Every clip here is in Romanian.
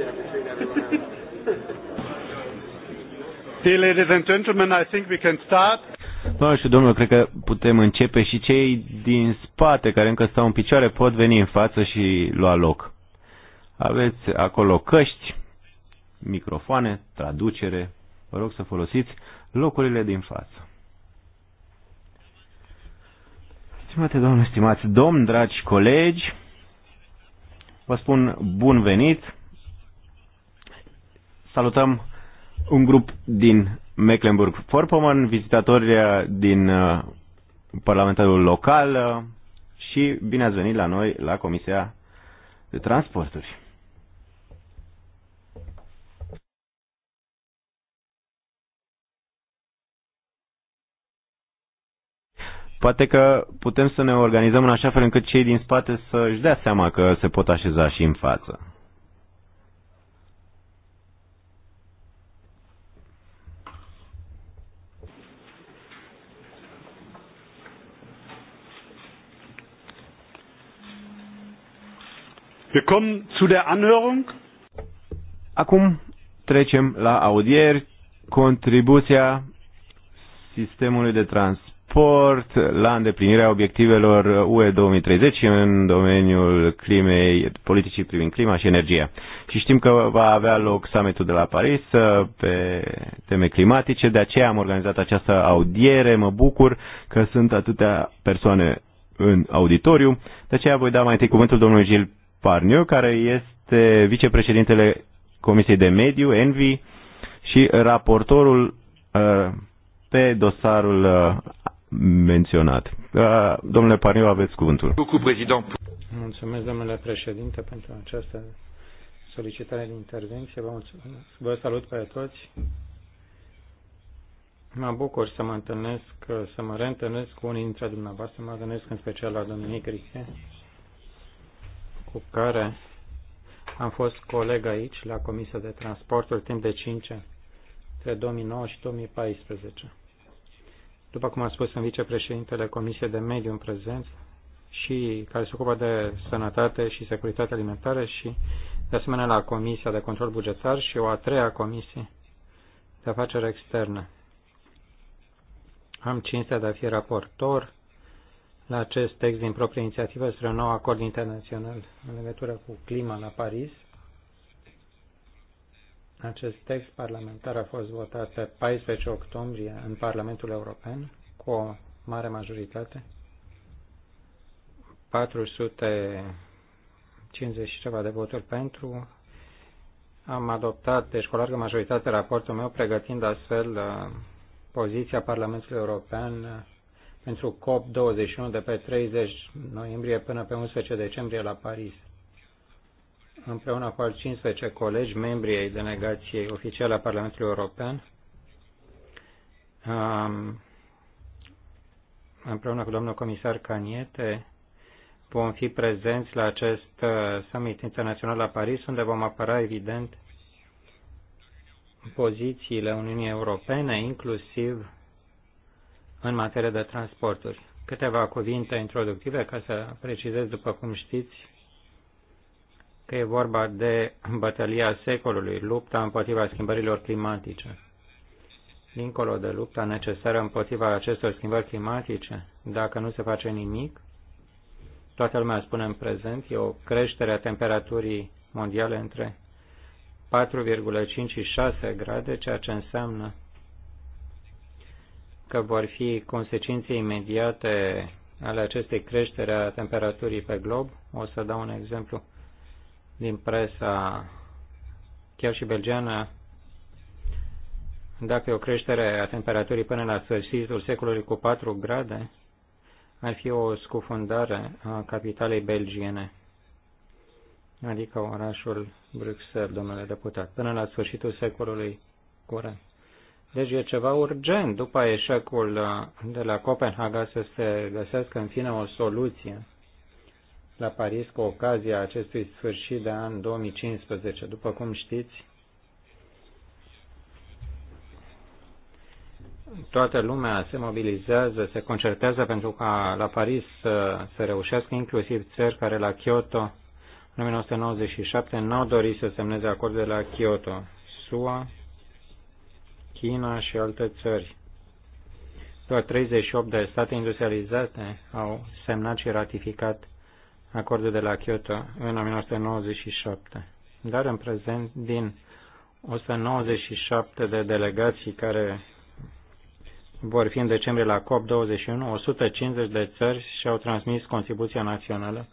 Dear ladies and gentlemen, I think we can start. Doamne și domnilor, cred că putem începe și cei din spate care încă stau în picioare pot veni în față și lua loc. Aveți acolo căști, microfoane, traducere. Vă rog să folosiți locurile din față. Stimate domnule, stimați domn, dragi colegi, vă spun bun venit salutăm un grup din Mecklenburg-Vorpommern, vizitatori eh, din eh, Parlamentul local eh, și bine ați venit la noi la Comisia de Transporturi. Poate că putem să ne organizăm în așa fel încât cei din spate să-și dea seama că se pot așeza și în față. Wir kommen zu der Anhörung. Acum trecem la audieri, contribuția sistemului de transport la îndeplinirea obiectivelor UE 2030 în domeniul climei, politicii privind clima și energia. Și știm că va avea loc summitul de la Paris uh, pe teme climatice, de aceea am organizat această audiere. Mă bucur că sunt atâtea persoane în auditoriu. De aceea voi da mai întâi cuvântul domnului Gil Parniu, care este vicepreședintele Comisiei de Mediu, Envi, și raportorul uh, pe dosarul uh, menționat. Uh, domnule Parniu, aveți cuvântul. Mulțumesc, domnule președinte, pentru această solicitare de intervenție. Vă, mulțumesc. Vă salut pe toți. Mă bucur să mă întâlnesc, să mă reîntâlnesc cu unii dintre dumneavoastră, mă întâlnesc în special la domnul Grihe cu care am fost coleg aici la Comisia de Transporturi timp de 5 ani, între 2009 și 2014. După cum a spus în vicepreședintele Comisiei de Mediu în prezent și care se ocupă de sănătate și securitate alimentară și de asemenea la Comisia de Control Bugetar și o a treia comisie de afaceri externe. Am cinstea de a fi raportor la acest text din proprie inițiativă spre un nou acord internațional în legătură cu clima la Paris. Acest text parlamentar a fost votat pe 14 octombrie în Parlamentul European cu o mare majoritate, 450 și ceva de voturi pentru. Am adoptat, deci cu o largă majoritate, raportul meu, pregătind astfel uh, poziția Parlamentului European pentru COP21 de pe 30 noiembrie până pe 11 decembrie la Paris. Împreună cu al 15 colegi, membri ai delegației oficiale a Parlamentului European, împreună cu domnul comisar Caniete, vom fi prezenți la acest uh, summit internațional la Paris, unde vom apăra, evident, pozițiile Uniunii Europene, inclusiv în materie de transporturi. Câteva cuvinte introductive ca să precizez, după cum știți, că e vorba de bătălia secolului, lupta împotriva schimbărilor climatice. Dincolo de lupta necesară împotriva acestor schimbări climatice, dacă nu se face nimic, toată lumea spune în prezent, e o creștere a temperaturii mondiale între 4,5 și 6 grade, ceea ce înseamnă că vor fi consecințe imediate ale acestei creștere a temperaturii pe glob. O să dau un exemplu din presa, chiar și belgeană, dacă e o creștere a temperaturii până la sfârșitul secolului cu 4 grade, ar fi o scufundare a capitalei belgiene, adică orașul Bruxelles, domnule deputat, până la sfârșitul secolului curent. Deci e ceva urgent după eșecul uh, de la Copenhaga să se găsească în fine o soluție la Paris cu ocazia acestui sfârșit de an 2015. După cum știți, toată lumea se mobilizează, se concertează pentru ca la Paris să, să reușească inclusiv țări care la Kyoto în 1997 n-au dorit să semneze acordul de la Kyoto. SUA, China și alte țări. Doar 38 de state industrializate au semnat și ratificat acordul de la Kyoto în 1997. Dar în prezent, din 197 de delegații care vor fi în decembrie la COP21, 150 de țări și-au transmis contribuția națională,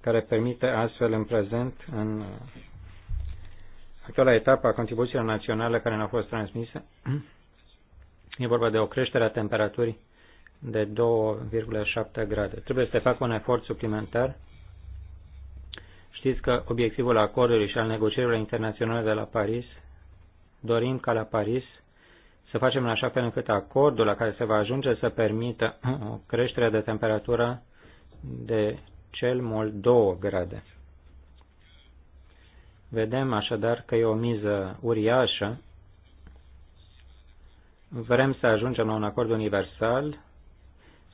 care permite astfel în prezent, în actuala etapă a contribuțiilor naționale care ne-au fost transmise. E vorba de o creștere a temperaturii de 2,7 grade. Trebuie să se facă un efort suplimentar. Știți că obiectivul acordului și al negocierilor internaționale de la Paris, dorim ca la Paris să facem în așa fel încât acordul la care se va ajunge să permită o creștere de temperatură de cel mult 2 grade. Vedem așadar că e o miză uriașă. Vrem să ajungem la un acord universal.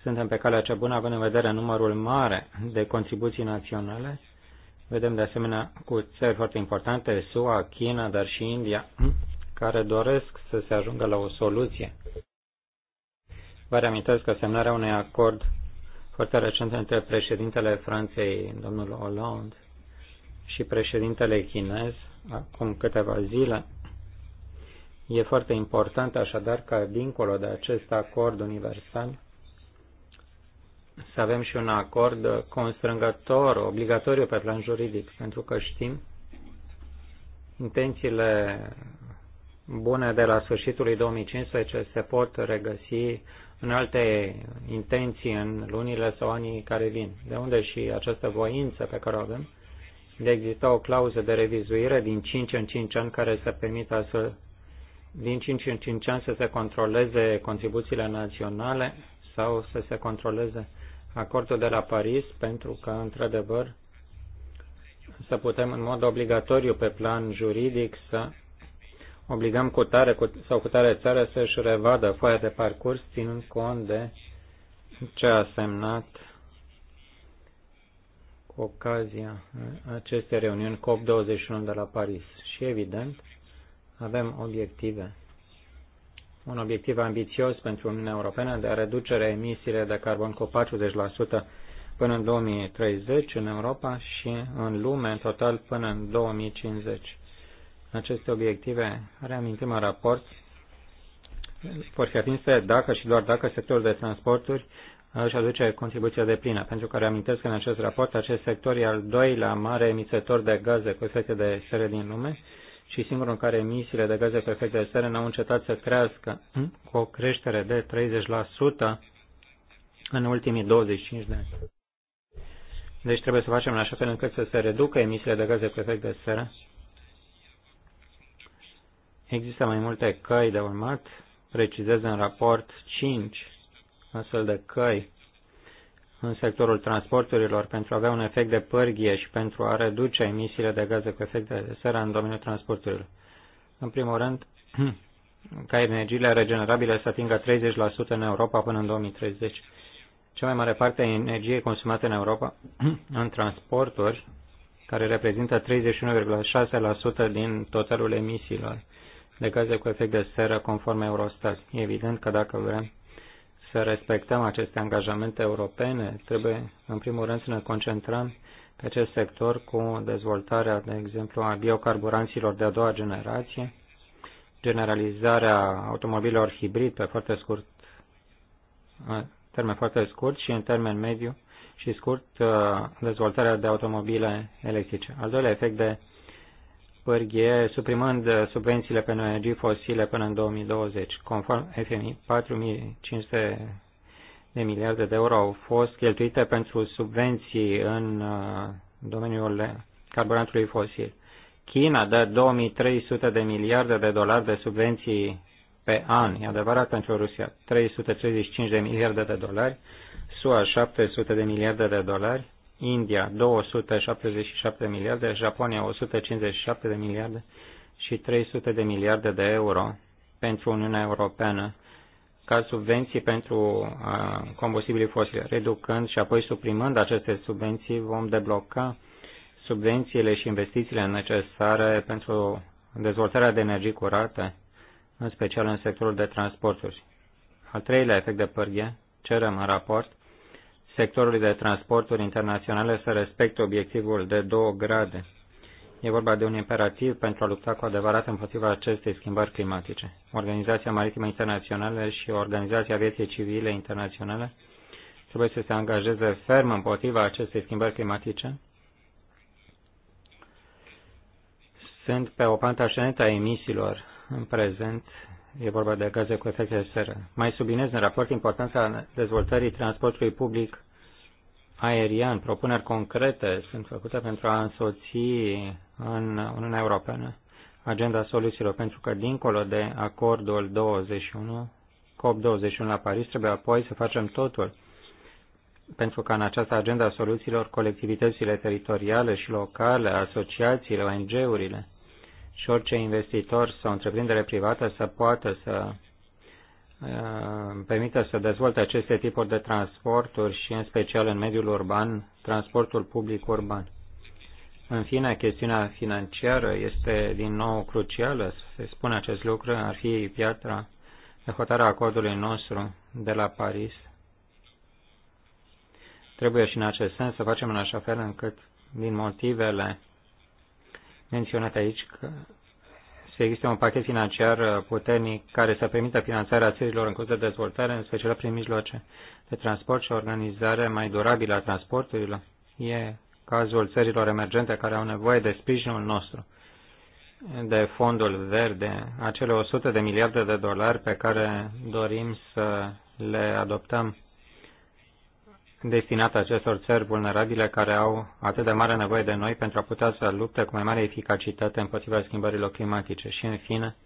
Suntem pe calea cea bună, având în vedere numărul mare de contribuții naționale. Vedem de asemenea cu țări foarte importante, SUA, China, dar și India, care doresc să se ajungă la o soluție. Vă reamintesc că semnarea unui acord foarte recent între președintele Franței, domnul Hollande, și președintele chinez acum câteva zile. E foarte important așadar ca dincolo de acest acord universal să avem și un acord constrângător, obligatoriu pe plan juridic, pentru că știm intențiile bune de la sfârșitul lui 2015 se pot regăsi în alte intenții în lunile sau anii care vin. De unde și această voință pe care o avem de exista o clauză de revizuire din 5 în 5 ani care să permită să, din 5 în 5 ani să se controleze contribuțiile naționale sau să se controleze acordul de la Paris pentru că, într-adevăr, să putem în mod obligatoriu pe plan juridic să obligăm cu tare cu, sau cu tare țară să-și revadă foaia de parcurs ținând cont de ce a semnat ocazia acestei reuniuni COP21 de la Paris. Și evident, avem obiective. Un obiectiv ambițios pentru Uniunea Europeană de a reduce emisiile de carbon cu 40% până în 2030 în Europa și în lume, în total, până în 2050. Aceste obiective, reamintim în raport, vor fi atinse dacă și doar dacă sectorul de transporturi își aduce contribuția de plină, pentru că reamintesc că în acest raport acest sector e al doilea mare emițător de gaze cu efecte de seră din lume și singurul în care emisiile de gaze cu efecte de seră n-au încetat să crească hmm, cu o creștere de 30% în ultimii 25 de ani. Deci trebuie să facem în așa fel încât să se reducă emisiile de gaze cu efect de seră. Există mai multe căi de urmat. Precizez în raport 5 astfel de căi în sectorul transporturilor pentru a avea un efect de pârghie și pentru a reduce emisiile de gaze cu efect de seră în domeniul transporturilor. În primul rând, ca energiile regenerabile să atingă 30% în Europa până în 2030. Cea mai mare parte a energiei consumate în Europa în transporturi, care reprezintă 31,6% din totalul emisiilor de gaze cu efect de seră conform Eurostat. E evident că dacă vrem să respectăm aceste angajamente europene, trebuie în primul rând să ne concentrăm pe acest sector cu dezvoltarea, de exemplu, a biocarburanților de a doua generație, generalizarea automobilor hibrid pe foarte scurt, termen foarte scurt și în termen mediu și scurt dezvoltarea de automobile electrice. Al doilea efect de pârghie, suprimând subvențiile pentru energii fosile până în 2020. Conform FMI, 4500 de miliarde de euro au fost cheltuite pentru subvenții în uh, domeniul carburantului fosil. China dă 2300 de miliarde de dolari de subvenții pe an, e adevărat pentru Rusia, 335 de miliarde de dolari, SUA 700 de miliarde de dolari, India 277 miliarde, Japonia 157 de miliarde și 300 de miliarde de euro pentru Uniunea Europeană ca subvenții pentru combustibilii fosile. Reducând și apoi suprimând aceste subvenții, vom debloca subvențiile și investițiile necesare pentru dezvoltarea de energii curate, în special în sectorul de transporturi. Al treilea efect de pârghie, cerem în raport sectorului de transporturi internaționale să respecte obiectivul de 2 grade. E vorba de un imperativ pentru a lupta cu adevărat împotriva acestei schimbări climatice. Organizația Maritimă Internațională și Organizația Vieții Civile Internaționale trebuie să se angajeze ferm împotriva acestei schimbări climatice. Sunt pe o pantă a emisiilor în prezent, e vorba de gaze cu efect de seră. Mai subliniez în raport importanța dezvoltării transportului public aerian, propuneri concrete sunt făcute pentru a însoți în Uniunea Europeană agenda soluțiilor, pentru că dincolo de acordul 21, COP21 la Paris, trebuie apoi să facem totul pentru că în această agenda soluțiilor colectivitățile teritoriale și locale, asociațiile, ONG-urile și orice investitor sau întreprindere privată să poată să permite să dezvolte aceste tipuri de transporturi și în special în mediul urban, transportul public urban. În fine, chestiunea financiară este din nou crucială, se spune acest lucru, ar fi piatra de hotare a acordului nostru de la Paris. Trebuie și în acest sens să facem în așa fel încât, din motivele menționate aici, că să existe un pachet financiar uh, puternic care să permită finanțarea țărilor în curs de dezvoltare, în special prin mijloace de transport și organizare mai durabilă a transporturilor. E cazul țărilor emergente care au nevoie de sprijinul nostru, de fondul verde, acele 100 de miliarde de dolari pe care dorim să le adoptăm destinată acestor țări vulnerabile care au atât de mare nevoie de noi pentru a putea să lupte cu mai mare eficacitate împotriva schimbărilor climatice. Și, în fine,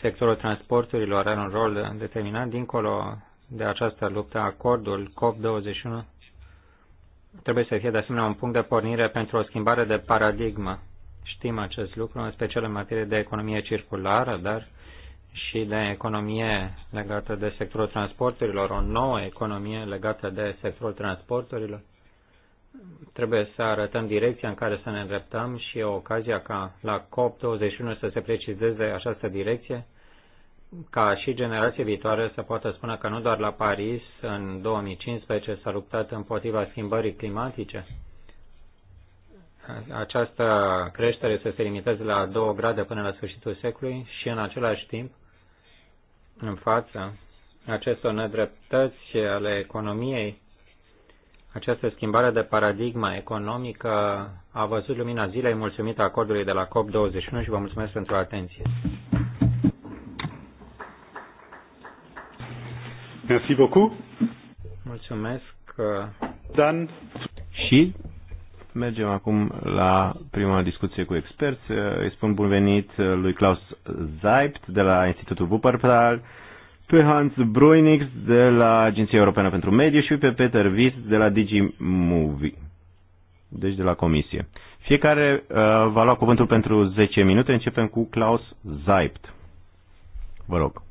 sectorul transporturilor are un rol determinat dincolo de această luptă. Acordul COP21 trebuie să fie de asemenea un punct de pornire pentru o schimbare de paradigmă. Știm acest lucru, în special în materie de economie circulară, dar și de economie legată de sectorul transporturilor, o nouă economie legată de sectorul transporturilor. Trebuie să arătăm direcția în care să ne îndreptăm și e ocazia ca la COP21 să se precizeze această direcție, ca și generația viitoare să poată spune că nu doar la Paris în 2015 s-a luptat împotriva schimbării climatice, această creștere să se limiteze la 2 grade până la sfârșitul secolului și în același timp în fața acestor nedreptăți ale economiei, această schimbare de paradigma economică a văzut lumina zilei mulțumită acordului de la COP21 și vă mulțumesc pentru atenție. Merci beaucoup. Mulțumesc. Uh, Dan. Și Mergem acum la prima discuție cu experți. Îi spun bun venit lui Klaus Zeibt de la Institutul Wuppertal, pe Hans Bruinix de la Agenția Europeană pentru Mediu și pe Peter Wies de la DigiMovie, deci de la Comisie. Fiecare uh, va lua cuvântul pentru 10 minute. Începem cu Klaus Zeibt. Vă rog.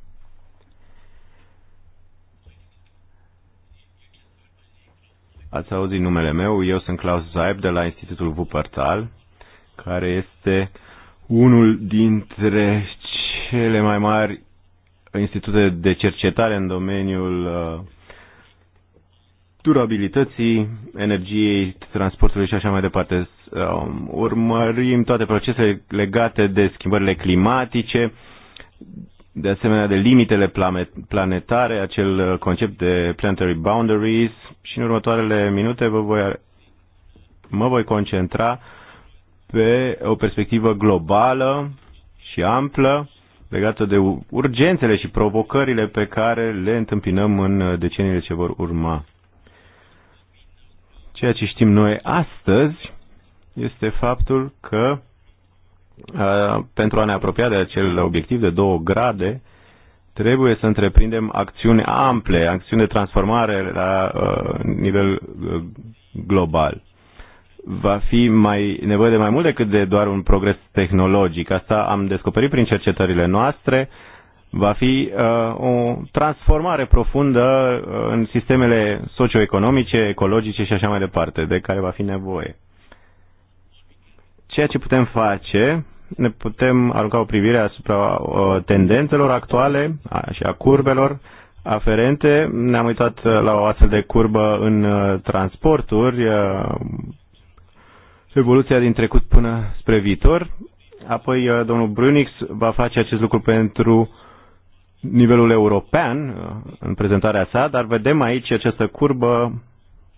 Ați auzit numele meu, eu sunt Klaus Zaib de la Institutul Wuppertal, care este unul dintre cele mai mari institute de cercetare în domeniul uh, durabilității, energiei, transportului și așa mai departe. Um, urmărim toate procesele legate de schimbările climatice, de asemenea de limitele planetare, acel uh, concept de planetary boundaries și în următoarele minute vă voi, mă voi concentra pe o perspectivă globală și amplă legată de urgențele și provocările pe care le întâmpinăm în uh, deceniile ce vor urma. Ceea ce știm noi astăzi este faptul că Uh, pentru a ne apropia de acel obiectiv de 2 grade, trebuie să întreprindem acțiuni ample, acțiuni de transformare la uh, nivel uh, global. Va fi mai nevoie de mai mult decât de doar un progres tehnologic. Asta am descoperit prin cercetările noastre. Va fi uh, o transformare profundă în sistemele socioeconomice, ecologice și așa mai departe, de care va fi nevoie. Ceea ce putem face, ne putem arunca o privire asupra tendențelor actuale și a curbelor aferente. Ne-am uitat uh, la o astfel de curbă în uh, transporturi, uh, evoluția din trecut până spre viitor. Apoi domnul Brunix va face acest lucru pentru nivelul european în prezentarea sa, dar vedem aici această curbă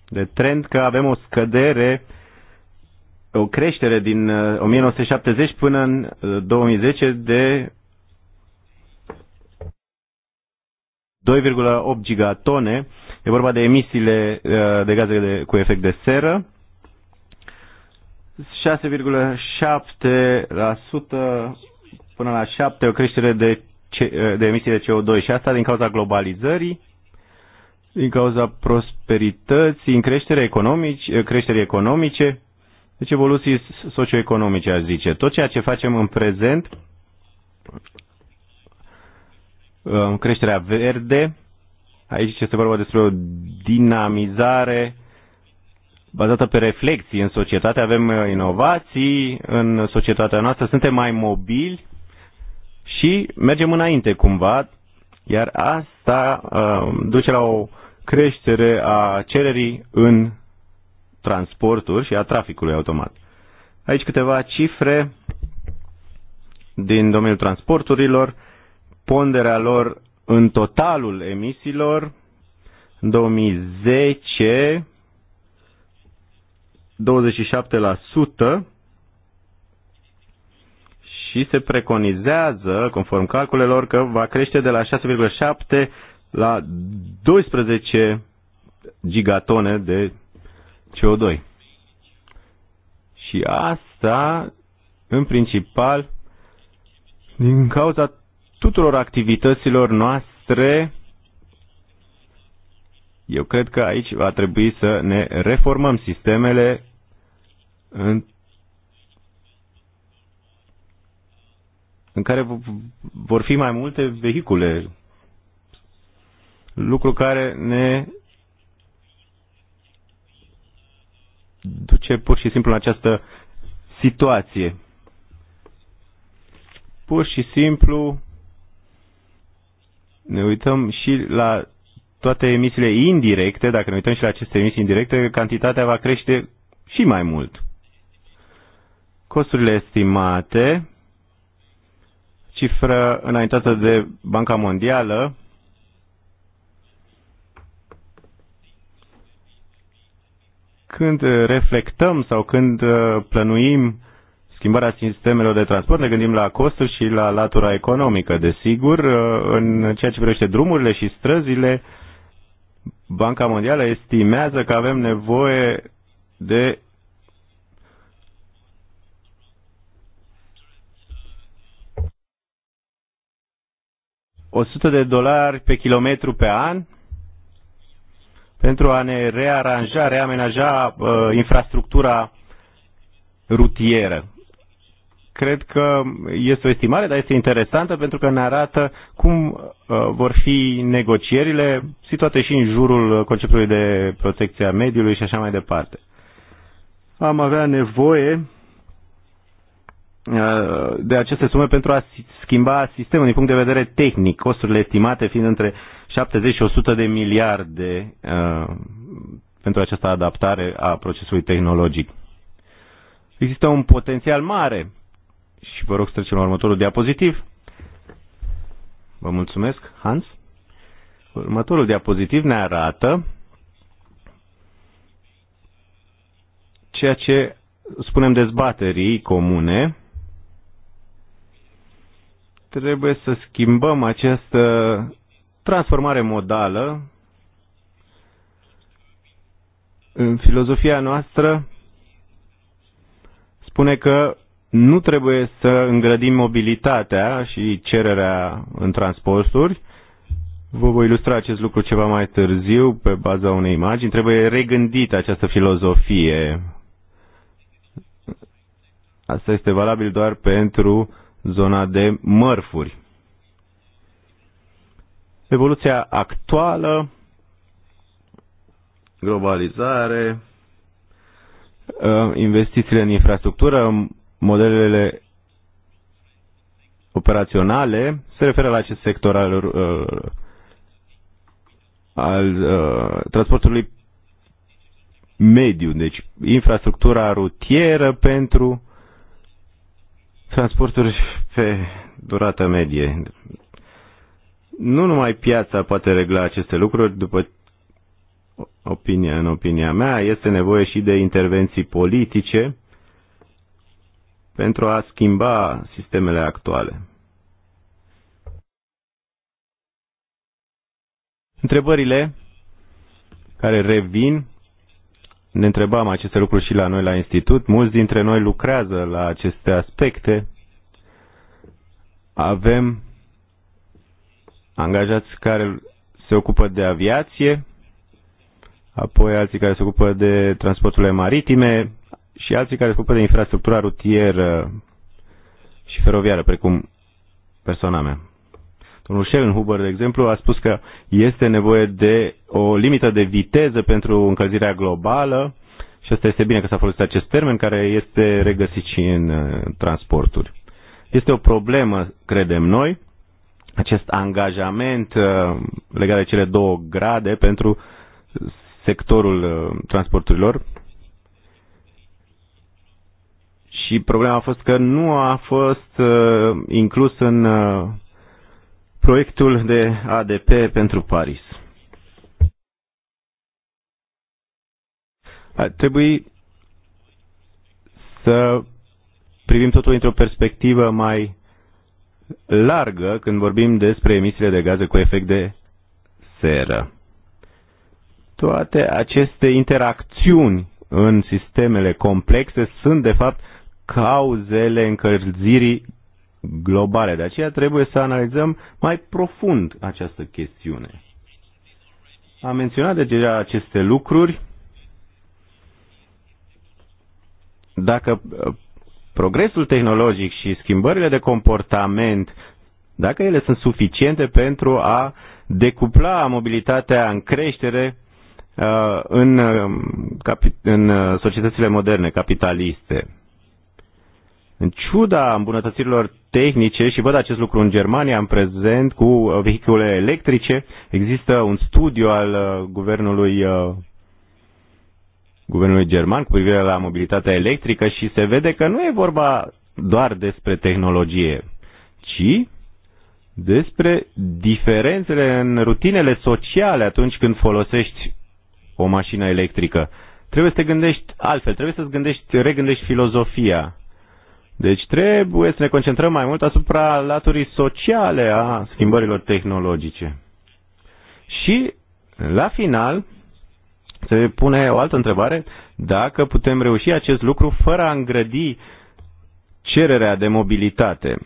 de trend că avem o scădere uh, o creștere din 1970 uh, până în 2010 uh, de 2,8 gigatone. E vorba de emisiile uh, de gaze de, cu efect de seră. 6,7% până la 7, o creștere de, de emisii de CO2 și asta din cauza globalizării, din cauza prosperității, în creștere economici, creșterii economice, deci evoluții socioeconomice, aș zice. Tot ceea ce facem în prezent, creșterea verde, aici este vorba despre o dinamizare bazată pe reflexii în societate, avem uh, inovații în societatea noastră, suntem mai mobili și mergem înainte cumva, iar asta uh, duce la o creștere a cererii în transporturi și a traficului automat. Aici câteva cifre din domeniul transporturilor, ponderea lor în totalul emisiilor în 2010 27% și se preconizează, conform calculelor, că va crește de la 6,7 la 12 gigatone de CO2. Și asta, în principal, din cauza tuturor activităților noastre, eu cred că aici va trebui să ne reformăm sistemele în, în care vor fi mai multe vehicule, lucru care ne duce pur și simplu în această situație. Pur și simplu ne uităm și la toate emisiile indirecte, dacă ne uităm și la aceste emisii indirecte, cantitatea va crește și mai mult. Costurile estimate, cifră înaintată de Banca Mondială, când uh, reflectăm sau când uh, plănuim schimbarea sistemelor de transport, ne gândim la costuri și la latura economică. Desigur, uh, în ceea ce privește drumurile și străzile, Banca Mondială estimează că avem nevoie de ...100 de dolari pe kilometru pe an pentru a ne rearanja, reamenaja uh, infrastructura rutieră. Cred că este o estimare, dar este interesantă pentru că ne arată cum uh, vor fi negocierile situate și în jurul conceptului de protecție a mediului și așa mai departe. Am avea nevoie uh, de aceste sume pentru a schimba sistemul din punct de vedere tehnic, costurile estimate fiind între 70 și 100 de miliarde uh, pentru această adaptare a procesului tehnologic. Există un potențial mare și vă rog să trecem la următorul diapozitiv. Vă mulțumesc, Hans. Următorul diapozitiv ne arată ceea ce spunem dezbaterii comune. Trebuie să schimbăm această transformare modală. În filozofia noastră spune că nu trebuie să îngrădim mobilitatea și cererea în transporturi. Vă voi ilustra acest lucru ceva mai târziu pe baza unei imagini. Trebuie regândită această filozofie. Asta este valabil doar pentru zona de mărfuri. Evoluția actuală, globalizare, uh, investițiile în infrastructură, modelele operaționale, se referă la acest sector al, uh, al uh, transportului mediu, deci infrastructura rutieră pentru transporturi pe durată medie, nu numai piața poate regla aceste lucruri, după opinia, în opinia mea, este nevoie și de intervenții politice pentru a schimba sistemele actuale. Întrebările care revin, ne întrebam aceste lucruri și la noi la institut, mulți dintre noi lucrează la aceste aspecte, avem angajați care se ocupă de aviație, apoi alții care se ocupă de transporturile maritime și alții care se ocupă de infrastructura rutieră și feroviară, precum persoana mea. Domnul Huber, de exemplu, a spus că este nevoie de o limită de viteză pentru încălzirea globală și asta este bine că s-a folosit acest termen care este regăsit și în uh, transporturi. Este o problemă, credem noi, acest angajament uh, legat de cele două grade pentru sectorul uh, transporturilor. Și problema a fost că nu a fost uh, inclus în proiectul de ADP pentru Paris. A trebui să privim totul într-o perspectivă mai largă când vorbim despre emisiile de gaze cu efect de seră. Toate aceste interacțiuni în sistemele complexe sunt, de fapt, cauzele încălzirii globale. De aceea trebuie să analizăm mai profund această chestiune. Am menționat deja aceste lucruri. Dacă progresul tehnologic și schimbările de comportament, dacă ele sunt suficiente pentru a decupla mobilitatea în creștere uh, în, uh, în uh, societățile moderne capitaliste. În ciuda îmbunătățirilor tehnice, și văd acest lucru în Germania în prezent cu vehicule electrice, există un studiu al guvernului guvernului german cu privire la mobilitatea electrică și se vede că nu e vorba doar despre tehnologie, ci despre diferențele în rutinele sociale atunci când folosești o mașină electrică. Trebuie să te gândești altfel, trebuie să-ți gândești, regândești filozofia. Deci trebuie să ne concentrăm mai mult asupra laturii sociale a schimbărilor tehnologice. Și, la final, se pune o altă întrebare, dacă putem reuși acest lucru fără a îngrădi cererea de mobilitate.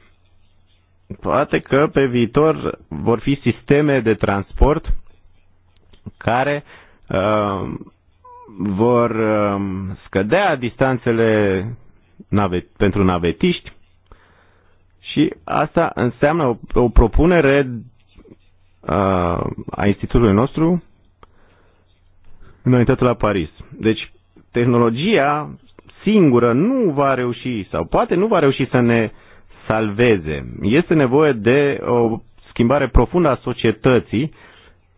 Poate că pe viitor vor fi sisteme de transport care uh, vor uh, scădea distanțele nave- pentru navetiști și asta înseamnă o, o propunere uh, a institutului nostru înaintată la Paris. Deci, tehnologia singură nu va reuși sau poate nu va reuși să ne salveze. Este nevoie de o schimbare profundă a societății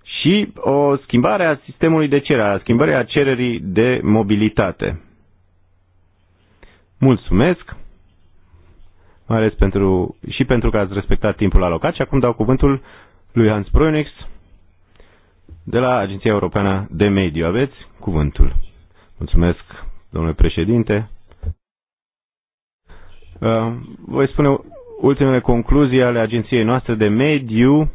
și o schimbare a sistemului de cerere, a schimbării a cererii de mobilitate. Mulțumesc, mai ales pentru, și pentru că ați respectat timpul alocat și acum dau cuvântul lui Hans Brunix de la Agenția Europeană de Mediu. Aveți cuvântul. Mulțumesc, domnule președinte. Uh, voi spune ultimele concluzii ale agenției noastre de mediu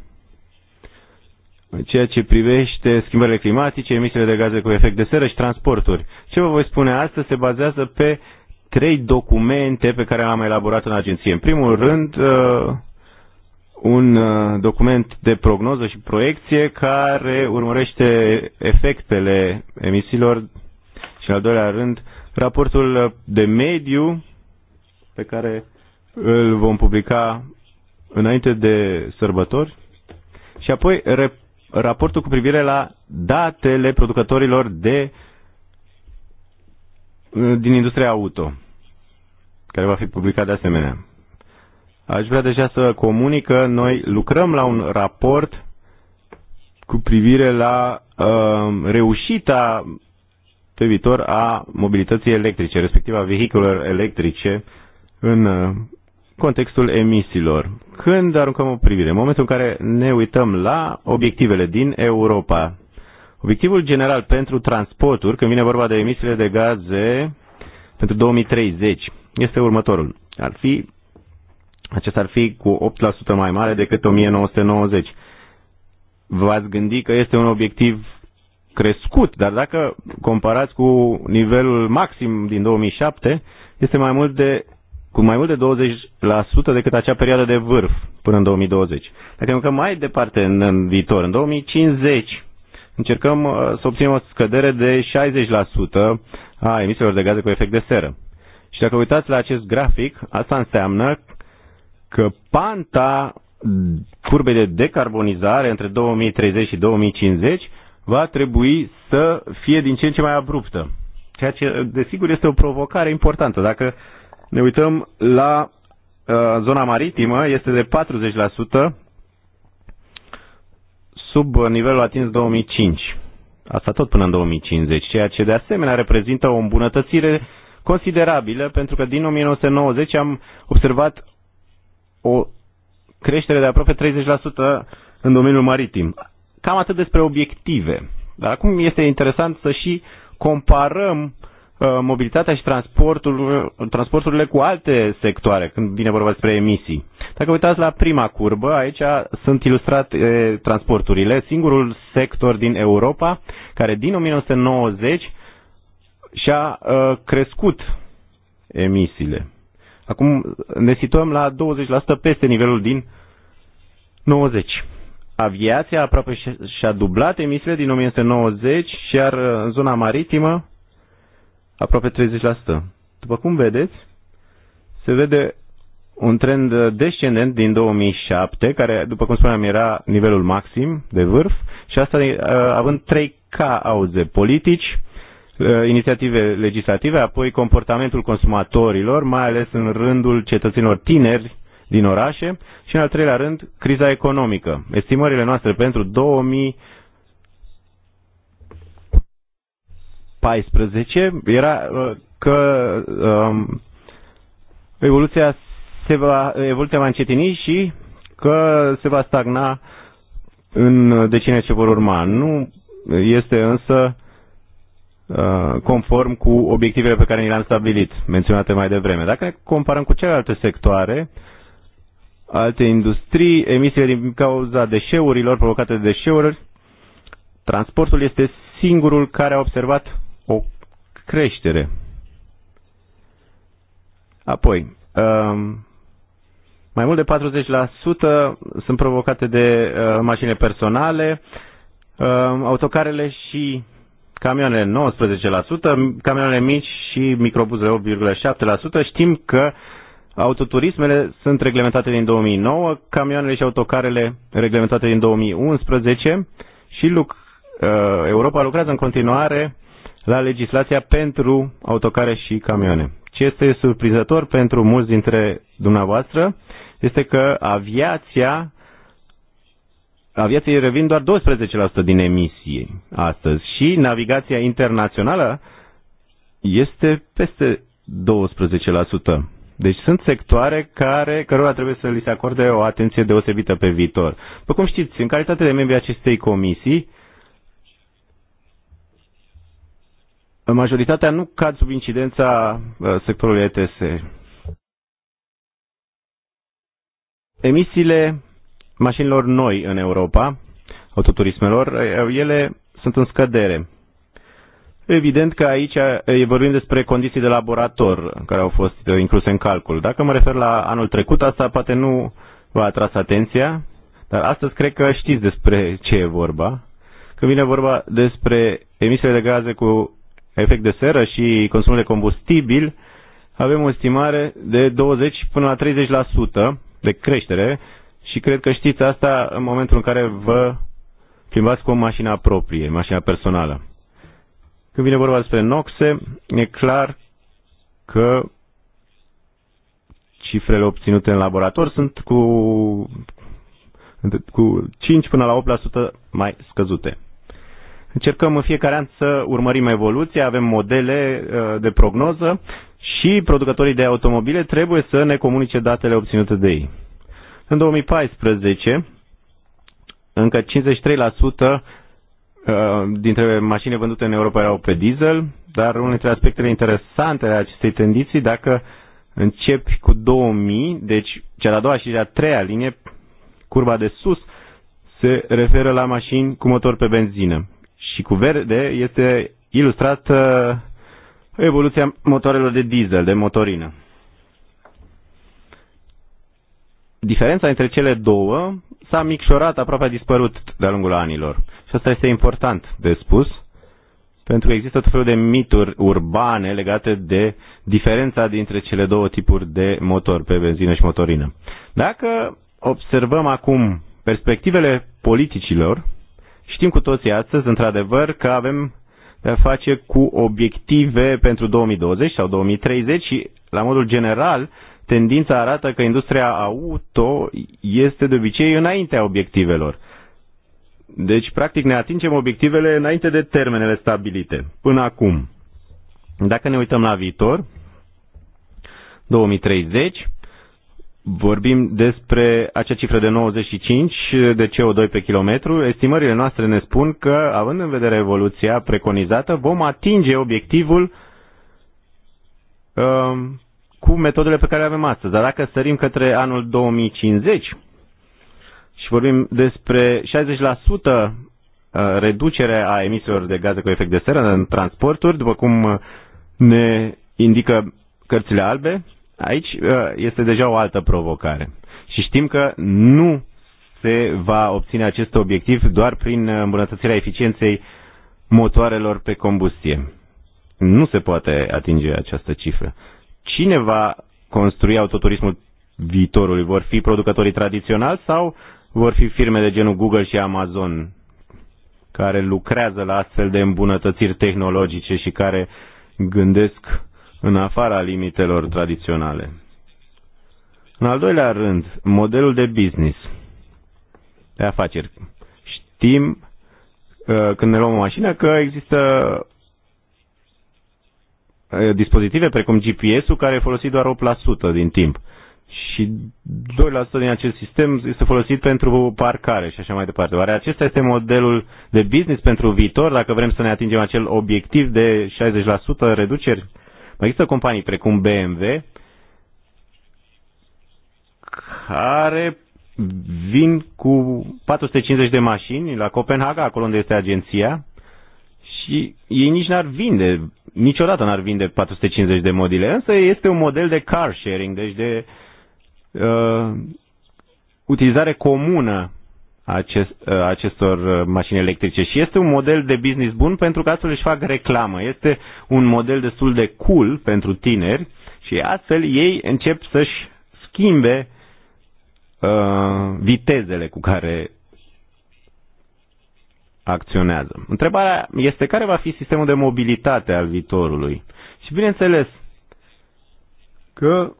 în ceea ce privește schimbările climatice, emisiile de gaze cu efect de seră și transporturi. Ce vă voi spune astăzi se bazează pe trei documente pe care le-am elaborat în agenție. În primul rând, uh, un uh, document de prognoză și proiecție care urmărește efectele emisiilor și, în al doilea rând, raportul de mediu pe care îl vom publica înainte de sărbători și apoi raportul cu privire la datele producătorilor de uh, din industria auto, care va fi publicat de asemenea. Aș vrea deja să comunic că noi lucrăm la un raport cu privire la uh, reușita pe viitor a mobilității electrice, respectiv a vehiculelor electrice în uh, contextul emisiilor. Când aruncăm o privire? În momentul în care ne uităm la obiectivele din Europa, obiectivul general pentru transporturi, când vine vorba de emisiile de gaze pentru 2030, este următorul. Ar fi acesta ar fi cu 8% mai mare decât 1990. V-ați gândi că este un obiectiv crescut, dar dacă comparați cu nivelul maxim din 2007, este mai mult de, cu mai mult de 20% decât acea perioadă de vârf până în 2020. Dacă că mai departe în, în viitor, în 2050, încercăm uh, să obținem o scădere de 60% a emisiilor de gaze cu efect de seră. Și dacă uitați la acest grafic, asta înseamnă că panta curbei de decarbonizare între 2030 și 2050 va trebui să fie din ce în ce mai abruptă. Ceea ce, desigur, este o provocare importantă. Dacă ne uităm la uh, zona maritimă, este de 40% sub nivelul atins 2005. Asta tot până în 2050, ceea ce de asemenea reprezintă o îmbunătățire considerabilă, pentru că din 1990 am observat o creștere de aproape 30% în domeniul maritim. Cam atât despre obiective. Dar acum este interesant să și comparăm uh, mobilitatea și transportul, uh, transporturile cu alte sectoare, când vine vorba despre emisii. Dacă uitați la prima curbă, aici sunt ilustrate uh, transporturile, singurul sector din Europa care din 1990 și-a uh, crescut emisiile. Acum ne situăm la 20% peste nivelul din 90. Aviația aproape și-a dublat emisiile din 1990, iar uh, în zona maritimă aproape 30%. După cum vedeți, se vede un trend uh, descendent din 2007, care, după cum spuneam, era nivelul maxim de vârf, și asta uh, având trei cauze politici, Uh, inițiative legislative, apoi comportamentul consumatorilor, mai ales în rândul cetățenilor tineri din orașe și, în al treilea rând, criza economică. Estimările noastre pentru 2014 era uh, că um, evoluția, se va, evoluția va încetini și că se va stagna în decine ce vor urma. Nu este însă Uh, conform cu obiectivele pe care ni le-am stabilit, menționate mai devreme. Dacă ne comparăm cu celelalte sectoare, alte industrii, emisiile din cauza deșeurilor provocate de deșeuri, transportul este singurul care a observat o creștere. Apoi, um, mai mult de 40% sunt provocate de uh, mașinile personale, um, autocarele și camioanele 19%, camioanele mici și microbuzele 8,7%. Știm că autoturismele sunt reglementate din 2009, camioanele și autocarele reglementate din 2011 și luc- uh, Europa lucrează în continuare la legislația pentru autocare și camioane. Ce este surprinzător pentru mulți dintre dumneavoastră este că aviația aviației revin doar 12% din emisii astăzi și navigația internațională este peste 12%. Deci sunt sectoare care, cărora trebuie să li se acorde o atenție deosebită pe viitor. După cum știți, în calitate de membri acestei comisii, majoritatea nu cad sub incidența uh, sectorului ETS. Emisiile mașinilor noi în Europa, autoturismelor, ele sunt în scădere. Evident că aici vorbim despre condiții de laborator care au fost uh, incluse în calcul. Dacă mă refer la anul trecut, asta poate nu v-a atras atenția, dar astăzi cred că știți despre ce e vorba. Când vine vorba despre emisiile de gaze cu efect de seră și consumul de combustibil, avem o estimare de 20 până la 30% de creștere și cred că știți asta în momentul în care vă plimbați cu o mașină proprie, mașina personală. Când vine vorba despre noxe, e clar că cifrele obținute în laborator sunt cu, cu 5 până la 8% mai scăzute. Încercăm în fiecare an să urmărim evoluția, avem modele uh, de prognoză și producătorii de automobile trebuie să ne comunice datele obținute de ei. În 2014, încă 53% uh, dintre mașinile vândute în Europa erau pe diesel, dar unul dintre aspectele interesante ale acestei tendiții, dacă începi cu 2000, deci cea de-a doua și de-a treia linie, curba de sus, se referă la mașini cu motor pe benzină. Și cu verde este ilustrată evoluția motoarelor de diesel, de motorină. diferența între cele două s-a micșorat, aproape a dispărut de-a lungul anilor. Și asta este important de spus, pentru că există tot felul de mituri urbane legate de diferența dintre cele două tipuri de motor, pe benzină și motorină. Dacă observăm acum perspectivele politicilor, știm cu toții astăzi, într-adevăr, că avem de-a face cu obiective pentru 2020 sau 2030 și, la modul general, tendința arată că industria auto este de obicei înaintea obiectivelor. Deci, practic, ne atingem obiectivele înainte de termenele stabilite, până acum. Dacă ne uităm la viitor, 2030, vorbim despre acea cifră de 95 de CO2 pe kilometru. Estimările noastre ne spun că, având în vedere evoluția preconizată, vom atinge obiectivul uh, cu metodele pe care le avem astăzi. Dar dacă sărim către anul 2050 și vorbim despre 60% uh, reducere a emisiilor de gaze cu efect de seră în transporturi, după cum ne indică cărțile albe, aici uh, este deja o altă provocare. Și știm că nu se va obține acest obiectiv doar prin uh, îmbunătățirea eficienței motoarelor pe combustie. Nu se poate atinge această cifră cine va construi autoturismul viitorului? Vor fi producătorii tradiționali sau vor fi firme de genul Google și Amazon care lucrează la astfel de îmbunătățiri tehnologice și care gândesc în afara limitelor tradiționale? În al doilea rând, modelul de business, de afaceri. Știm uh, când ne luăm o mașină că există Eh, dispozitive precum GPS-ul care e folosit doar 8% din timp și 2% din acest sistem este folosit pentru parcare și așa mai departe. Oare acesta este modelul de business pentru viitor dacă vrem să ne atingem acel obiectiv de 60% reduceri? Mai există companii precum BMW care vin cu 450 de mașini la Copenhaga, acolo unde este agenția, și ei nici n-ar vinde niciodată n-ar vinde 450 de modile, însă este un model de car sharing, deci de uh, utilizare comună a acest, uh, acestor uh, mașini electrice și este un model de business bun pentru că astfel își fac reclamă. Este un model destul de cool pentru tineri și astfel ei încep să-și schimbe uh, vitezele cu care acționează. Întrebarea este care va fi sistemul de mobilitate al viitorului. Și bineînțeles că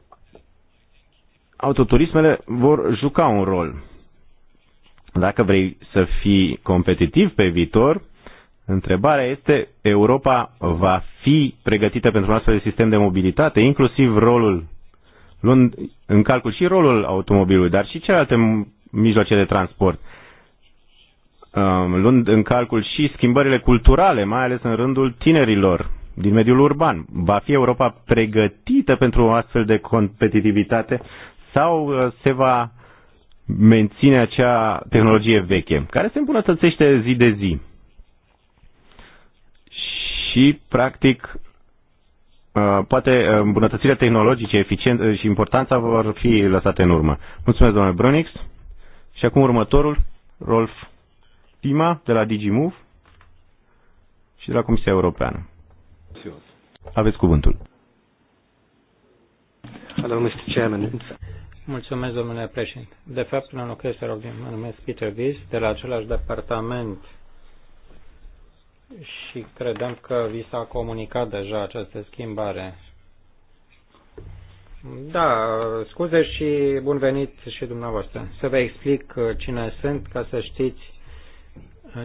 autoturismele vor juca un rol. Dacă vrei să fii competitiv pe viitor, întrebarea este Europa va fi pregătită pentru un astfel de sistem de mobilitate, inclusiv rolul, luând în calcul și rolul automobilului, dar și celelalte mijloace de transport. Um, luând în calcul și schimbările culturale, mai ales în rândul tinerilor din mediul urban. Va fi Europa pregătită pentru o astfel de competitivitate sau uh, se va menține acea tehnologie veche, care se îmbunătățește zi de zi? Și, practic, uh, poate uh, îmbunătățirea tehnologice eficient și importanța vor fi lăsate în urmă. Mulțumesc, domnule Brunix. Și acum următorul, Rolf Dima, de la DigiMove și de la Comisia Europeană. Aveți cuvântul. Hello, Mr. Chairman. Mulțumesc, domnule președinte. De fapt, un lucrez să rog, mă numesc Peter Viz, de la același departament și credem că vi s-a comunicat deja această schimbare. Da, scuze și bun venit și dumneavoastră. Să vă explic cine sunt, ca să știți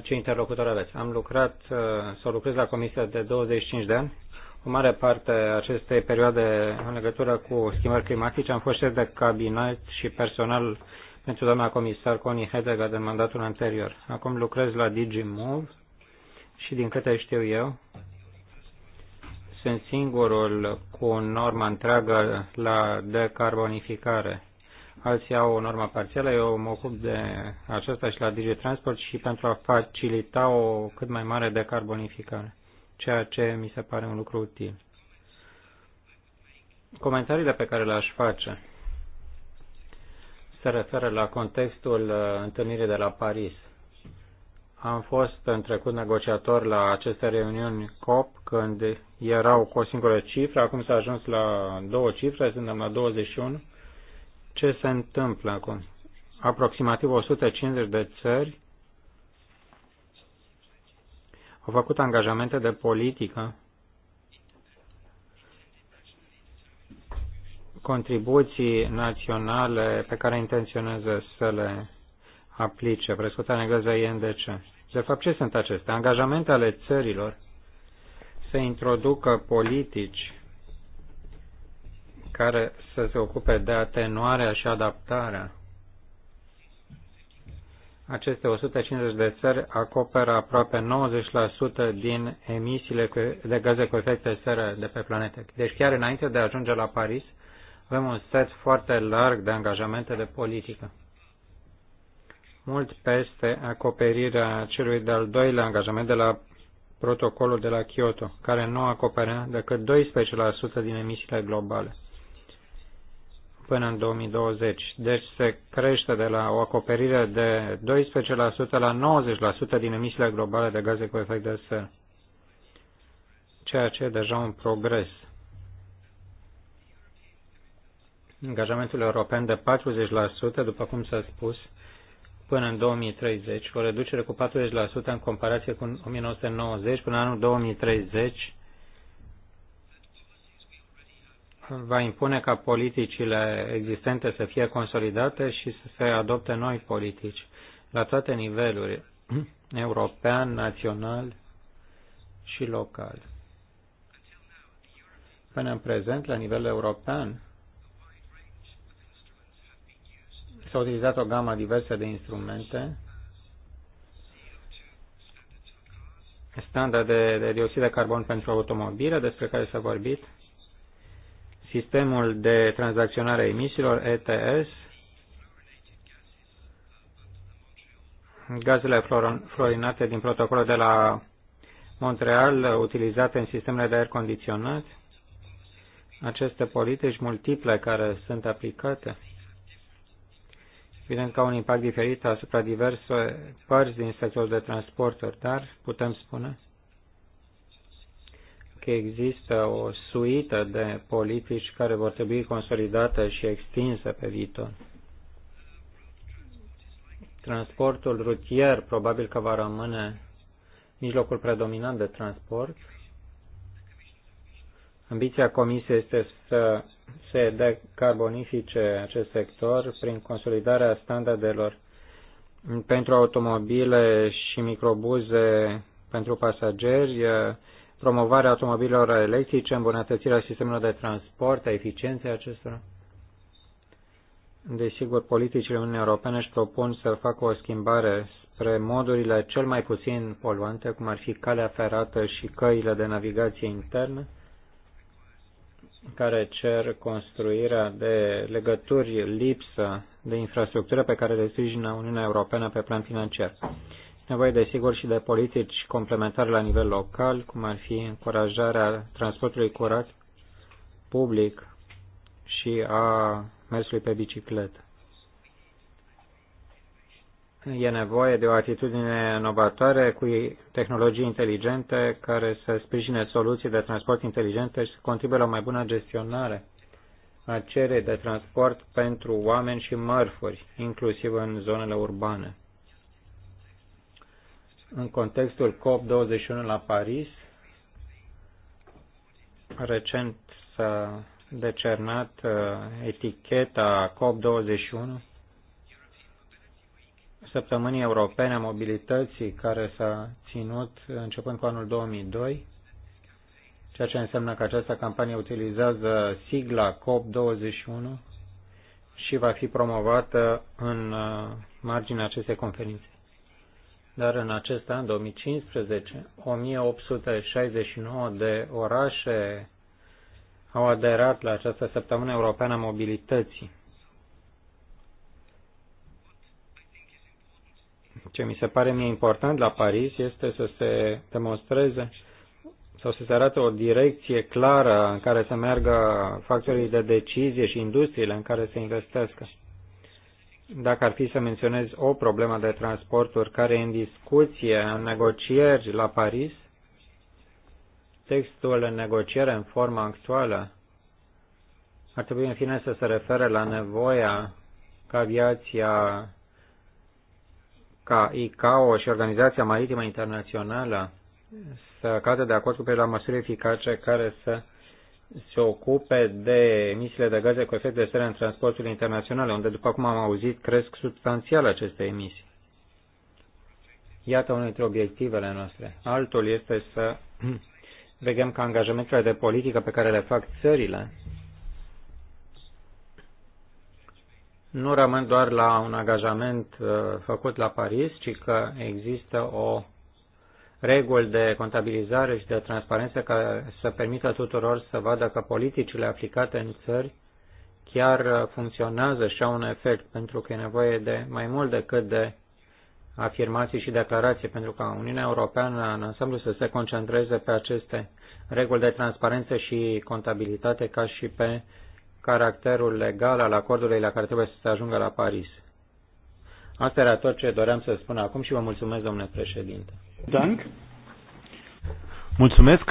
ce interlocutor aveți. Am lucrat uh, sau lucrez la comisia de 25 de ani. O mare parte a acestei perioade în legătură cu schimbări climatice am fost șef de cabinet și personal pentru doamna comisar Connie Hedegaard în mandatul anterior. Acum lucrez la DigiMove și din câte știu eu, sunt singurul cu normă întreagă la decarbonificare alții au o normă parțială. Eu mă ocup de aceasta și la DigiTransport și pentru a facilita o cât mai mare decarbonificare, ceea ce mi se pare un lucru util. Comentariile pe care le-aș face se referă la contextul uh, întâlnirii de la Paris. Am fost în trecut negociator la aceste reuniuni COP când erau cu o singură cifră, acum s-a ajuns la două cifre, suntem la 21 ce se întâmplă cu Aproximativ 150 de țări au făcut angajamente de politică, contribuții naționale pe care intenționează să le aplice, prescută în engleză INDC. De fapt, ce sunt acestea? Angajamente ale țărilor să introducă politici care să se ocupe de atenuarea și adaptarea. Aceste 150 de țări acoperă aproape 90% din emisiile de gaze cu efect de seră de pe planetă. Deci chiar înainte de a ajunge la Paris, avem un set foarte larg de angajamente de politică mult peste acoperirea celui de-al doilea angajament de la protocolul de la Kyoto, care nu acoperea decât 12% din emisiile globale până în 2020. Deci se crește de la o acoperire de 12% la 90% din emisiile globale de gaze cu efect de seră, ceea ce e deja un progres. Angajamentul european de 40%, după cum s-a spus, până în 2030, o reducere cu 40% în comparație cu 1990 până anul 2030, va impune ca politicile existente să fie consolidate și să se adopte noi politici la toate nivelurile, european, național și local. Până în prezent, la nivel european, s-a utilizat o gamă diversă de instrumente, standarde de dioxid de carbon pentru automobile, despre care s-a vorbit, sistemul de tranzacționare a emisiilor, ETS, gazele fluorinate din protocolul de la Montreal utilizate în sistemele de aer condiționat, aceste politici multiple care sunt aplicate, evident că au un impact diferit asupra diverse părți din sectorul de transporturi, dar putem spune că există o suită de politici care vor trebui consolidate și extinse pe viitor. Transportul rutier probabil că va rămâne mijlocul predominant de transport. Ambiția Comisiei este să se decarbonifice acest sector prin consolidarea standardelor pentru automobile și microbuze pentru pasageri, promovarea automobilelor electrice, îmbunătățirea sistemelor de transport, a eficienței acestora. Desigur, politicile Uniunii Europene își propun să facă o schimbare spre modurile cel mai puțin poluante, cum ar fi calea ferată și căile de navigație internă, care cer construirea de legături lipsă de infrastructură pe care le sprijină Uniunea Europeană pe plan financiar nevoie, desigur, și de politici complementare la nivel local, cum ar fi încurajarea transportului curat public și a mersului pe bicicletă. E nevoie de o atitudine inovatoare cu tehnologii inteligente care să sprijine soluții de transport inteligente și să contribuie la o mai bună gestionare a cererii de transport pentru oameni și mărfuri, inclusiv în zonele urbane în contextul COP21 la Paris. Recent s-a decernat uh, eticheta COP21 săptămânii europene a mobilității care s-a ținut începând cu anul 2002, ceea ce înseamnă că această campanie utilizează sigla COP21 și va fi promovată în uh, marginea acestei conferințe dar în acest an 2015, 1869 de orașe au aderat la această săptămână europeană a mobilității. Ce mi se pare mie important la Paris este să se demonstreze sau să se arate o direcție clară în care să meargă factorii de decizie și industriile în care se investească dacă ar fi să menționez o problemă de transporturi care e în discuție, în negocieri la Paris, textul în negociere în forma actuală ar trebui în fine să se refere la nevoia ca aviația, ca ICAO și Organizația Maritimă Internațională să cadă de acord cu pe la măsuri eficace care să se ocupe de emisiile de gaze cu efect de seră în transportul internațional, unde, după cum am auzit, cresc substanțial aceste emisii. Iată unul dintre obiectivele noastre. Altul este să vedem că angajamentele de politică pe care le fac țările nu rămân doar la un angajament uh, făcut la Paris, ci că există o reguli de contabilizare și de transparență care să permită tuturor să vadă că politicile aplicate în țări chiar funcționează și au un efect, pentru că e nevoie de mai mult decât de afirmații și declarații, pentru ca Uniunea Europeană în ansamblu să se concentreze pe aceste reguli de transparență și contabilitate, ca și pe caracterul legal al acordului la care trebuie să se ajungă la Paris. Asta era tot ce doream să spun acum și vă mulțumesc, domnule președinte. Dank. Mulțumesc.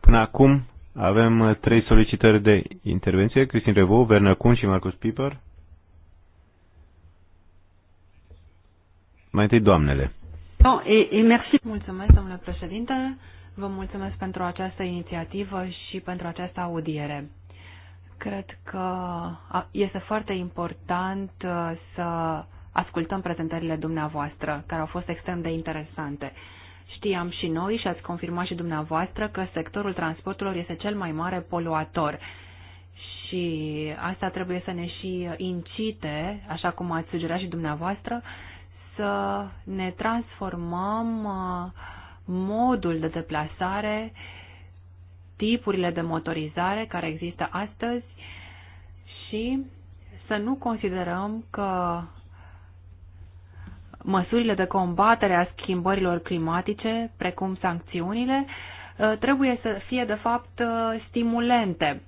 Până acum avem uh, trei solicitări de intervenție. Cristin Revu, Werner Kuhn și Marcus Piper. Mai întâi, doamnele. No, e, e, merci. Mulțumesc, domnule președinte. Vă mulțumesc pentru această inițiativă și pentru această audiere. Cred că este foarte important uh, să ascultăm prezentările dumneavoastră, care au fost extrem de interesante. Știam și noi și ați confirmat și dumneavoastră că sectorul transporturilor este cel mai mare poluator și asta trebuie să ne și incite, așa cum ați sugerat și dumneavoastră, să ne transformăm uh, modul de deplasare, tipurile de motorizare care există astăzi și să nu considerăm că măsurile de combatere a schimbărilor climatice, precum sancțiunile, uh, trebuie să fie, de fapt, uh, stimulente.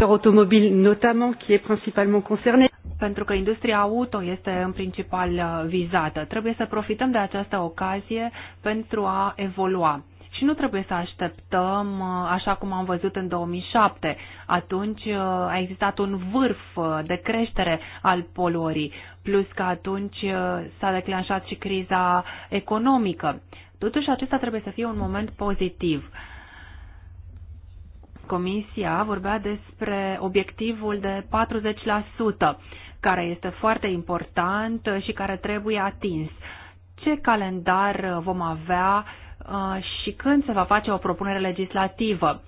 Automobil, notamment, qui est principalement concerné. Pentru că industria auto este în principal uh, vizată. Trebuie să profităm de această ocazie pentru a evolua și nu trebuie să așteptăm uh, așa cum am văzut în 2007. Atunci uh, a existat un vârf uh, de creștere al poluării, plus că atunci s-a declanșat și criza economică. Totuși acesta trebuie să fie un moment pozitiv. Comisia vorbea despre obiectivul de 40%, care este foarte important și care trebuie atins. Ce calendar vom avea Uh, și când se va face o propunere legislativă.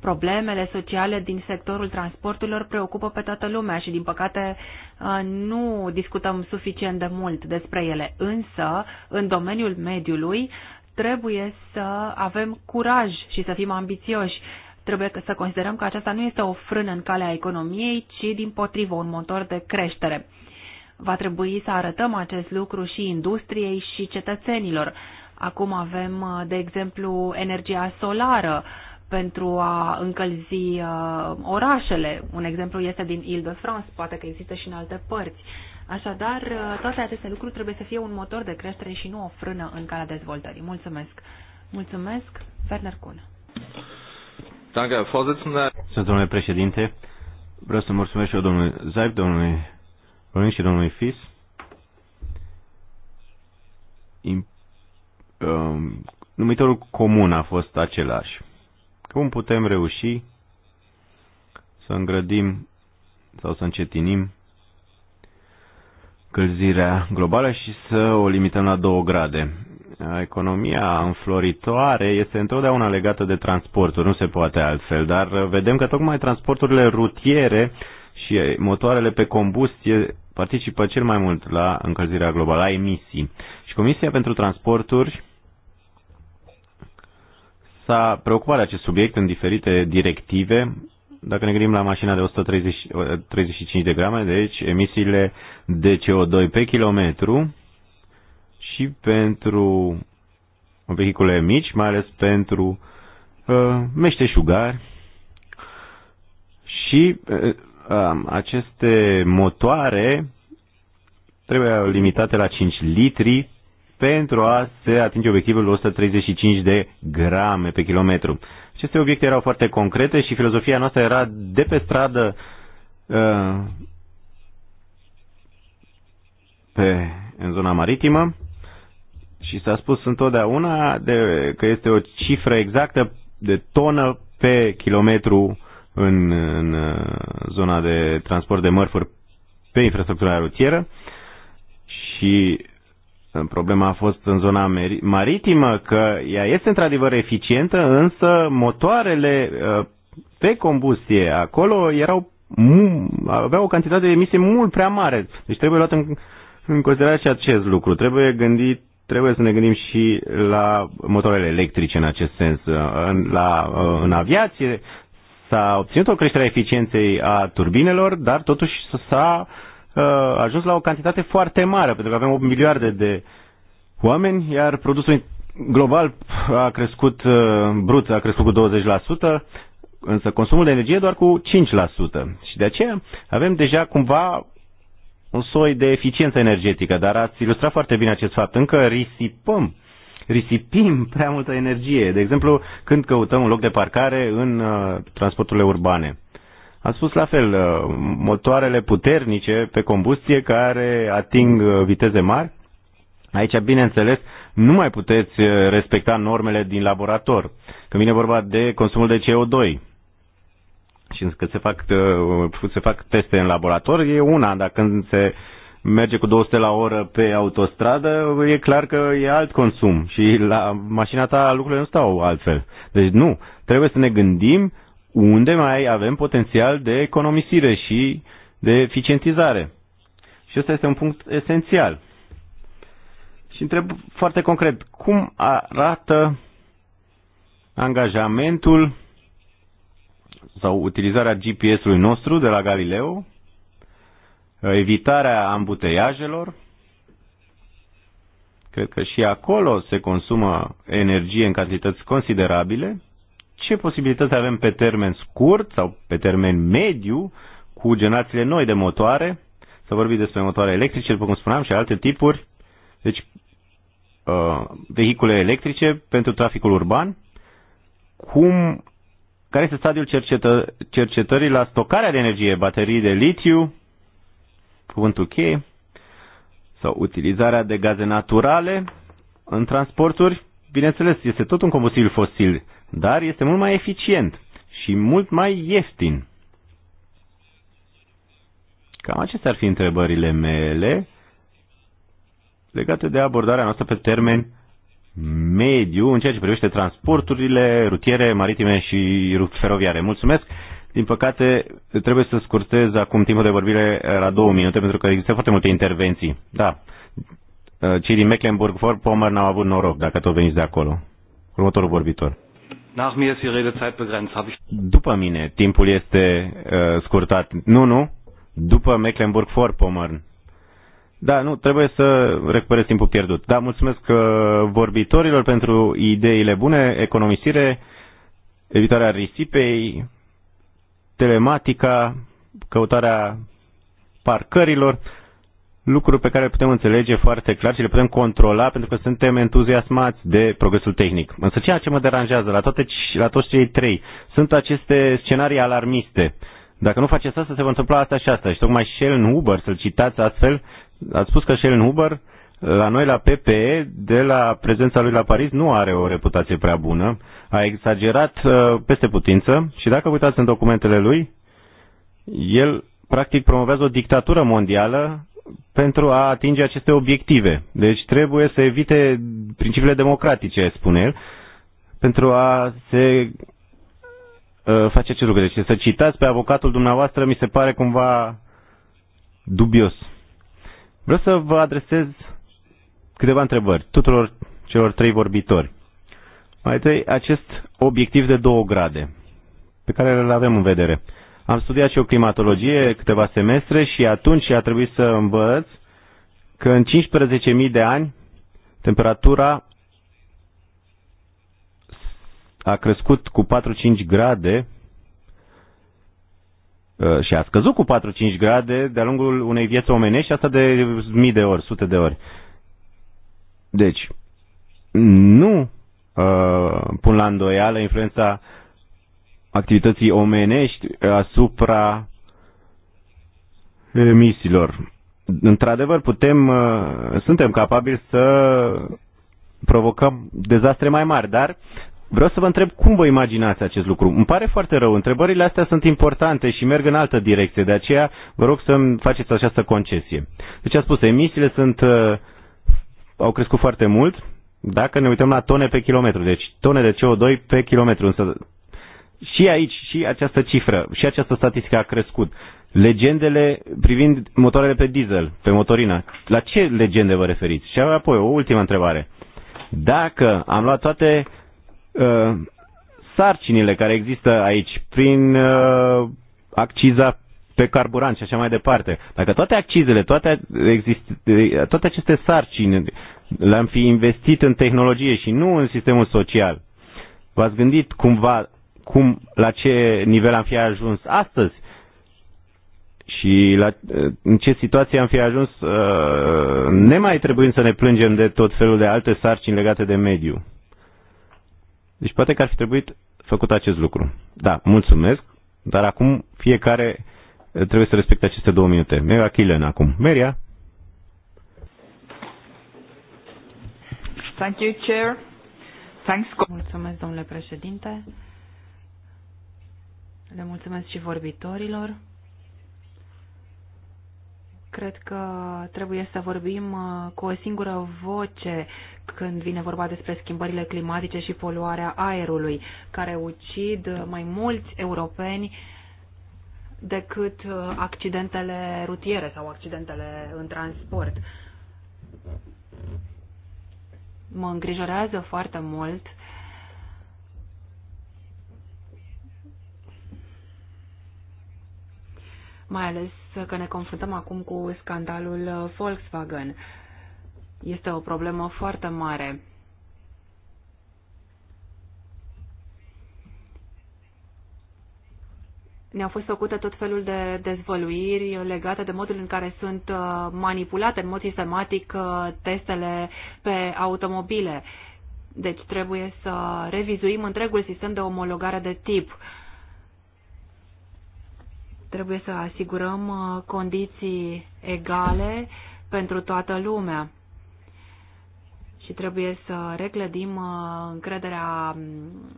Problemele sociale din sectorul transporturilor preocupă pe toată lumea și, din păcate, uh, nu discutăm suficient de mult despre ele. Însă, în domeniul mediului, trebuie să avem curaj și să fim ambițioși. Trebuie să considerăm că aceasta nu este o frână în calea economiei, ci, din potrivă, un motor de creștere. Va trebui să arătăm acest lucru și industriei și cetățenilor Acum avem, uh, de exemplu, energia solară pentru a încălzi uh, orașele. Un exemplu este din Ile-de-France, poate că există și în alte părți. Așadar, uh, toate aceste lucruri trebuie să fie un motor de creștere și nu o frână în calea dezvoltării. Mulțumesc! Mulțumesc, Werner Kuhn. Danke, Vorsitzender. Domnule președinte, vreau să mulțumesc și eu domnului Zaib, domnului Rolin și domnului Fis. Um, numitorul comun a fost același. Cum putem reuși să îngrădim sau să încetinim călzirea globală și să o limităm la 2 grade. Economia înfloritoare este întotdeauna legată de transporturi, nu se poate altfel, dar vedem că tocmai transporturile rutiere și motoarele pe combustie participă cel mai mult la încălzirea globală, la emisii. Și Comisia pentru Transporturi s-a preocupat de acest subiect în diferite directive. Dacă ne gândim la mașina de 135 de grame, deci emisiile de CO2 pe kilometru și pentru vehicule mici, mai ales pentru uh, meșteșugari și uh, um, aceste motoare trebuie limitate la 5 litri pentru a se atinge obiectivul 135 de grame pe kilometru. Aceste obiecte erau foarte concrete și filozofia noastră era de pe stradă uh, pe, în zona maritimă și s-a spus întotdeauna de, că este o cifră exactă de tonă pe kilometru în, în uh, zona de transport de mărfuri pe infrastructura rutieră și problema a fost în zona maritimă, că ea este într-adevăr eficientă, însă motoarele uh, pe combustie acolo erau aveau o cantitate de emisie mult prea mare. Deci trebuie luat în, în considerare și acest lucru. Trebuie gândit Trebuie să ne gândim și la motoarele electrice în acest sens. Uh, în, la, uh, în aviație s-a obținut o creștere a eficienței a turbinelor, dar totuși s-a Uh, ajuns la o cantitate foarte mare, pentru că avem 8 miliarde de oameni, iar produsul global a crescut uh, brut, a crescut cu 20%, însă consumul de energie doar cu 5%. Și de aceea avem deja cumva un soi de eficiență energetică, dar ați ilustrat foarte bine acest fapt. Încă risipăm, risipim prea multă energie. De exemplu, când căutăm un loc de parcare în uh, transporturile urbane. A spus la fel, uh, motoarele puternice pe combustie care ating uh, viteze mari. Aici, bineînțeles, nu mai puteți uh, respecta normele din laborator. Când vine vorba de consumul de CO2 și când se fac, se fac teste în laborator, e una, dar când se merge cu 200 la oră pe autostradă, e clar că e alt consum și la mașina ta lucrurile nu stau altfel. Deci nu, trebuie să ne gândim unde mai avem potențial de economisire și de eficientizare. Și ăsta este un punct esențial. Și întreb foarte concret, cum arată angajamentul sau utilizarea GPS-ului nostru de la Galileo, evitarea ambuteiajelor. Cred că și acolo se consumă energie în cantități considerabile ce posibilități avem pe termen scurt sau pe termen mediu cu generațiile noi de motoare. Să vorbim despre motoare electrice, după cum spuneam, și alte tipuri. Deci, uh, vehicule electrice pentru traficul urban. Cum, care este stadiul cercetă, cercetării la stocarea de energie, baterii de litiu, cuvântul cheie, sau utilizarea de gaze naturale în transporturi bineînțeles, este tot un combustibil fosil, dar este mult mai eficient și mult mai ieftin. Cam acestea ar fi întrebările mele legate de abordarea noastră pe termen mediu în ceea ce privește transporturile rutiere, maritime și feroviare. Mulțumesc! Din păcate, trebuie să scurtez acum timpul de vorbire la două minute, pentru că există foarte multe intervenții. Da, Uh, cei din Mecklenburg-Vorpommern au avut noroc, dacă tot veniți de acolo. Următorul vorbitor. Nach mir ist die Redezeit begrenzt. ich... După mine, timpul este uh, scurtat. Nu, nu. După Mecklenburg-Vorpommern. Da, nu, trebuie să recuperez timpul pierdut. Da, mulțumesc uh, vorbitorilor pentru ideile bune, economisire, evitarea risipei, telematica, căutarea parcărilor lucruri pe care le putem înțelege foarte clar și le putem controla pentru că suntem entuziasmați de progresul tehnic. Însă ceea ce mă deranjează la, toate, la toți cei trei sunt aceste scenarii alarmiste. Dacă nu faceți asta, se va întâmpla asta și asta. Și tocmai Sheldon Huber, să-l citați astfel, a spus că Sheldon Huber la noi la PPE, de la prezența lui la Paris, nu are o reputație prea bună. A exagerat uh, peste putință și dacă uitați în documentele lui, el practic promovează o dictatură mondială pentru a atinge aceste obiective. Deci trebuie să evite principiile democratice, spune el, pentru a se uh, face acest lucru. Deci să citați pe avocatul dumneavoastră mi se pare cumva dubios. Vreau să vă adresez câteva întrebări tuturor celor trei vorbitori. Mai trei, acest obiectiv de două grade pe care îl avem în vedere. Uh, am studiat și eu climatologie câteva semestre și atunci a trebuit să învăț că în 15.000 de ani temperatura a crescut cu 4-5 grade uh, și a scăzut cu 4-5 grade de-a lungul unei vieți omenești, asta de mii de ori, sute de ori. Deci, nu uh, pun la îndoială influența activității omenești uh, asupra misiilor. Într-adevăr, putem, uh, suntem capabili să provocăm dezastre mai mari, dar vreau să vă întreb cum vă imaginați acest lucru. Îmi pare foarte rău, întrebările astea sunt importante și merg în altă direcție, de aceea vă rog să-mi faceți această concesie. Deci, am spus, emisiile sunt, uh, au crescut foarte mult, dacă ne uităm la tone pe kilometru, deci tone de CO2 pe kilometru, însă și aici, și această cifră, și această statistică a crescut. Legendele privind motoarele pe diesel, pe motorină, la ce legende vă referiți? Și apoi, o ultimă întrebare. Dacă am luat toate uh, sarcinile care există aici, prin uh, acciza pe carburant și așa mai departe, dacă toate accizele, toate, exist, toate aceste sarcini le-am fi investit în tehnologie și nu în sistemul social, v-ați gândit cumva cum, la ce nivel am fi ajuns astăzi și la, în ce situație am fi ajuns uh, nemai trebuind să ne plângem de tot felul de alte sarcini legate de mediu. Deci poate că ar fi trebuit făcut acest lucru. Da, mulțumesc, dar acum fiecare uh, trebuie să respecte aceste două minute. Meria Chilen acum. Meria. Thank you, Chair. Thanks. Mulțumesc, domnule președinte. Le mulțumesc și vorbitorilor. Cred că trebuie să vorbim uh, cu o singură voce când vine vorba despre schimbările climatice și poluarea aerului, care ucid mai mulți europeni decât uh, accidentele rutiere sau accidentele în transport. Mă îngrijorează foarte mult mai ales că ne confruntăm acum cu scandalul uh, Volkswagen. Este o problemă foarte mare. ne-au fost făcute tot felul de dezvăluiri legate de modul în care sunt uh, manipulate în mod sistematic uh, testele pe automobile. Deci trebuie să revizuim întregul sistem de omologare de tip. Trebuie să asigurăm uh, condiții egale pentru toată lumea și trebuie să reclădim uh, încrederea mm,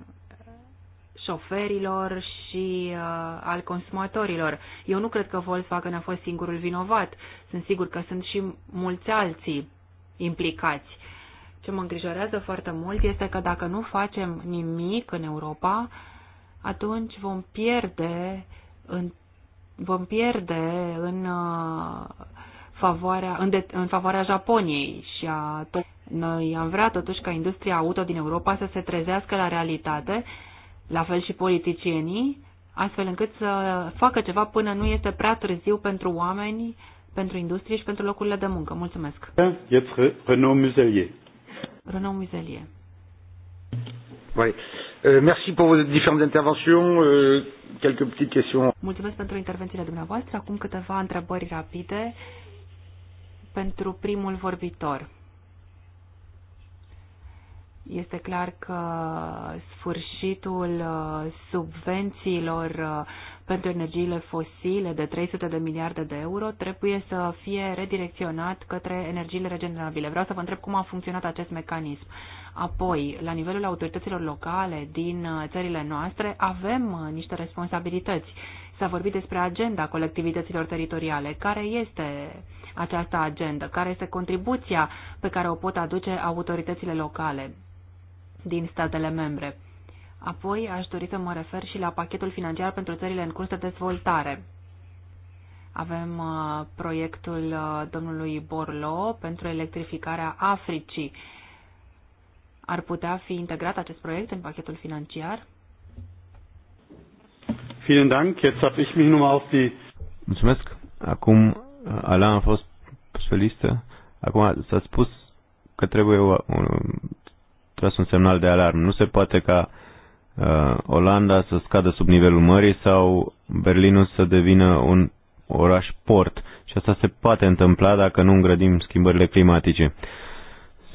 șoferilor și uh, al consumatorilor. Eu nu cred că Volkswagen a fost singurul vinovat. Sunt sigur că sunt și mulți alții implicați. Ce mă îngrijorează foarte mult este că dacă nu facem nimic în Europa, atunci vom pierde în vom pierde în uh, favoarea, în, de, în favoarea Japoniei și a to- Noi am vrea totuși ca industria auto din Europa să se trezească la realitate, la fel și politicienii, astfel încât să facă ceva până nu este prea târziu pentru oameni, pentru industrie și pentru locurile de muncă. Mulțumesc! Renaud Muselier. Renaud Muselier. Right. Euh, merci pour vos différentes interventions. Euh, quelques petites questions. Mulțumesc pentru intervențiile dumneavoastră. Acum câteva întrebări rapide pentru primul vorbitor. Este clar că sfârșitul uh, subvențiilor uh, pentru energiile fosile de 300 de miliarde de euro trebuie să fie redirecționat către energiile regenerabile. Vreau să vă întreb cum a funcționat acest mecanism. Apoi, la nivelul autorităților locale din uh, țările noastre, avem uh, niște responsabilități. S-a vorbit despre agenda colectivităților teritoriale. Care este această agendă? Care este contribuția pe care o pot aduce autoritățile locale din statele membre? Apoi, aș dori să mă refer și la pachetul financiar pentru țările în curs de dezvoltare. Avem uh, proiectul domnului Borlo pentru electrificarea Africii ar putea fi integrat acest proiect în pachetul financiar? Vielen Dank. Jetzt habe ich mich auf die Mulțumesc. Acum Alain a fost pe listă. Acum s-a spus că trebuie o, un, tras un semnal de alarmă. Nu se poate ca uh, Olanda să scadă sub nivelul mării sau Berlinul să devină un oraș port. Și asta se poate întâmpla dacă nu îngrădim schimbările climatice.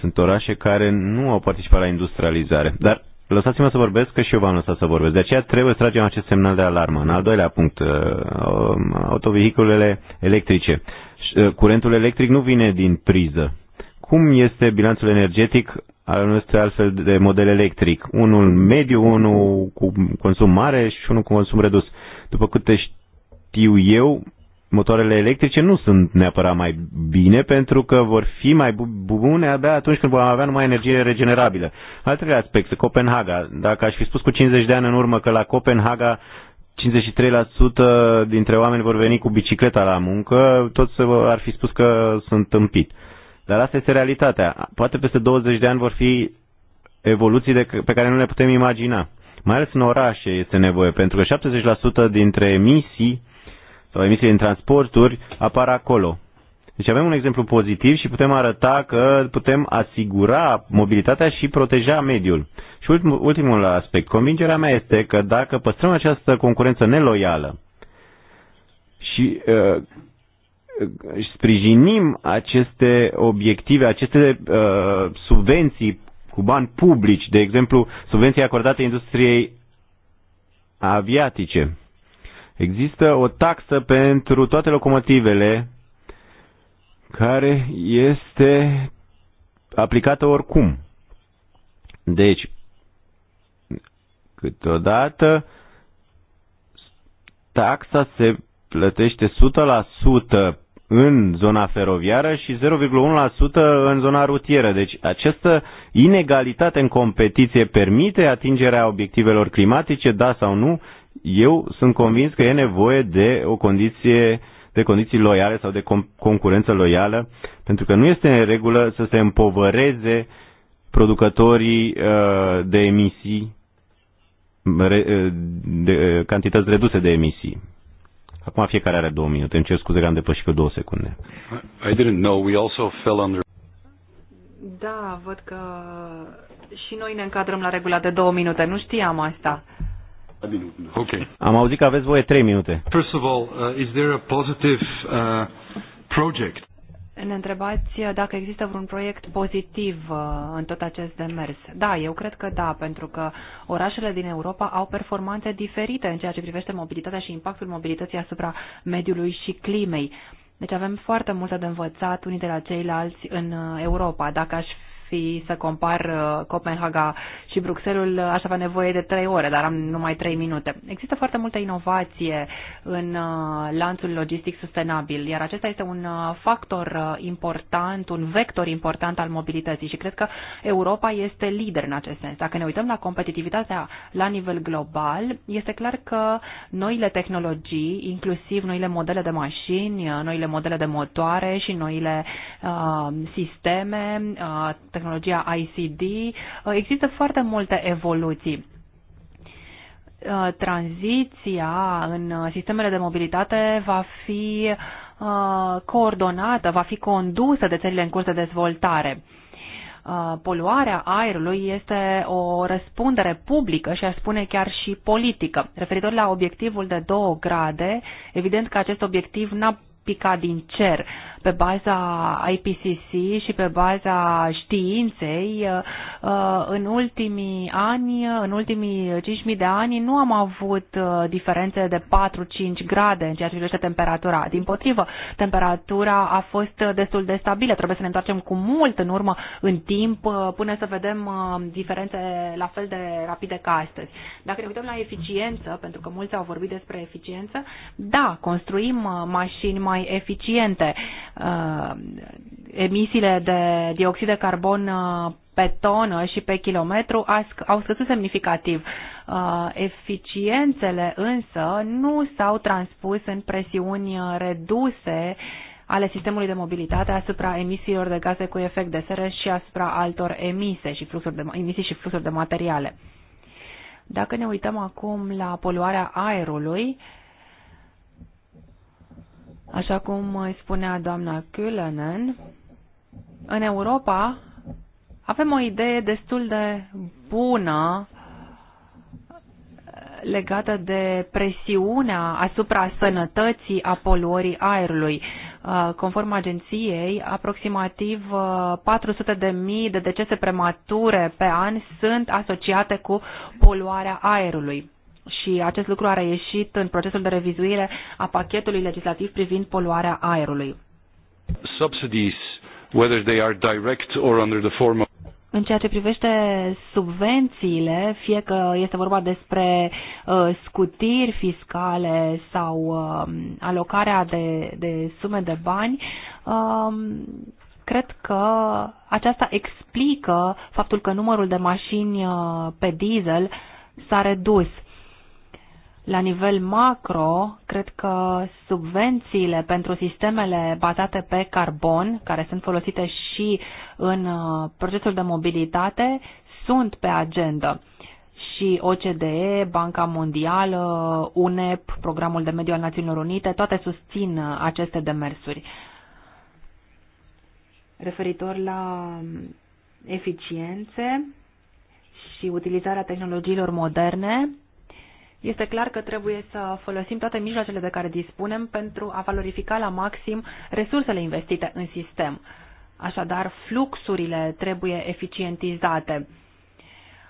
Sunt orașe care nu au participat la industrializare. Dar lăsați-mă să vorbesc, că și eu v-am lăsat să vorbesc. De aceea trebuie să tragem acest semnal de alarmă. În al doilea punct, uh, um, autovehiculele electrice. Uh, curentul electric nu vine din priză. Cum este bilanțul energetic al nostru altfel de model electric? Unul mediu, unul cu consum mare și unul cu consum redus. După câte știu eu, motoarele electrice nu sunt neapărat mai bine pentru că vor fi mai bune abia atunci când vom avea numai energie regenerabilă. Al treilea aspect, Copenhaga. Dacă aș fi spus cu 50 de ani în urmă că la Copenhaga 53% dintre oameni vor veni cu bicicleta la muncă, toți ar fi spus că sunt împit. Dar asta este realitatea. Poate peste 20 de ani vor fi evoluții de, pe care nu le putem imagina. Mai ales în orașe este nevoie, pentru că 70% dintre emisii sau emisii din transporturi apar acolo. Deci avem un exemplu pozitiv și putem arăta că putem asigura mobilitatea și proteja mediul. Și ultimul aspect, convingerea mea este că dacă păstrăm această concurență neloială și uh, uh, sprijinim aceste obiective, aceste uh, subvenții cu bani publici, de exemplu, subvenții acordate industriei aviatice, Există o taxă pentru toate locomotivele care este aplicată oricum. Deci, câteodată taxa se plătește 100% în zona feroviară și 0,1% în zona rutieră. Deci această inegalitate în competiție permite atingerea obiectivelor climatice, da sau nu, eu sunt convins că e nevoie de o condiție de condiții loiale sau de concurență loială, pentru că nu este în regulă să se împovăreze producătorii uh, de emisii, uh, de uh, cantități reduse de emisii. Acum fiecare are două minute. Îmi cer scuze că am depășit cu două secunde. I didn't know. We also fell under... Da, văd că și noi ne încadrăm la regula de două minute. Nu știam asta. Da. Okay. Am auzit că aveți voie 3 minute. First of all, uh, is there a positive uh, project? Ne întrebați uh, dacă există vreun proiect pozitiv uh, în tot acest demers. Da, eu cred că da, pentru că orașele din Europa au performanțe diferite în ceea ce privește mobilitatea și impactul mobilității asupra mediului și climei. Deci avem foarte multe de învățat unii de la ceilalți în uh, Europa. Dacă aș fi să compar uh, Copenhaga și Bruxelles, aș avea nevoie de trei ore, dar am numai trei minute. Există foarte multă inovație în uh, lanțul logistic sustenabil, iar acesta este un uh, factor important, un vector important al mobilității și cred că Europa este lider în acest sens. Dacă ne uităm la competitivitatea la nivel global, este clar că noile tehnologii, inclusiv noile modele de mașini, noile modele de motoare și noile uh, sisteme, uh, tehnologia ICD. Uh, există foarte multe evoluții uh, tranziția în uh, sistemele de mobilitate va fi coordonată, va fi condusă de țările în curs de dezvoltare. Poluarea aerului este o răspundere publică și aș spune chiar și politică. Referitor la obiectivul de 2 grade, evident că acest obiectiv n-a picat din cer. Uh, pe baza IPCC și pe baza științei, uh, uh, în ultimii ani, în ultimii 5.000 de ani, nu am avut uh, diferențe de 4-5 grade în ceea ce privește temperatura. Din potrivă, temperatura a fost destul de stabilă. Trebuie să ne întoarcem cu mult în urmă în timp până să vedem diferențe la fel de rapide ca astăzi. Dacă ne uităm la eficiență, pentru că mulți au vorbit despre eficiență, da, construim mașini mai eficiente, Uh, emisiile de dioxid de carbon uh, pe tonă și pe kilometru au scăzut semnificativ. Uh, eficiențele însă nu s-au transpus în presiuni reduse ale sistemului de mobilitate asupra emisiilor de gaze cu efect de seră și asupra altor emise și fluxuri de, emisii și fluxuri de materiale. Dacă ne uităm acum la poluarea aerului, uh, Așa cum îi spunea doamna Kulenen, în Europa avem o idee destul de bună legată de presiunea asupra sănătății a poluării aerului. Uh, conform agenției, aproximativ 400.000 uh, de, de decese premature pe an sunt asociate cu poluarea aerului și acest lucru a reieșit în procesul de revizuire a pachetului legislativ privind poluarea aerului. Subsidies, whether they are direct or under the form of în ceea ce privește subvențiile, fie că este vorba despre uh, scutiri fiscale sau uh, alocarea de, de sume de bani, uh, cred că aceasta explică faptul că numărul de mașini uh, pe diesel s-a redus. Uh, la nivel macro, cred că subvențiile pentru sistemele bazate pe carbon, care sunt folosite și în uh, procesul de mobilitate, sunt pe agenda. Și OCDE, Banca Mondială, UNEP, Programul de Mediu al Națiunilor Unite, toate susțin uh, aceste demersuri. Referitor la um, eficiențe și utilizarea tehnologiilor moderne, este clar că trebuie să folosim toate mijloacele de care dispunem pentru a valorifica la maxim resursele investite în sistem. Așadar, fluxurile trebuie eficientizate.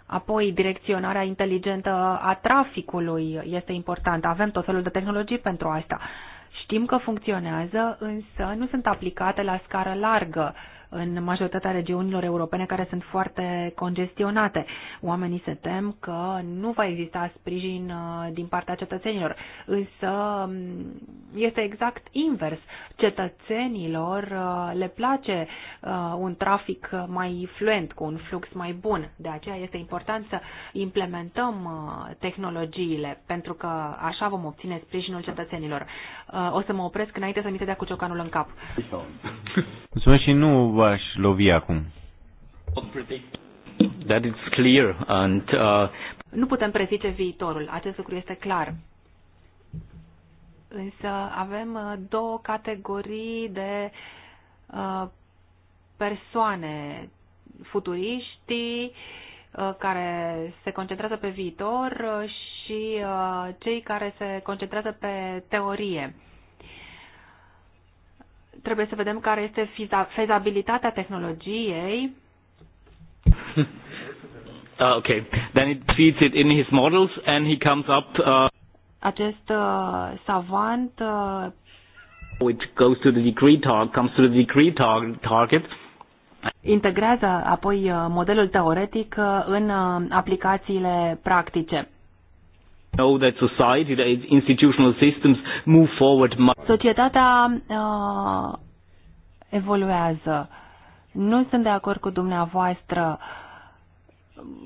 Apoi, direcționarea inteligentă a traficului este importantă. Avem tot felul de tehnologii pentru asta. Știm că funcționează, însă nu sunt aplicate la scară largă în majoritatea regiunilor europene care sunt foarte congestionate. Oamenii se tem că nu va exista sprijin uh, din partea cetățenilor, însă um, este exact invers. Cetățenilor uh, le place uh, un trafic mai fluent, cu un flux mai bun. De aceea este important să implementăm tehnologiile, pentru că așa vom obține sprijinul cetățenilor. O să mă opresc înainte să mi se dea cu ciocanul în cap. Mulțumesc și nu v-aș lovi acum. That is clear and, uh... Nu putem prezice viitorul, acest lucru este clar. Însă avem uh, două categorii de uh, persoane, futuriștii uh, care se concentrează pe viitor uh, și uh, cei care se concentrează pe teorie. Uh, trebuie să vedem care este fezabilitatea tehnologiei. Uh, okay. Then it feeds it in his models and he comes up to, uh, acest uh, savant uh, which goes to the degree target comes to the degree talk, target integrează apoi uh, modelul teoretic uh, în uh, aplicațiile practice know that society, the institutional systems move forward. Societatea uh, evoluează. Nu sunt de acord cu dumneavoastră.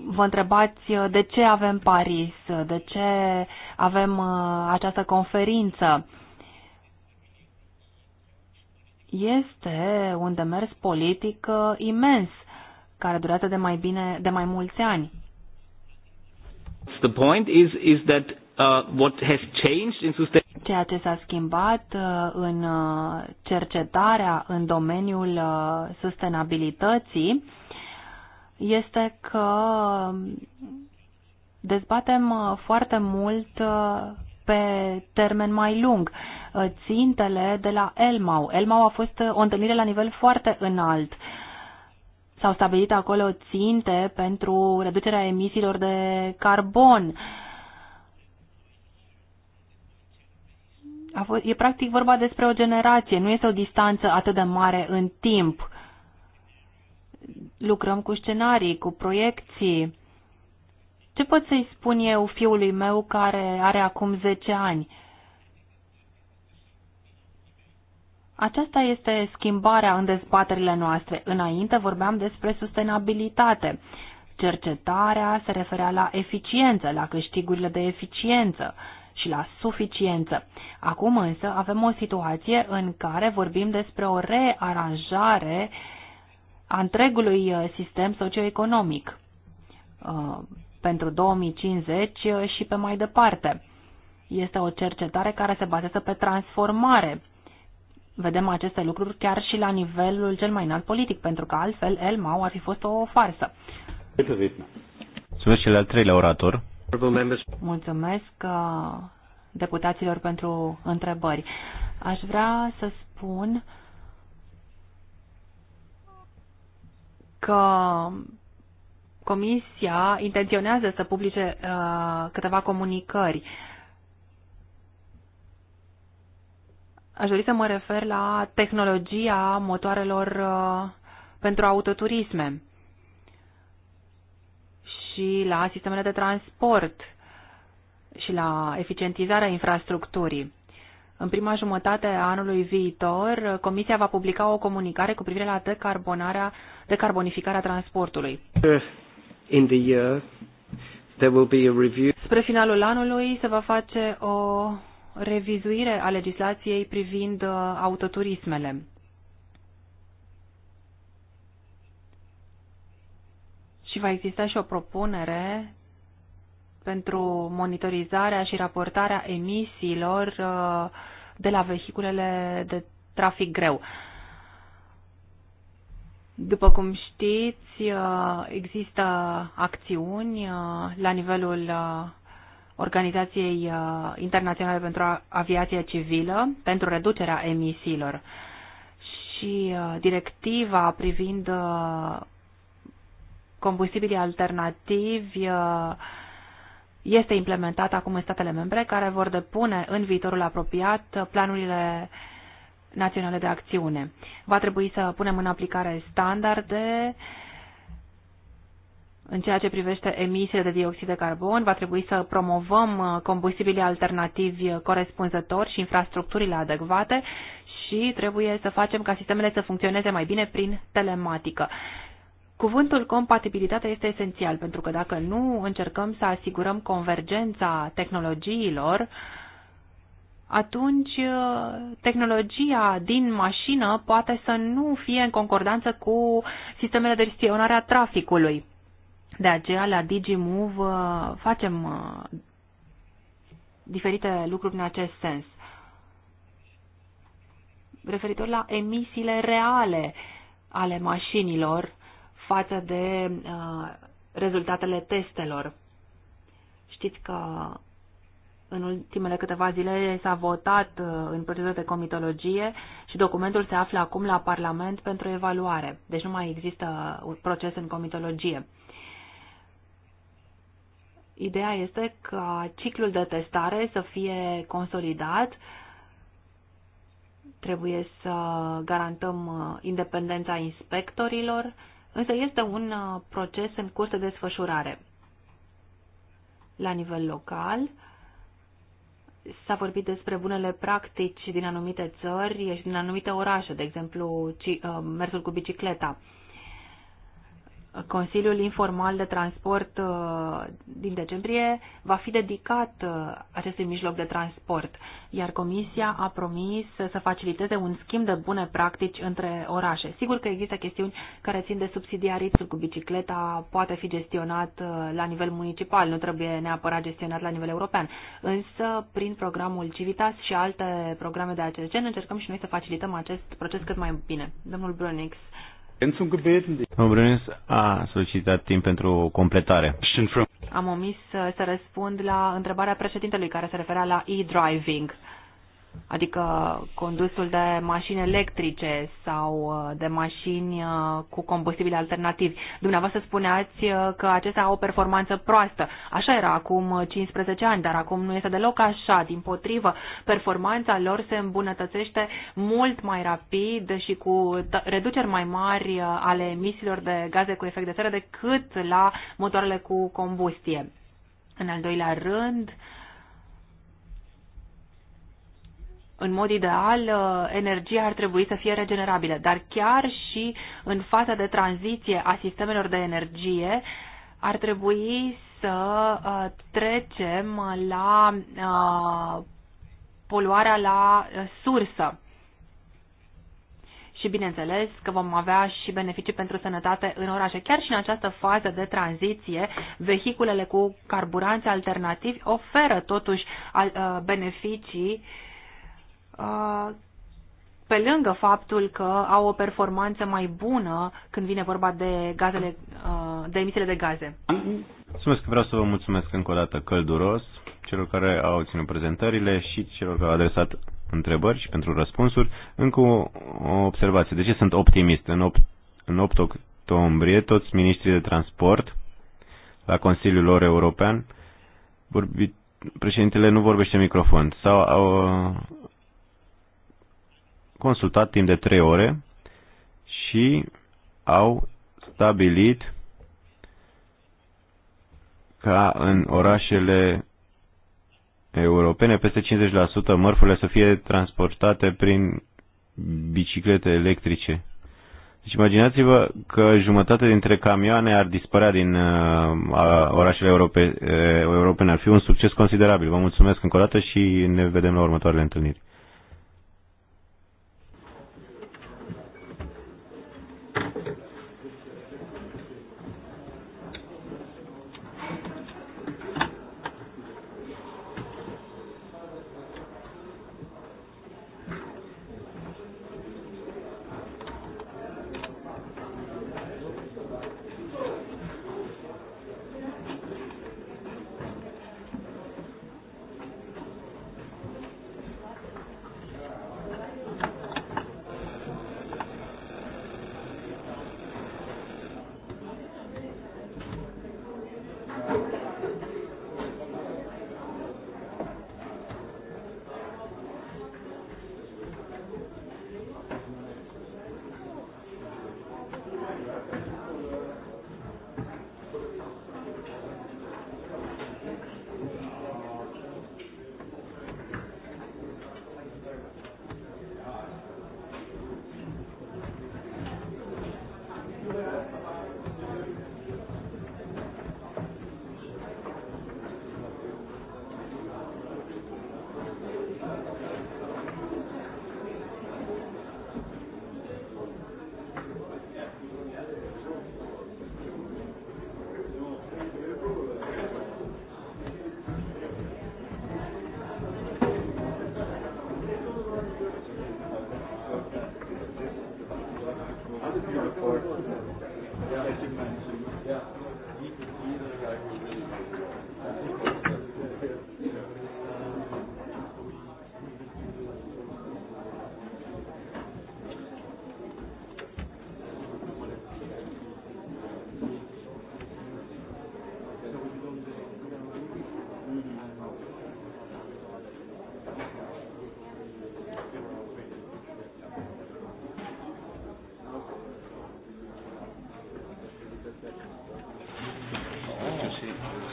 Vă întrebați uh, de ce avem Paris, de ce avem uh, această conferință. Este un demers politic uh, imens care durează de mai bine de mai mulți ani The point is, is that uh, what has changed in sustainability Ceea ce s-a schimbat uh, în uh, cercetarea în domeniul uh, sustenabilității este că um, dezbatem foarte mult pe termen mai lung țintele de la Elmau. Elmau a fost o întâlnire la nivel foarte înalt S-au stabilit acolo ținte pentru reducerea emisiilor de carbon. A fost, e practic vorba despre o generație, nu este o distanță atât de mare în timp. Lucrăm cu scenarii, cu proiecții. Ce pot să-i spun eu fiului meu care are acum 10 ani? Aceasta este schimbarea în dezbaterile noastre. Înainte vorbeam despre sustenabilitate. Cercetarea se referea la eficiență, la câștigurile de eficiență și la suficiență. Acum însă avem o situație în care vorbim despre o rearanjare a întregului uh, sistem socioeconomic uh, pentru 2050 uh, și pe mai departe. Este o cercetare care se bazează pe transformare, vedem aceste lucruri chiar și la nivelul cel mai înalt politic, pentru că altfel Elmau ar fi fost o farsă. Mulțumesc cel al treilea orator. Mulțumesc uh, deputaților pentru întrebări. Aș vrea să spun că Comisia intenționează să publice uh, câteva comunicări uh, Aș dori să mă refer la tehnologia motoarelor uh, pentru autoturisme și la sistemele de transport și la eficientizarea infrastructurii. În prima jumătate a anului viitor, Comisia va publica o comunicare cu privire la decarbonarea, decarbonificarea transportului. In the year, there will be a review. Spre finalul anului se va face o revizuire a legislației privind uh, autoturismele. Și va exista și o propunere pentru monitorizarea și raportarea emisiilor uh, de la vehiculele de trafic greu. După cum știți, uh, există acțiuni la nivelul Organizației uh, Internaționale pentru Aviație Civilă pentru reducerea emisiilor și uh, directiva privind uh, combustibilii alternativi este implementată acum în statele membre care vor depune în viitorul apropiat planurile naționale de acțiune. Va trebui să punem în aplicare standarde uh, în ceea ce privește emisiile de dioxid de carbon, va trebui să promovăm uh, combustibili alternativi corespunzători și infrastructurile adecvate și trebuie să facem ca sistemele să funcționeze mai bine prin telematică. Cuvântul compatibilitate este esențial, pentru că dacă nu încercăm să asigurăm convergența tehnologiilor, atunci uh, tehnologia din mașină poate să nu fie în concordanță cu sistemele de gestionare a traficului. De aceea, la DigiMove uh, facem uh, diferite lucruri în acest sens. Referitor la emisiile reale ale mașinilor față de uh, rezultatele testelor. Știți că în ultimele câteva zile s-a votat în procesul de comitologie și documentul se află acum la Parlament pentru evaluare. Deci nu mai există proces în comitologie. Ideea este ca ciclul de testare să fie consolidat. Trebuie să garantăm uh, independența inspectorilor, însă este un uh, proces în curs de desfășurare. La nivel local, s-a vorbit despre bunele practici din anumite țări și din anumite orașe, de exemplu, uh, mersul cu bicicleta Consiliul Informal de Transport uh, din decembrie va fi dedicat uh, acestui mijloc de transport, iar Comisia a promis să faciliteze un schimb de bune practici între orașe. Sigur că există chestiuni care țin de subsidiaritul cu bicicleta, poate fi gestionat uh, la nivel municipal, nu trebuie neapărat gestionat la nivel european, însă prin programul Civitas și alte programe de acest gen încercăm și noi să facilităm acest proces cât mai bine. Domnul Brunix, Domnul Brunes a solicitat timp pentru completare. Am omis să răspund la întrebarea președintelui care se referea la e-driving adică condusul de mașini electrice sau uh, de mașini uh, cu combustibili alternativi. Dumneavoastră spuneați uh, că acestea au o performanță proastă. Așa era acum 15 ani, dar acum nu este deloc așa. Din potrivă, performanța lor se îmbunătățește mult mai rapid și cu reduceri mai mari ale emisiilor de gaze cu efect de seră decât la motoarele cu combustie. În al doilea rând, uh, în mod ideal, uh, energia ar trebui să fie regenerabilă, dar chiar și în faza de tranziție a sistemelor de energie ar trebui să uh, trecem la uh, poluarea la sursă. Și bineînțeles că vom avea și beneficii pentru sănătate în orașe. Chiar și în această fază de tranziție, vehiculele cu carburanți alternativi oferă totuși beneficii Uh, pe lângă faptul că au o performanță mai bună când vine vorba de, gazele, uh, de emisiile de gaze. Mulțumesc, că vreau să vă mulțumesc încă o dată călduros celor care au ținut prezentările și celor care au adresat întrebări și pentru răspunsuri. Încă o, observație. De ce sunt optimist? În 8, în 8 octombrie, toți ministrii de transport la Consiliul lor european, vorbi, președintele nu vorbește microfon. sau au consultat timp de trei ore și au stabilit ca în orașele europene peste 50% mărfurile să fie transportate prin biciclete electrice. Deci imaginați-vă că jumătate dintre camioane ar dispărea din uh, orașele europe, uh, europene. Ar fi un succes considerabil. Vă mulțumesc încă o dată și ne vedem la următoarele întâlniri.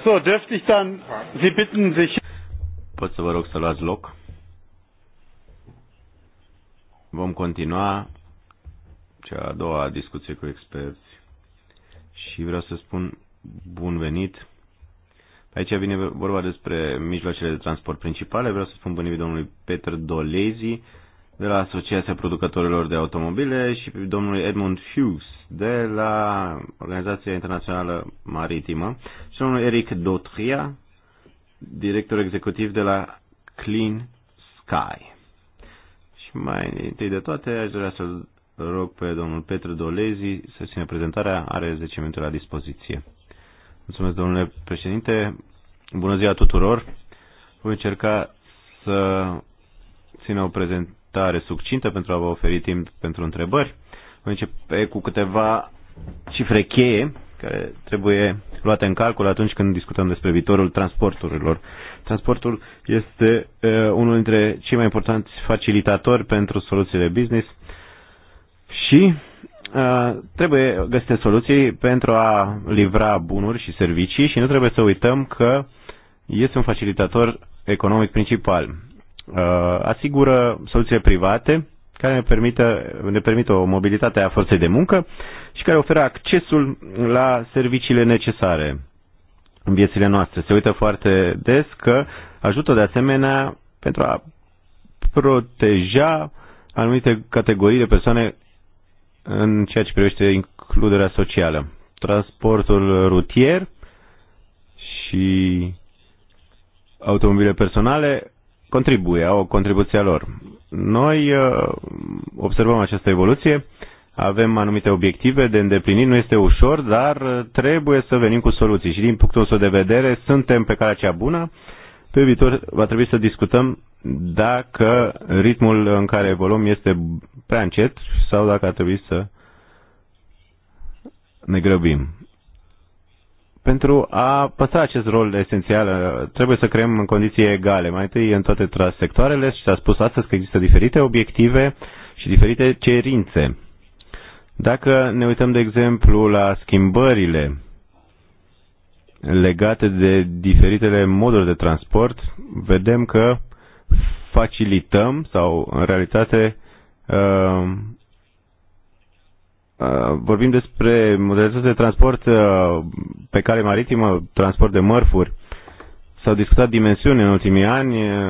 So, dürfte ich dann Sie bitten, sich... Pot să vă rog să luați loc. Vom continua cea a doua discuție cu experți și vreau să spun bun venit. Aici vine vorba despre mijloacele de transport principale. Vreau să spun bun venit domnului Petr Dolezi, de la Asociația Producătorilor de Automobile și domnul Edmund Hughes de la Organizația Internațională Maritimă și domnul Eric Dotria, director executiv de la Clean Sky. Și mai întâi de toate aș dorea să rog pe domnul Petru Dolezi să țină prezentarea, are 10 minute la dispoziție. Mulțumesc, domnule președinte. Bună ziua tuturor. Voi încerca să țină o prezentare tare succintă pentru a vă oferi timp pentru întrebări. Vom începe cu câteva cifre cheie care trebuie luate în calcul atunci când discutăm despre viitorul transporturilor. Transportul este uh, unul dintre cei mai importanti facilitatori pentru soluțiile business și uh, trebuie găsite soluții pentru a livra bunuri și servicii și nu trebuie să uităm că este un facilitator economic principal. Uh, asigură soluții private care ne permită, ne permită o mobilitate a forței de muncă și care oferă accesul la serviciile necesare în viețile noastre. Se uită foarte des că ajută de asemenea pentru a proteja anumite categorii de persoane în ceea ce privește includerea socială. Transportul rutier și automobile personale contribuie, au contribuția lor. Noi uh, observăm această evoluție, avem anumite obiective de îndeplinit, nu este ușor, dar uh, trebuie să venim cu soluții și din punctul nostru de vedere suntem pe calea cea bună. Pe viitor va trebui să discutăm dacă ritmul în care evoluăm este prea încet sau dacă ar trebui să ne grăbim pentru a păstra acest rol esențial, trebuie să creăm în condiții egale, mai întâi în toate sectoarele și s-a spus astăzi că există diferite obiective și diferite cerințe. Dacă ne uităm, de exemplu, la schimbările legate de diferitele moduri de transport, vedem că facilităm sau, în realitate, uh, Uh, vorbim despre modalități de transport uh, pe cale maritimă, transport de mărfuri. S-au discutat dimensiuni în ultimii ani uh,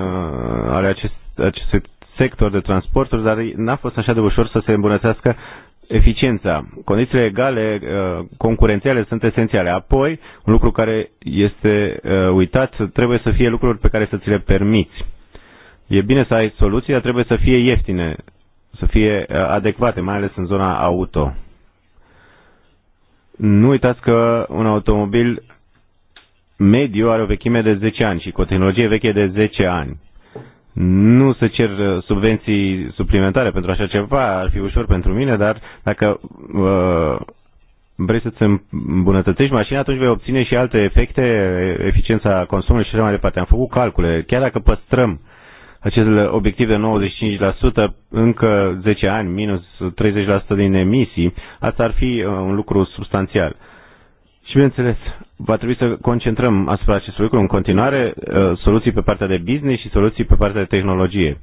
ale acest, acestui sector de transporturi, dar n-a fost așa de ușor să se îmbunătățească eficiența. Condițiile egale, concurențiale sunt esențiale. Apoi, un lucru care este uitat, trebuie să fie lucruri pe care să ți le permiți. E bine să ai soluții, dar trebuie să fie ieftine să fie uh, adecvate, mai ales în zona auto. Nu uitați că un automobil mediu are o vechime de 10 ani și cu o tehnologie veche de 10 ani. Nu se cer uh, subvenții suplimentare pentru așa ceva, ar fi ușor pentru mine, dar dacă uh, vrei să-ți îmbunătățești mașina, atunci vei obține și alte efecte, eficiența consumului și așa mai departe. Am făcut calcule. Chiar dacă păstrăm acele obiectiv de 95% încă 10 ani, minus 30% din emisii, asta ar fi uh, un lucru substanțial. Și bineînțeles, va trebui să concentrăm asupra acestui lucru în continuare, uh, soluții pe partea de business și soluții pe partea de tehnologie.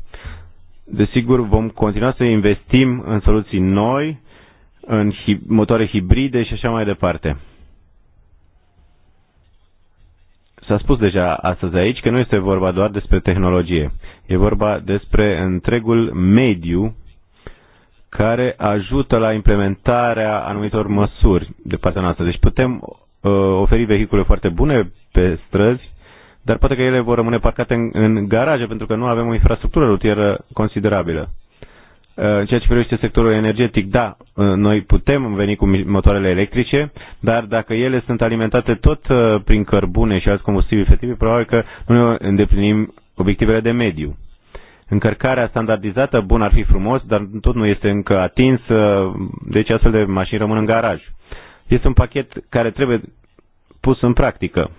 Desigur, vom continua să investim în soluții noi, în motoare hibride și așa mai departe. S-a spus deja astăzi aici că nu este vorba doar despre tehnologie. E vorba despre întregul mediu care ajută la implementarea anumitor măsuri de partea noastră. Deci putem uh, oferi vehicule foarte bune pe străzi, dar poate că ele vor rămâne parcate în, în garaje pentru că nu avem o infrastructură rutieră considerabilă. Uh, ceea ce privește sectorul energetic, da, uh, noi putem veni cu motoarele electrice, dar dacă ele sunt alimentate tot uh, prin cărbune și alți combustibili fetivi, probabil că nu îndeplinim obiectivele de mediu. Încărcarea standardizată, bun, ar fi frumos, dar tot nu este încă atins, deci astfel de mașini rămân în garaj. Este un pachet care trebuie pus în practică.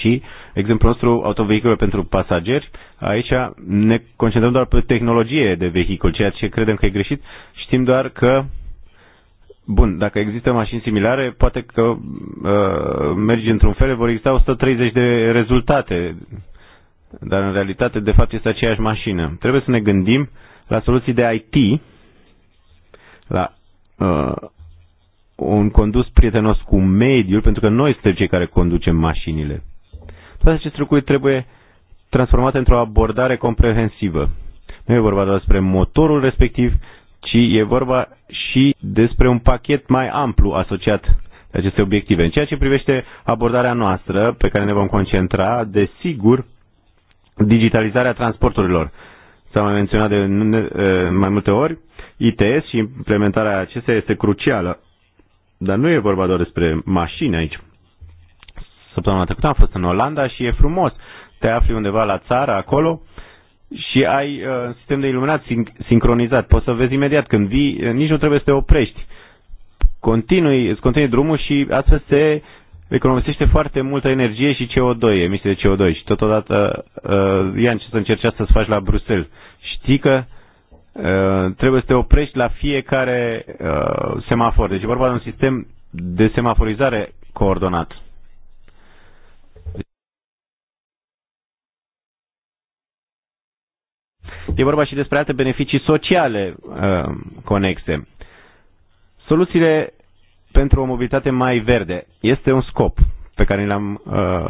Și exemplul nostru, autovehicule pentru pasageri, Aici ne concentrăm doar pe tehnologie de vehicul, ceea ce credem că e greșit. Știm doar că, bun, dacă există mașini similare, poate că uh, mergi într-un fel, vor exista 130 de rezultate, dar în realitate, de fapt, este aceeași mașină. Trebuie să ne gândim la soluții de IT, la uh, un condus prietenos cu mediul, pentru că noi suntem cei care conducem mașinile. Toate aceste lucruri trebuie uh, transformată într-o abordare comprehensivă. Nu e vorba doar despre motorul respectiv, ci e vorba și despre un pachet mai amplu asociat aceste obiective. În ceea ce privește abordarea noastră, pe care ne vom concentra, desigur, digitalizarea transporturilor. S-a mai menționat de mai multe ori, ITS și implementarea acesteia este crucială. Dar nu e vorba doar despre mașini aici. Săptămâna trecută am fost în Olanda și e frumos te afli undeva la țară, acolo, și ai uh, sistem de iluminat sin- sincronizat. Poți să vezi imediat când vii, uh, nici nu trebuie să te oprești. Continui, îți continui drumul și astfel se economisește foarte multă energie și CO2, emisie de CO2 și totodată, uh, Ian, ce să încerci să faci la Bruxelles? Știi că uh, trebuie să te oprești la fiecare uh, semafor. Deci e vorba de un sistem de semaforizare coordonat. E vorba și despre alte beneficii sociale uh, conexe. Soluțiile pentru o mobilitate mai verde este un scop pe care l-am uh,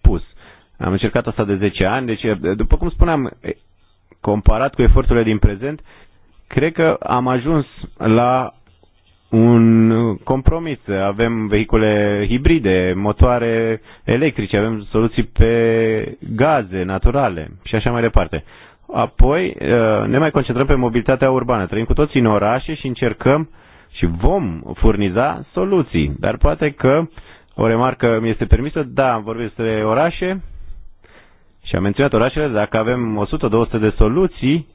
pus. Am încercat asta de 10 ani, deci, uh, după cum spuneam, comparat cu eforturile din prezent, cred că am ajuns la un compromis. Avem vehicule hibride, motoare electrice, avem soluții pe gaze naturale și așa mai departe. Apoi uh, ne mai concentrăm pe mobilitatea urbană. Trăim cu toții în orașe și încercăm și vom furniza soluții. Dar poate că o remarcă mi este permisă, da, am vorbit despre orașe și am menționat orașele, dacă avem 100-200 de soluții,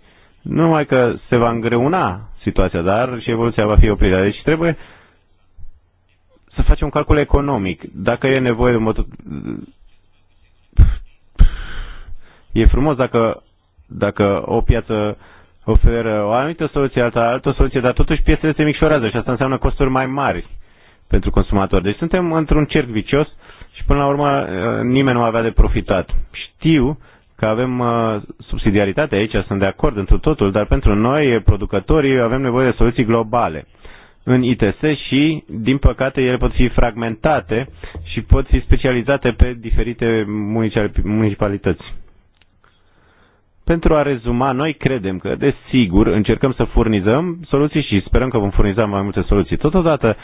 numai că se va îngreuna situația, dar și evoluția va fi oprită. Deci trebuie să facem un calcul economic. Dacă e nevoie de motor... E frumos dacă dacă o piață oferă o anumită soluție, alta altă soluție, dar totuși piețele se micșorează și asta înseamnă costuri mai mari pentru consumator. Deci suntem într-un cerc vicios și până la urmă uh, nimeni nu avea de profitat. Știu că avem uh, subsidiaritate aici, sunt de acord într totul, dar pentru noi, producătorii, avem nevoie de soluții globale în ITS și, din păcate, ele pot fi fragmentate și pot fi specializate pe diferite municipalități. Pentru a rezuma, noi credem că, desigur, încercăm să furnizăm soluții și sperăm că vom furniza mai multe soluții. Totodată,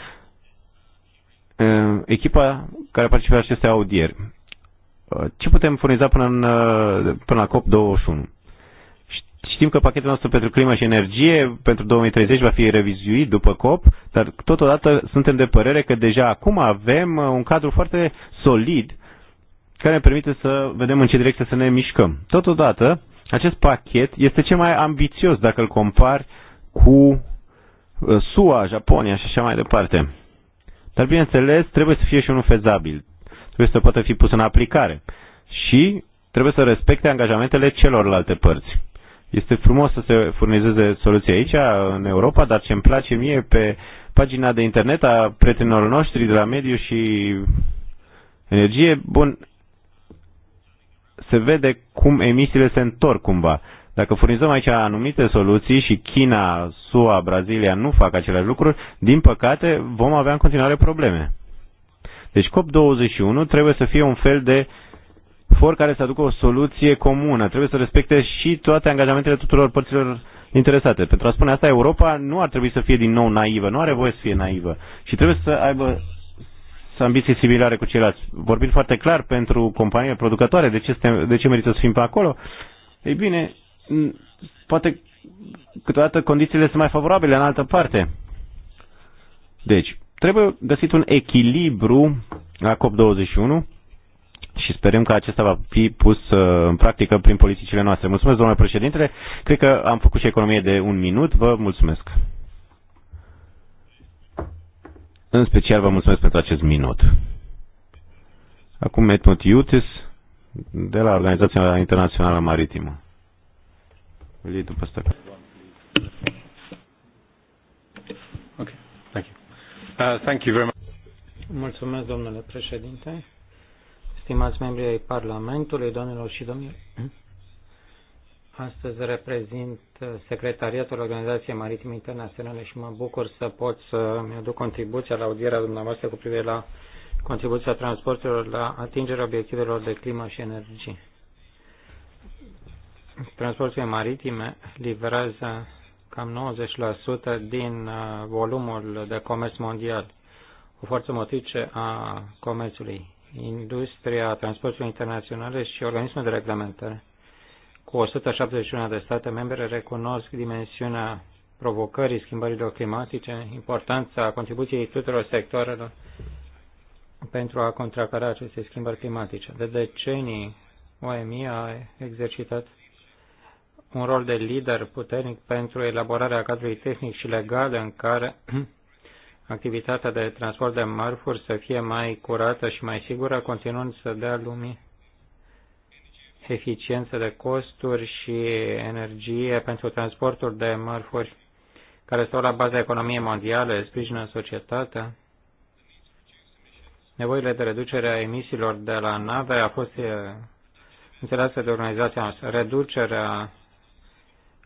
echipa care participă la aceste audieri, uh, ce putem furniza până, în, uh, până la COP21? Știm că pachetul nostru pentru climă și energie pentru 2030 va fi revizuit după COP, dar totodată suntem de părere că deja acum avem uh, un cadru foarte solid care ne permite să vedem în ce direcție să ne mișcăm. Totodată, acest pachet este cel mai ambițios dacă îl compari cu uh, SUA, Japonia și așa mai departe. Dar bineînțeles, trebuie să fie și unul fezabil. Trebuie să poată fi pus în aplicare. Și trebuie să respecte angajamentele celorlalte părți. Este frumos să se furnizeze soluții aici, în Europa, dar ce îmi place mie pe pagina de internet a prietenilor noștri de la mediu și energie, bun, se vede cum emisiile se întorc cumva. Dacă furnizăm aici anumite soluții și China, SUA, Brazilia nu fac aceleași lucruri, din păcate vom avea în continuare probleme. Deci COP21 trebuie să fie un fel de for care să aducă o soluție comună. Trebuie să respecte și toate angajamentele tuturor părților interesate. Pentru a spune asta, Europa nu ar trebui să fie din nou naivă, nu are voie să fie naivă. Și trebuie să aibă ambiții similare cu ceilalți. Vorbim foarte clar pentru companiile producătoare, de ce, suntem, de ce merită să fim pe acolo. Ei bine, poate câteodată condițiile sunt mai favorabile în altă parte. Deci, trebuie găsit un echilibru la COP21 și sperăm că acesta va fi pus uh, în practică prin politicile noastre. Mulțumesc, domnule președintele. Cred că am făcut și economie de un minut. Vă mulțumesc. În special vă mulțumesc pentru acest minut. Acum Edmund Iutis de la Organizația Internațională Maritimă. Îl după asta. Okay. Thank you. Uh, thank you very much. Mulțumesc, domnule președinte, stimați membri ai Parlamentului, doamnelor și domnilor. Astăzi reprezint Secretariatul Organizației Maritime Internaționale și mă bucur să pot să-mi aduc contribuția la audierea dumneavoastră cu privire la contribuția transporturilor la atingerea obiectivelor de climă și energie. Transporturile maritime livrează cam 90% din uh, volumul de comerț mondial, o forță motrice a comerțului. Industria transportului internaționale și organismul de reglementare cu 171 de state membre recunosc dimensiunea provocării schimbărilor climatice, importanța contribuției tuturor sectoarelor pentru a contracara aceste schimbări climatice. De decenii, OMI a exercitat un rol de lider puternic pentru elaborarea cadrului tehnic și legal în care activitatea de transport de mărfuri să fie mai curată și mai sigură, continuând să dea lumii eficiență de costuri și energie pentru transportul de mărfuri care stau la baza economiei mondiale, sprijină societatea. Nevoile de reducere a emisiilor de la nave a fost eh, înțeleasă de organizația noastră. Reducerea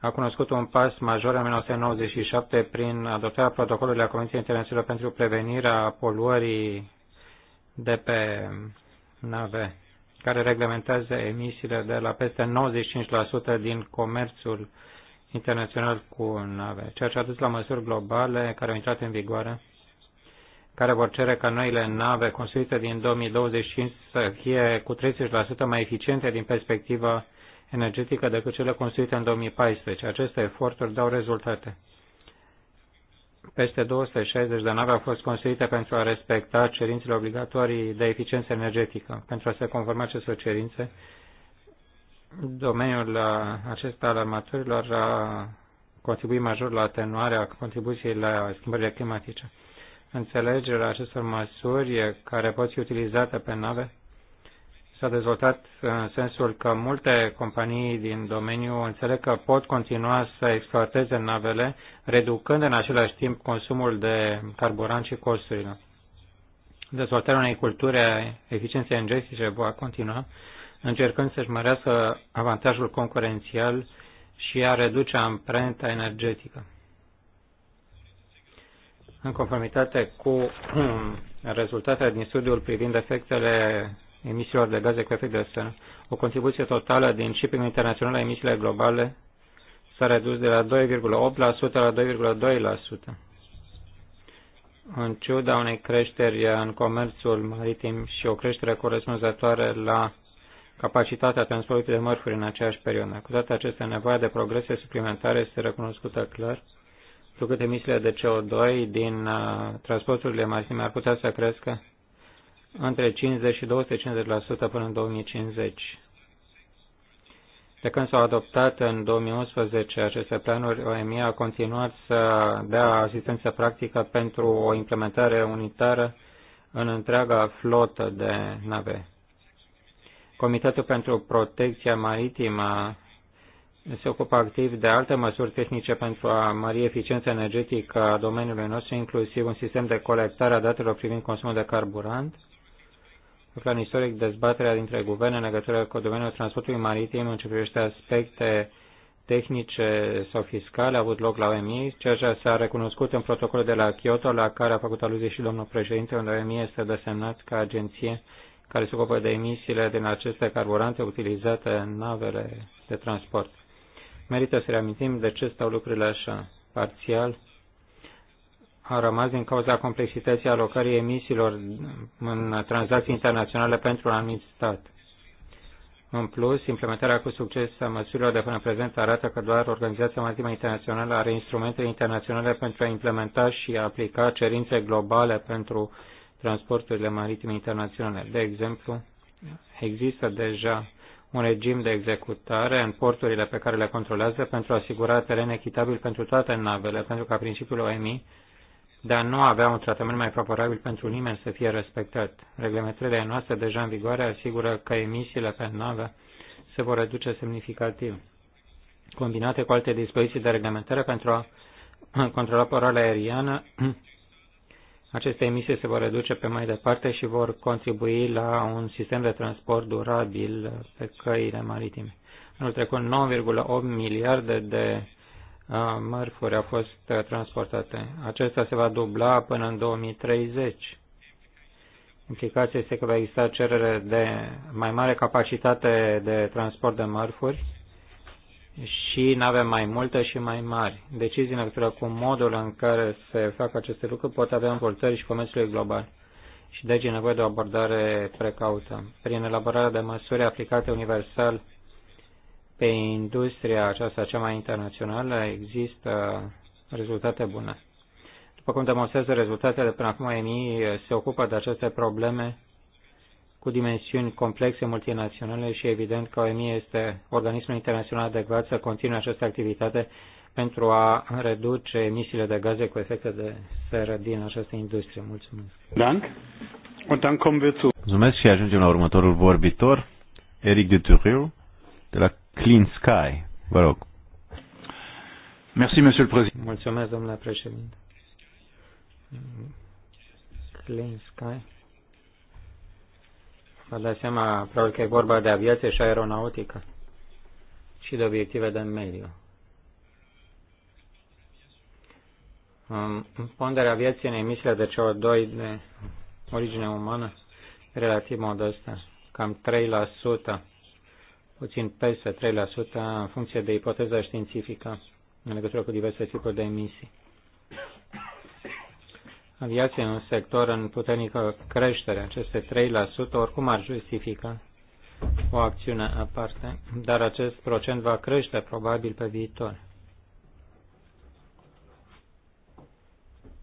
a cunoscut un pas major în 1997 prin adoptarea protocolului la Convenția Internațională pentru prevenirea poluării de pe nave care reglementează emisiile de la peste 95% din comerțul internațional cu nave, ceea ce a dus la măsuri globale care au intrat în vigoare, care vor cere ca noile nave construite din 2025 să fie cu 30% mai eficiente din perspectiva energetică decât cele construite în 2014. Aceste eforturi dau rezultate. Peste 260 de nave au fost construite pentru a respecta cerințele obligatorii de eficiență energetică. Pentru a se conforma acestor cerințe, domeniul uh, acesta al armatorilor a contribuit major la atenuarea contribuției la schimbările climatice. Înțelegerea acestor măsuri care pot fi utilizate pe nave s-a dezvoltat în sensul că multe companii din domeniu înțeleg că pot continua să exploateze navele, reducând în același timp consumul de carburant și costurile. Dezvoltarea unei culturi a eficienței energetice va continua, încercând să-și mărească avantajul concurențial și a reduce amprenta energetică. În conformitate cu rezultatele din studiul privind efectele emisiilor de gaze cu efect de seră. O contribuție totală din shipping internațional la emisiile globale s-a redus de la 2,8% la 2,2%. În ciuda unei creșteri în comerțul maritim și o creștere corespunzătoare la capacitatea transportului de mărfuri în aceeași perioadă. Cu toate acestea, nevoia de progrese suplimentare este recunoscută clar, pentru că emisiile de CO2 din uh, transporturile maritime ar putea să crească între 50 și 250% până în 2050. De când s-au adoptat în 2011 aceste planuri, OMI a continuat să dea asistență practică pentru o implementare unitară în întreaga flotă de nave. Comitetul pentru Protecția Maritimă se ocupă activ de alte măsuri tehnice pentru a mări eficiența energetică a domeniului nostru, inclusiv un sistem de colectare a datelor privind consumul de carburant pe plan istoric dezbaterea dintre guverne în legătură cu domeniul transportului maritim în ce privește aspecte tehnice sau fiscale a avut loc la OMI, ceea ce s-a recunoscut în protocolul de la Kyoto, la care a făcut aluzie și domnul președinte, unde OMI este desemnat ca agenție care se ocupă de emisiile din aceste carburante utilizate în navele de transport. Merită să reamintim de ce stau lucrurile așa. Parțial, a rămas din cauza complexității alocării emisiilor în tranzacții internaționale pentru un anumit stat. În plus, implementarea cu succes a măsurilor de până în prezent arată că doar Organizația Maritimă Internațională are instrumente internaționale pentru a implementa și a aplica cerințe globale pentru transporturile maritime internaționale. De exemplu, există deja un regim de executare în porturile pe care le controlează pentru a asigura teren echitabil pentru toate navele, pentru ca principiul OMI dar nu avea un tratament mai favorabil pentru nimeni să fie respectat. Reglementările noastre deja în vigoare asigură că emisiile pe nave se vor reduce semnificativ, combinate cu alte dispoziții de reglementare pentru a controla porarea aeriană, aceste emisii se vor reduce pe mai departe și vor contribui la un sistem de transport durabil pe căile maritime. Anul trecut, 9,8 miliarde de mărfuri au fost uh, transportate. Acesta se va dubla până în 2030. Implicația este că va exista cerere de mai mare capacitate de transport de mărfuri și nave mai multe și mai mari. Deciziile legătură cu modul în care se fac aceste lucruri pot avea învolțări și comerțului global și deci e nevoie de o abordare precaută. Prin elaborarea de măsuri aplicate universal pe industria aceasta cea mai internațională există rezultate bune. După cum demonstrează rezultatele până acum, EMI se ocupă de aceste probleme cu dimensiuni complexe multinaționale și evident că OMI este organismul internațional adecvat să continue această activitate pentru a reduce emisiile de gaze cu efecte de seră din această industrie. Mulțumesc. Dank. Und dann kommen wir zu... Mulțumesc și ajungem la următorul vorbitor, Eric de Turiu, de la Clean Sky. Vă rog. Merci, Monsieur le Président. Mulțumesc, domnule președinte. Clean Sky. Vă dați seama, probabil că e vorba de aviație și aeronautică și de obiective de mediu. În Ponderea aviației în emisiile de CO2 de origine umană relativ modestă, cam puțin peste 3% în funcție de ipoteza științifică în legătură cu diverse tipuri de emisii. Aviația e un sector în puternică creștere. Aceste 3% oricum ar justifica o acțiune aparte, dar acest procent va crește probabil pe viitor.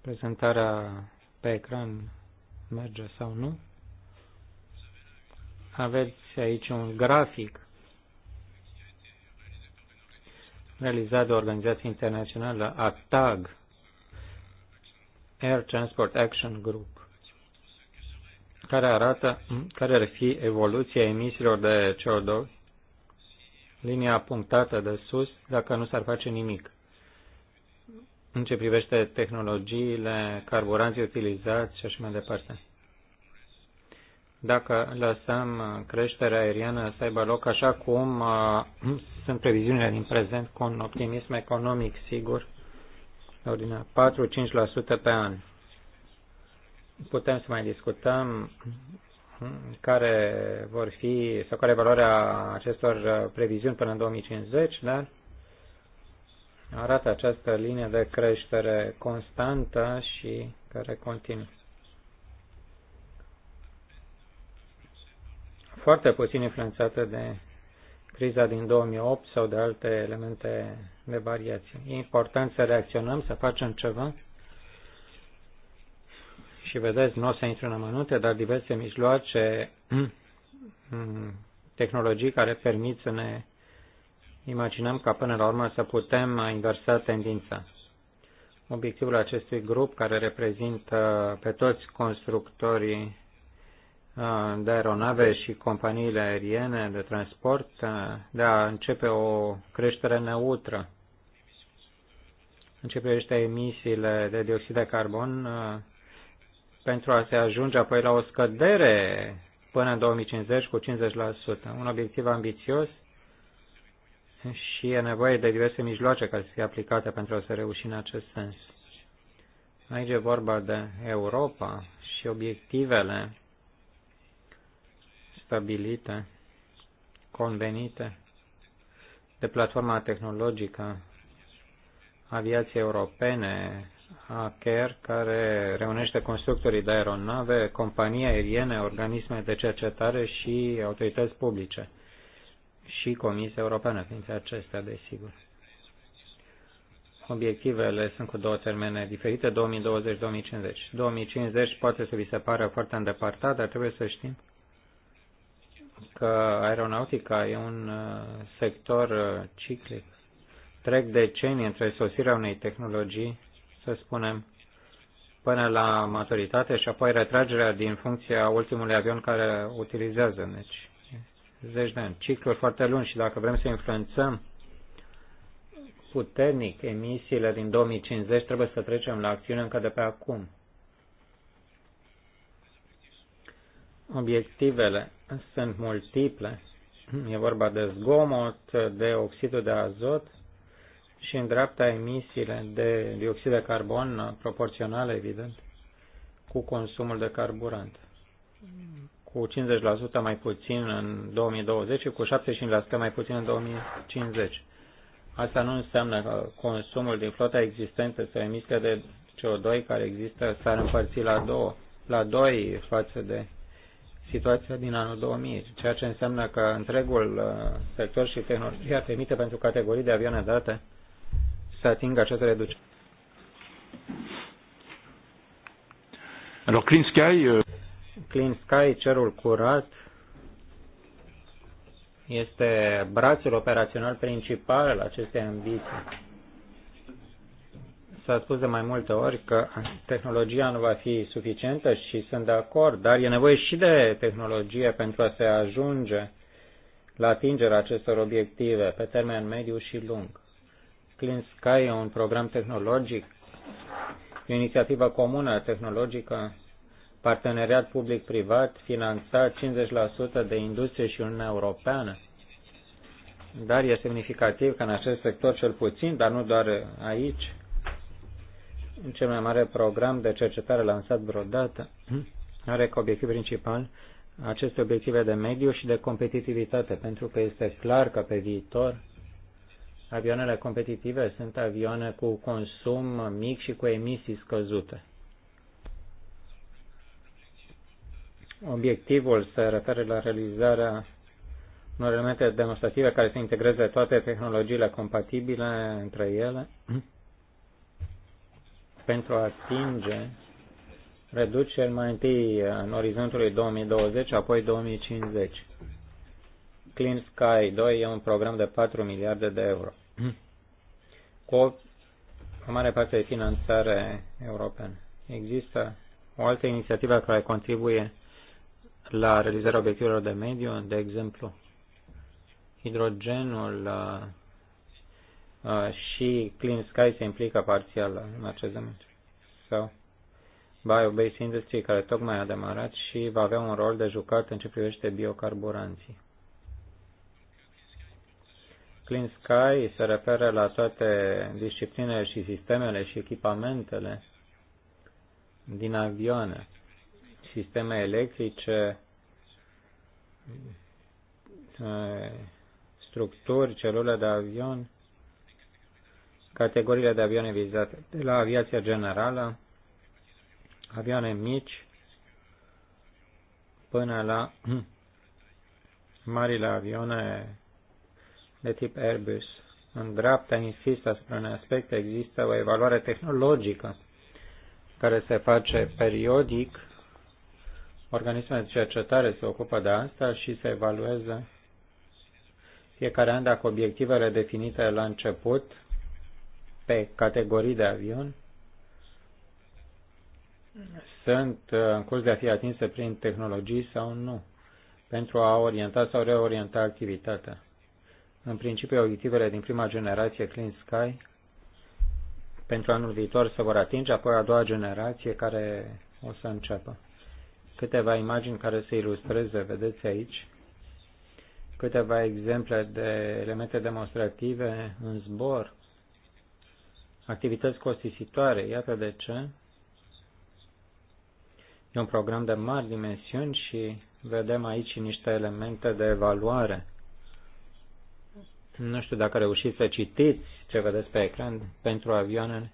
Prezentarea pe ecran merge sau nu? Aveți aici un grafic realizat de organizația internațională ATAG Air Transport Action Group, care arată care ar fi evoluția emisiilor de CO2, linia punctată de sus, dacă nu s-ar face nimic. În ce privește tehnologiile, carburanții utilizați și așa mai departe dacă lăsăm creșterea aeriană să aibă loc așa cum uh, sunt previziunile din prezent, cu un optimism economic sigur, 4-5% pe an. Putem să mai discutăm mm, care vor fi sau care e valoarea acestor uh, previziuni până în 2050, dar arată această linie de creștere constantă și care continuă. foarte puțin influențată de criza din 2008 sau de alte elemente de variație. E important să reacționăm, să facem ceva și vedeți, nu o să intru în amănunte, dar diverse mijloace, tehnologii care permit să ne imaginăm ca până la urmă să putem inversa tendința. Obiectivul acestui grup, care reprezintă pe toți constructorii de aeronave și companiile aeriene de transport de a începe o creștere neutră. Începește emisiile de dioxid de carbon pentru a se ajunge apoi la o scădere până în 2050 cu 50%. Un obiectiv ambițios și e nevoie de diverse mijloace care să fie aplicate pentru a se reuși în acest sens. Aici e vorba de Europa și obiectivele stabilite, convenite de platforma tehnologică aviației europene, ACER, care reunește constructorii de aeronave, companii aeriene, organisme de cercetare și autorități publice și Comisia Europeană, printre acestea, desigur. Obiectivele sunt cu două termene diferite, 2020-2050. 2050 poate să vi se pară foarte îndepărtat, dar trebuie să știm că aeronautica e un uh, sector uh, ciclic. Trec decenii între sosirea unei tehnologii, să spunem, până la maturitate și apoi retragerea din funcția ultimului avion care utilizează. Deci, zeci de ani. Cicluri foarte lungi și dacă vrem să influențăm puternic emisiile din 2050, trebuie să trecem la acțiune încă de pe acum. Obiectivele sunt multiple. E vorba de zgomot, de oxidul de azot și în dreapta emisiile de dioxid de carbon proporțional, evident, cu consumul de carburant. Cu 50% mai puțin în 2020 și cu 75% mai puțin în 2050. Asta nu înseamnă că consumul din flota existentă sau emisiile de CO2 care există s-ar împărți la două, la doi față de situația din anul 2000, ceea ce înseamnă că întregul uh, sector și tehnologia permite pentru categorii de avioane date să atingă această reducere. Alors, Clean Sky... Uh... Clean Sky, cerul curat, este brațul operațional principal al acestei ambiții S-a spus de mai multe ori că tehnologia nu va fi suficientă și sunt de acord, dar e nevoie și de tehnologie pentru a se ajunge la atingerea acestor obiective pe termen mediu și lung. Clean Sky e un program tehnologic, o inițiativă comună tehnologică, parteneriat public-privat, finanțat 50% de industrie și Uniunea Europeană. Dar e semnificativ că în acest sector cel puțin, dar nu doar aici, cel mai mare program de cercetare lansat vreodată, are ca obiectiv principal aceste obiective de mediu și de competitivitate, pentru că este clar că pe viitor avioanele competitive sunt avioane cu consum mic și cu emisii scăzute. Obiectivul se referă la realizarea unor elemente demonstrative care să integreze toate tehnologiile compatibile între ele pentru a atinge reduceri mai întâi în orizontului 2020, apoi 2050. Clean Sky 2 e un program de 4 miliarde de euro, cu o mare parte de finanțare europeană. Există o altă inițiativă care contribuie la realizarea obiectivelor de mediu, de exemplu, hidrogenul uh, și Clean Sky se implică parțial în acest domeniu. Sau Biobase Industry, care tocmai a demarat și va avea un rol de jucat în ce privește biocarburanții. Clean Sky se referă la toate disciplinele și sistemele și echipamentele din avioane, sisteme electrice, structuri, celule de avion, categoriile de avioane vizate, de la aviația generală, avioane mici, până la marile avioane de tip Airbus. În dreapta insist asupra un aspect, există o evaluare tehnologică care se face periodic. Organismele de cercetare se ocupă de asta și se evaluează fiecare an dacă obiectivele definite la început pe categorii de avion sunt uh, în curs de a fi atinse prin tehnologii sau nu, pentru a orienta sau reorienta activitatea. În principiu, obiectivele din prima generație Clean Sky pentru anul viitor se vor atinge, apoi a doua generație care o să înceapă. Câteva imagini care se ilustreze, vedeți aici, câteva exemple de elemente demonstrative în zbor activități costisitoare. Iată de ce E un program de mari dimensiuni și vedem aici niște elemente de evaluare. Nu știu dacă reușiți să citiți ce vedeți pe ecran pentru avioanele,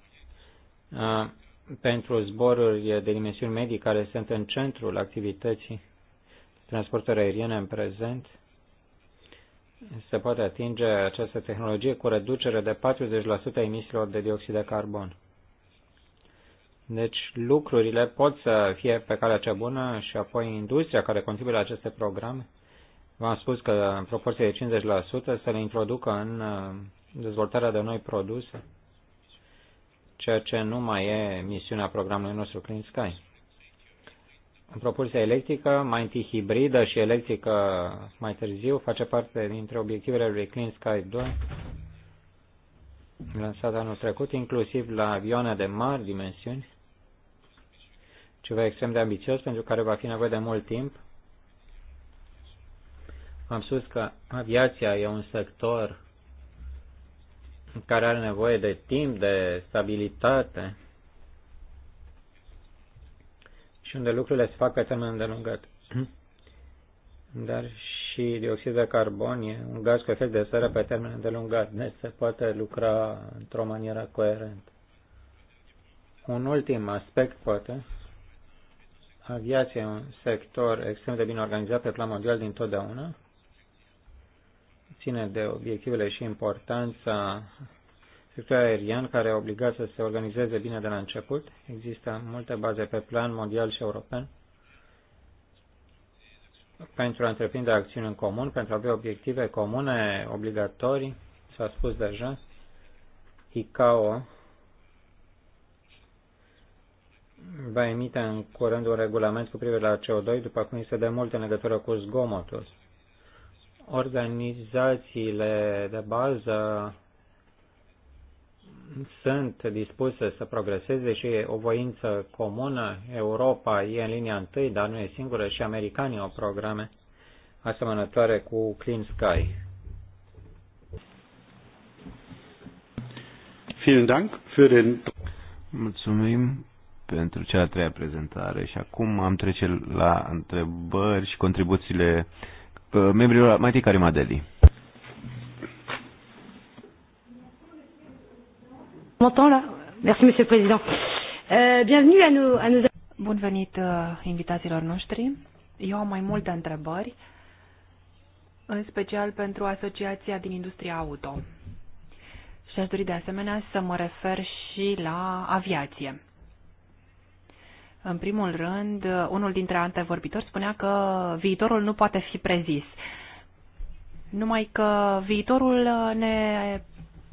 pentru zboruri de dimensiuni medii care sunt în centrul activității transportului aeriene în prezent se poate atinge această tehnologie cu reducere de 40% a emisiilor de dioxid de carbon. Deci lucrurile pot să fie pe calea cea bună și apoi industria care contribuie la aceste programe, v-am spus că în proporție de 50% să le introducă în uh, dezvoltarea de noi produse, ceea ce nu mai e misiunea programului nostru Clean Sky. În propulsia electrică, mai întâi hibridă și electrică mai târziu, face parte dintre obiectivele lui Clean Sky 2, lansat anul trecut, inclusiv la avioane de mari dimensiuni, ceva extrem de ambițios pentru care va fi nevoie de mult timp. Am spus că aviația e un sector care are nevoie de timp, de stabilitate, și unde lucrurile se fac pe termen îndelungat. Dar și dioxid de carbon e un gaz cu efect de seră pe termen îndelungat. ne se poate lucra într-o manieră coerentă. Un ultim aspect, poate, aviația e un sector extrem de bine organizat pe plan mondial din totdeauna. Ține de obiectivele și importanța sectorul aerian, care a obligat să se organizeze bine de la început. Există multe baze pe plan mondial și european pentru a întreprinde acțiuni în comun, pentru a avea obiective comune, obligatorii, s-a spus deja, ICAO va emite în curând un regulament cu privire la CO2, după cum este de mult în legătură cu zgomotul. Organizațiile de bază sunt dispuse să progreseze și e o voință comună. Europa e în linia întâi, dar nu e singură și americanii au programe asemănătoare cu Clean Sky. Vielen Dank für den... Mulțumim pentru cea a treia prezentare și acum am trece la întrebări și contribuțiile uh, membrilor Maiti Carimadeli. M'entend là Merci, Monsieur le Président. Euh, bienvenue à nos, à nos... Bun venit uh, invitațiilor noștri. Eu am mai multe întrebări, în special pentru Asociația din Industria Auto. Și aș dori de asemenea să mă refer și la aviație. În primul rând, unul dintre antevorbitori spunea că viitorul nu poate fi prezis. Numai că viitorul ne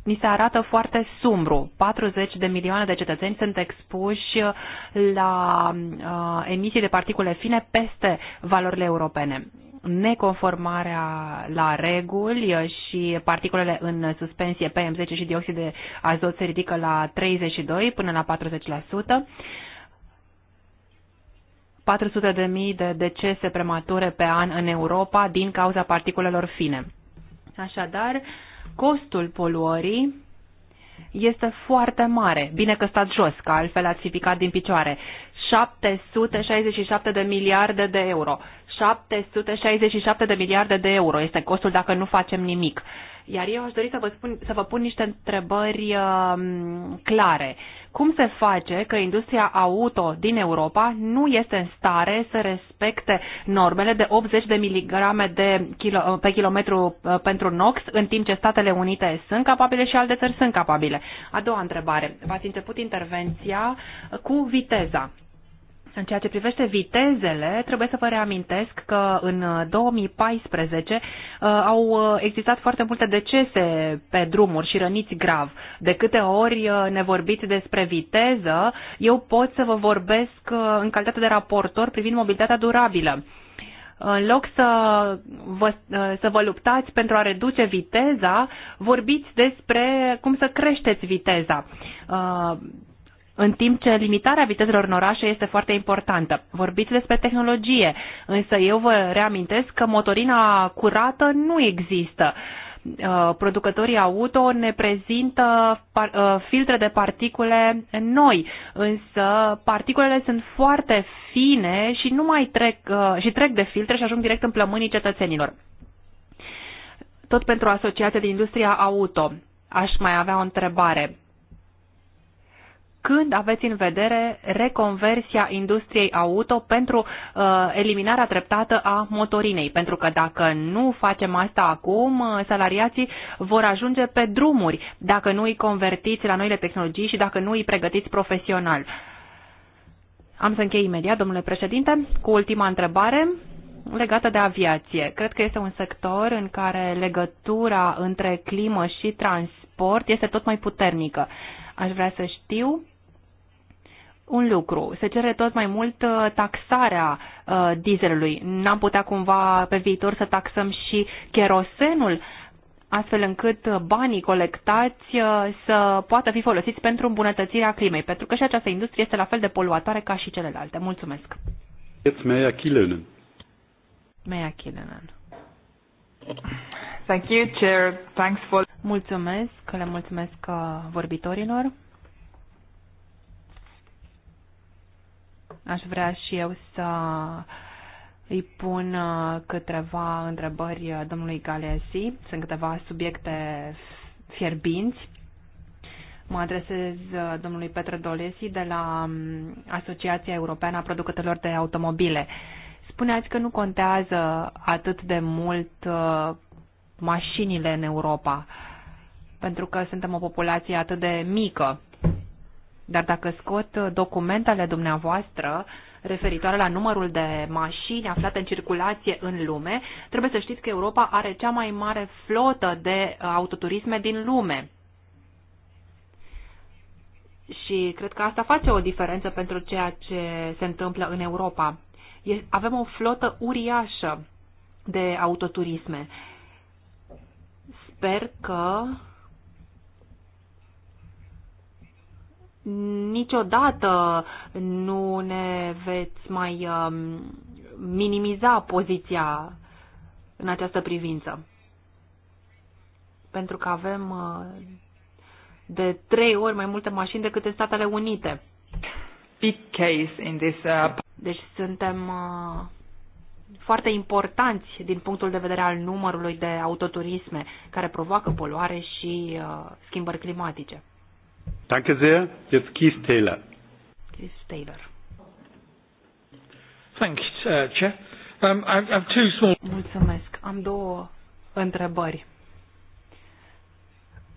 ni se arată foarte sumbru. 40 de milioane de cetățeni sunt expuși la uh, emisii de particule fine peste valorile europene neconformarea la reguli și particulele în suspensie PM10 și dioxid de azot se ridică la 32 până la 40%. 400.000 de decese premature pe an în Europa din cauza particulelor fine. Așadar, uh, costul poluării este foarte mare. Bine că stați jos, că altfel ați fi picat din picioare. 767 de miliarde de euro. 767 de miliarde de euro este costul dacă nu facem nimic. Uh, iar eu aș dori să vă, spun, să vă pun niște întrebări um, clare. Cum se face că industria auto din Europa nu este în stare să respecte normele de 80 de miligrame de kilo, pe kilometru uh, pentru NOx, în timp ce Statele Unite sunt capabile și alte țări sunt capabile? A doua întrebare. V-ați început intervenția cu viteza. În ceea ce privește vitezele, trebuie să vă reamintesc că în 2014 uh, uh, au uh, existat foarte multe decese pe drumuri și răniți grav. De câte ori ne vorbiți despre viteză, eu pot să vă vorbesc în calitate de raportor privind mobilitatea durabilă în loc să vă, să vă luptați pentru a reduce viteza, vorbiți despre cum să creșteți viteza în timp ce limitarea vitezelor în orașe este foarte importantă. Vorbiți despre tehnologie, însă eu vă reamintesc că motorina curată nu există. Uh, producătorii auto ne prezintă uh, filtre de particule noi, însă particulele sunt foarte fine și nu mai trec, uh, și trec de filtre și ajung direct în plămânii cetățenilor. Tot pentru asociația din industria auto. Aș mai avea o întrebare când aveți în vedere reconversia industriei auto pentru uh, eliminarea treptată a motorinei? Pentru că dacă nu facem asta acum, uh, salariații vor ajunge pe drumuri dacă nu îi convertiți la noile tehnologii și dacă nu îi pregătiți profesional. Am să închei imediat, domnule președinte, cu ultima întrebare legată de aviație. Cred că este un sector în care legătura între climă și transport este tot mai puternică. Aș vrea să știu un lucru. Se cere tot mai mult uh, taxarea uh, dieselului. N-am putea cumva pe viitor să taxăm și cherosenul astfel încât uh, banii colectați să poată fi folosiți pentru îmbunătățirea climei, pentru că și această industrie este la fel de poluatoare ca și celelalte. Mulțumesc! Meia Kilenen. Meia Kilenen. Thank you, Chair. Thanks for... Mulțumesc, le mulțumesc vorbitorilor. Aș vrea și eu să îi pun uh, câteva întrebări uh, domnului Galesi. Sunt câteva subiecte fierbinți. Mă adresez uh, domnului Petre Dolesi de la um, Asociația Europeană a Producătorilor de Automobile. Spuneați că nu contează atât de mult mașinile în Europa, pentru că suntem o populație atât de mică dar dacă scot uh, documentele dumneavoastră referitoare la numărul de mașini aflate în circulație în lume, trebuie să știți că Europa are cea mai mare flotă de uh, autoturisme din lume. Și cred că asta face o diferență pentru ceea ce se întâmplă în Europa. Avem o flotă uriașă de autoturisme. Sper că niciodată nu ne veți mai um, minimiza poziția în această privință. Pentru că avem uh, de trei ori mai multe mașini decât în Statele Unite. Big case in this, uh... Deci suntem uh, foarte importanți din punctul de vedere al numărului de autoturisme care provoacă poluare și uh, schimbări climatice. Danke sehr. Jetzt Keith Taylor. Keith Taylor. Thanks, uh, Chair. Um, I have two small... Mulțumesc. Am două întrebări.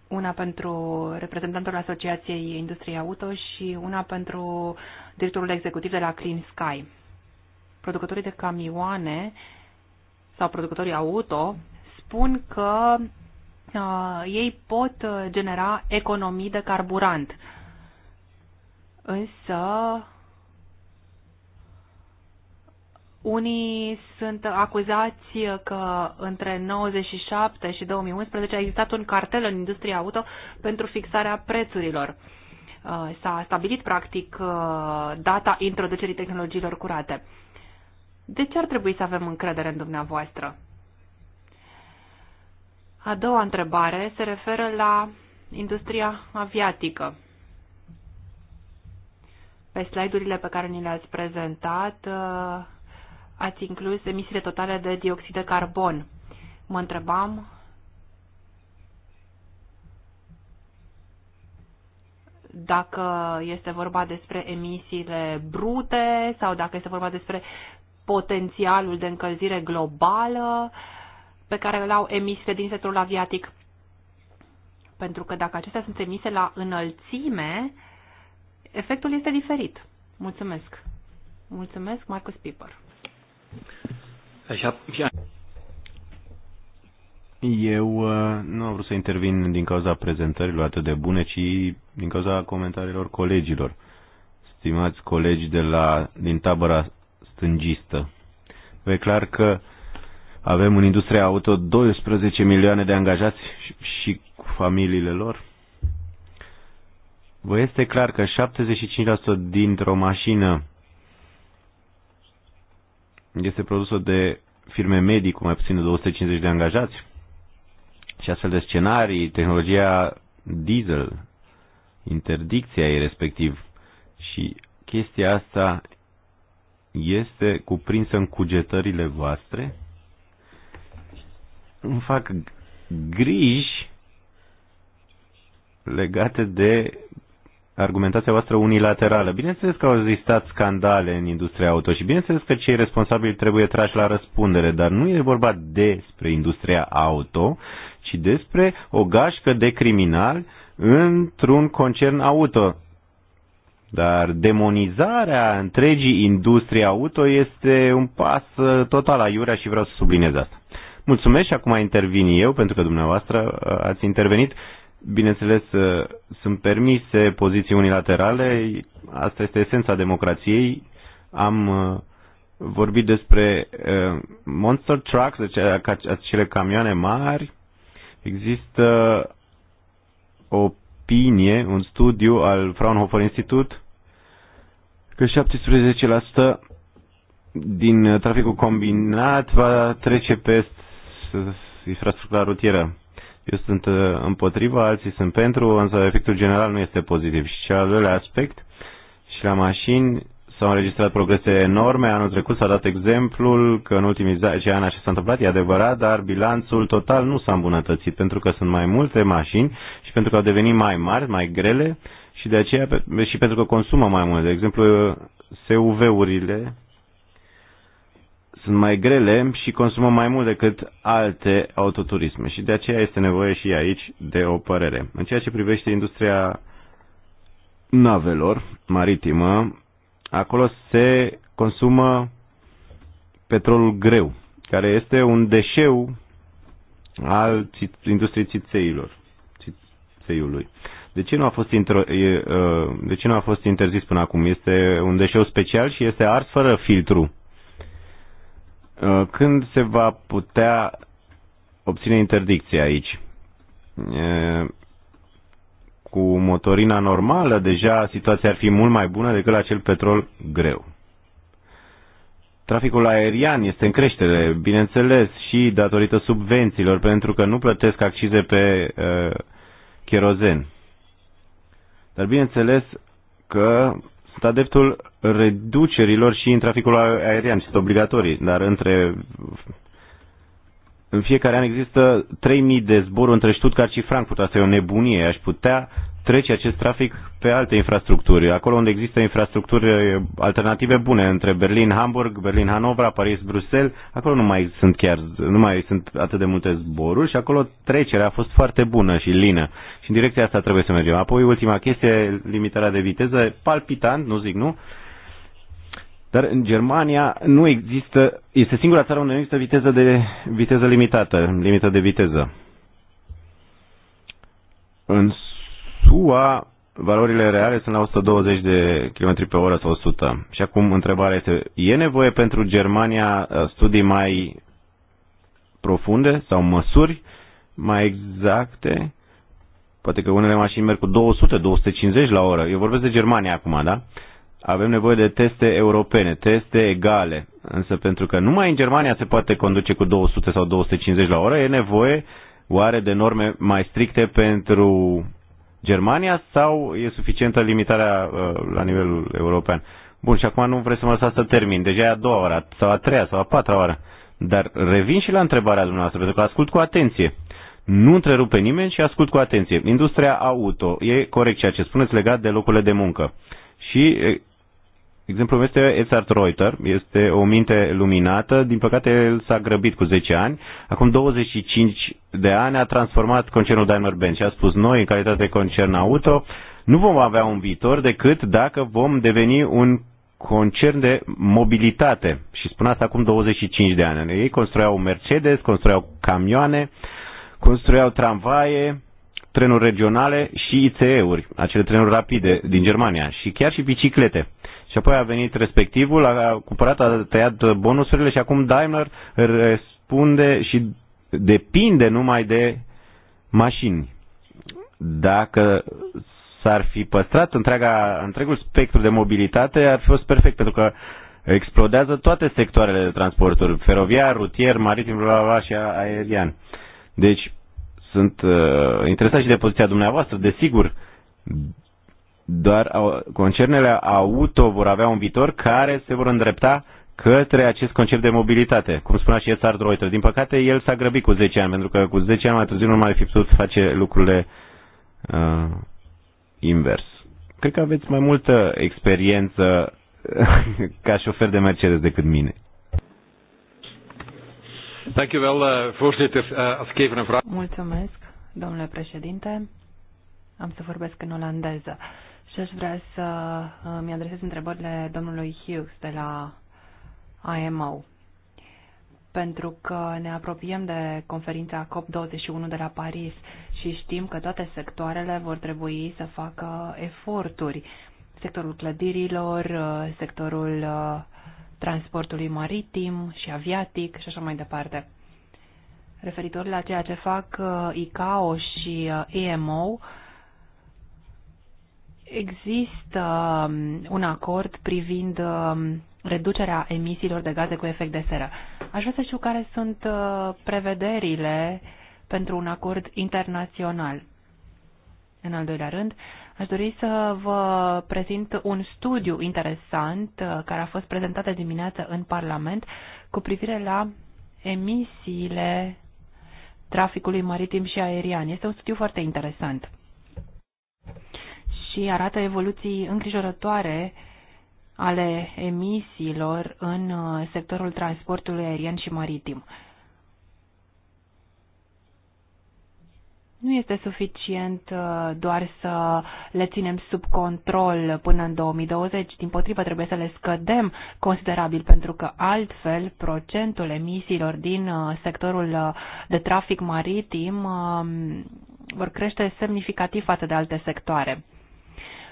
Una pentru reprezentantul Asociației Industriei Auto și una pentru directorul executiv de la Clean Sky. Producătorii de camioane sau producătorii auto spun că Uh, ei pot uh, genera economii de carburant. Însă, unii sunt acuzați că între 97 și 2011 a existat un cartel în industria auto pentru fixarea prețurilor. Uh, s-a stabilit, practic, data introducerii tehnologiilor curate. De ce ar trebui să avem încredere în dumneavoastră? A doua întrebare se referă la industria aviatică. Pe slide-urile pe care ni le-ați prezentat, uh, ați inclus emisiile totale de dioxid de carbon. Mă întrebam dacă este vorba despre emisiile brute sau dacă este vorba despre potențialul de încălzire globală uh, pe care le au emise din sectorul aviatic. Pentru că dacă acestea sunt emise la înălțime, efectul este diferit. Mulțumesc. Mulțumesc, Marcus Piper. Așa. Eu uh, nu am vrut să intervin din cauza prezentărilor atât de bune, ci din cauza comentariilor colegilor. Stimați colegi de la, din tabăra stângistă. E clar că uh, avem în industria auto 12 milioane de angajați și, și cu familiile lor. Vă este clar că 75% dintr-o mașină este produsă de firme medii cu mai puțin de 250 de angajați și astfel de scenarii, tehnologia diesel, interdicția ei respectiv și chestia asta este cuprinsă în cugetările voastre îmi fac griji legate de argumentația voastră unilaterală. Bineînțeles că au existat scandale în industria auto și bineînțeles că cei responsabili trebuie trași la răspundere, dar nu e vorba despre industria auto, ci despre o gașcă de criminali într-un concern auto. Dar demonizarea întregii industrie auto este un pas uh, total Iurea și vreau să subliniez asta. Mulțumesc și acum intervin eu, pentru că dumneavoastră uh, ați intervenit. Bineînțeles, uh, sunt permise poziții unilaterale, asta este esența democrației. Am uh, vorbit despre monster trucks, deci acele camioane mari. Există o opinie, un studiu al Fraunhofer Institute, că 17% din traficul combinat va trece peste infrastructura rutieră. Eu sunt uh, împotriva, alții sunt pentru, însă efectul general nu este pozitiv. Și cel al doilea aspect, și la mașini s-au înregistrat progrese enorme. Anul trecut s-a dat exemplul că în ultimii 10 ani așa s-a întâmplat, e adevărat, dar bilanțul total nu s-a îmbunătățit pentru că sunt mai multe mașini și pentru că au devenit mai mari, mai grele și de aceea și pentru că consumă mai mult. De exemplu, SUV-urile sunt mai grele și consumă mai mult decât alte autoturisme și de aceea este nevoie și aici de o părere. În ceea ce privește industria navelor maritimă, acolo se consumă petrolul greu, care este un deșeu al industriei țițeilor, țițeiului. De ce, nu a fost intro, de ce nu a fost interzis până acum? Este un deșeu special și este ars fără filtru Uh, când se va putea obține interdicție aici? Uh, cu motorina normală, deja situația ar fi mult mai bună decât la acel petrol greu. Traficul aerian este în creștere, bineînțeles, și datorită subvențiilor, pentru că nu plătesc accize pe uh, cherozen. Dar bineînțeles că sta adeptul reducerilor și în traficul aerian, sunt obligatorii, dar între în fiecare an există 3000 de zboruri între Stuttgart și Frankfurt. Asta e o nebunie. Aș putea trece acest trafic pe alte infrastructuri. Acolo unde există infrastructuri alternative bune, între Berlin, Hamburg, Berlin, Hanovra, Paris, Bruxelles, acolo nu mai sunt chiar, nu mai sunt atât de multe zboruri și acolo trecerea a fost foarte bună și lină. Și în direcția asta trebuie să mergem. Apoi, ultima chestie, limitarea de viteză, palpitant, nu zic nu, dar în Germania nu există, este singura țară unde nu există viteză, de, viteză limitată, limită de viteză. În SUA, valorile reale sunt la 120 de km pe oră sau 100. Și acum întrebarea este, e nevoie pentru Germania uh, studii mai profunde sau măsuri mai exacte Poate că unele mașini merg cu 200-250 la oră. Eu vorbesc de Germania acum, da? Avem nevoie de teste europene, teste egale. Însă pentru că numai în Germania se poate conduce cu 200 sau 250 la oră, e nevoie oare de norme mai stricte pentru Germania sau e suficientă limitarea uh, la nivelul european? Bun, și acum nu vreți să mă lăsați să termin. Deja e a doua oară, sau a treia, sau a patra oară. Dar revin și la întrebarea dumneavoastră, pentru că ascult cu atenție nu întrerup pe nimeni și ascult cu atenție. Industria auto, e corect ceea ce spuneți legat de locurile de muncă. Și exemplul este Edzard Reuter, este o minte luminată, din păcate el s-a grăbit cu 10 ani, acum 25 de ani a transformat concernul Daimler Benz și a spus noi, în calitate de concern auto, nu vom avea un viitor decât dacă vom deveni un concern de mobilitate. Și spun asta acum 25 de ani. Ei construiau Mercedes, construiau camioane, uh, construiau tramvaie, trenuri regionale și ICE-uri, acele trenuri rapide din Germania, și chiar și biciclete. Și apoi a venit respectivul, a cumpărat, a tăiat bonusurile și acum Daimler răspunde și depinde numai de mașini. Dacă s-ar fi păstrat întreaga, întregul spectru de mobilitate, ar fi fost perfect, pentru că explodează toate sectoarele de transporturi, feroviar, rutier, maritim, bla, bla, bla și aerian. Uh, deci, sunt uh, interesat și de poziția dumneavoastră, desigur, doar concernele auto vor avea un viitor care se vor îndrepta către acest concept de mobilitate. Cum spunea și Esar Reuter, din păcate el s-a grăbit cu 10 ani, pentru că cu 10 ani mai târziu nu mai fi putut face lucrurile uh, invers. Cred că aveți mai multă experiență ca șofer de Mercedes decât mine. Dank u wel, eh, voorzitter. Eh, als ik even een vraag... Mulțumesc, domnule președinte. Am să vorbesc în olandeză și aș vrea să eh, mi adresez întrebările domnului Hughes de la IMO. Pentru că ne apropiem de conferința COP21 de la Paris și știm că toate sectoarele vor trebui să facă eforturi. Sectorul clădirilor, sectorul uh, transportului maritim și aviatic și așa mai departe. Referitor la ceea ce fac uh, ICAO și uh, EMO, există um, un acord privind um, reducerea emisiilor de gaze cu efect de seră. Aș vrea să știu care sunt uh, prevederile pentru un acord internațional. În al doilea rând, Aș dori să vă prezint un studiu interesant uh, care a fost prezentat dimineața dimineață în Parlament cu privire la emisiile traficului maritim și aerian. Este un studiu foarte interesant și arată evoluții îngrijorătoare ale emisiilor în uh, sectorul transportului aerian și maritim. Nu este suficient uh, doar să le ținem sub control până în 2020, din potrivă trebuie să le scădem considerabil, pentru că altfel procentul emisiilor din uh, sectorul uh, de trafic maritim um, vor crește semnificativ față de alte sectoare.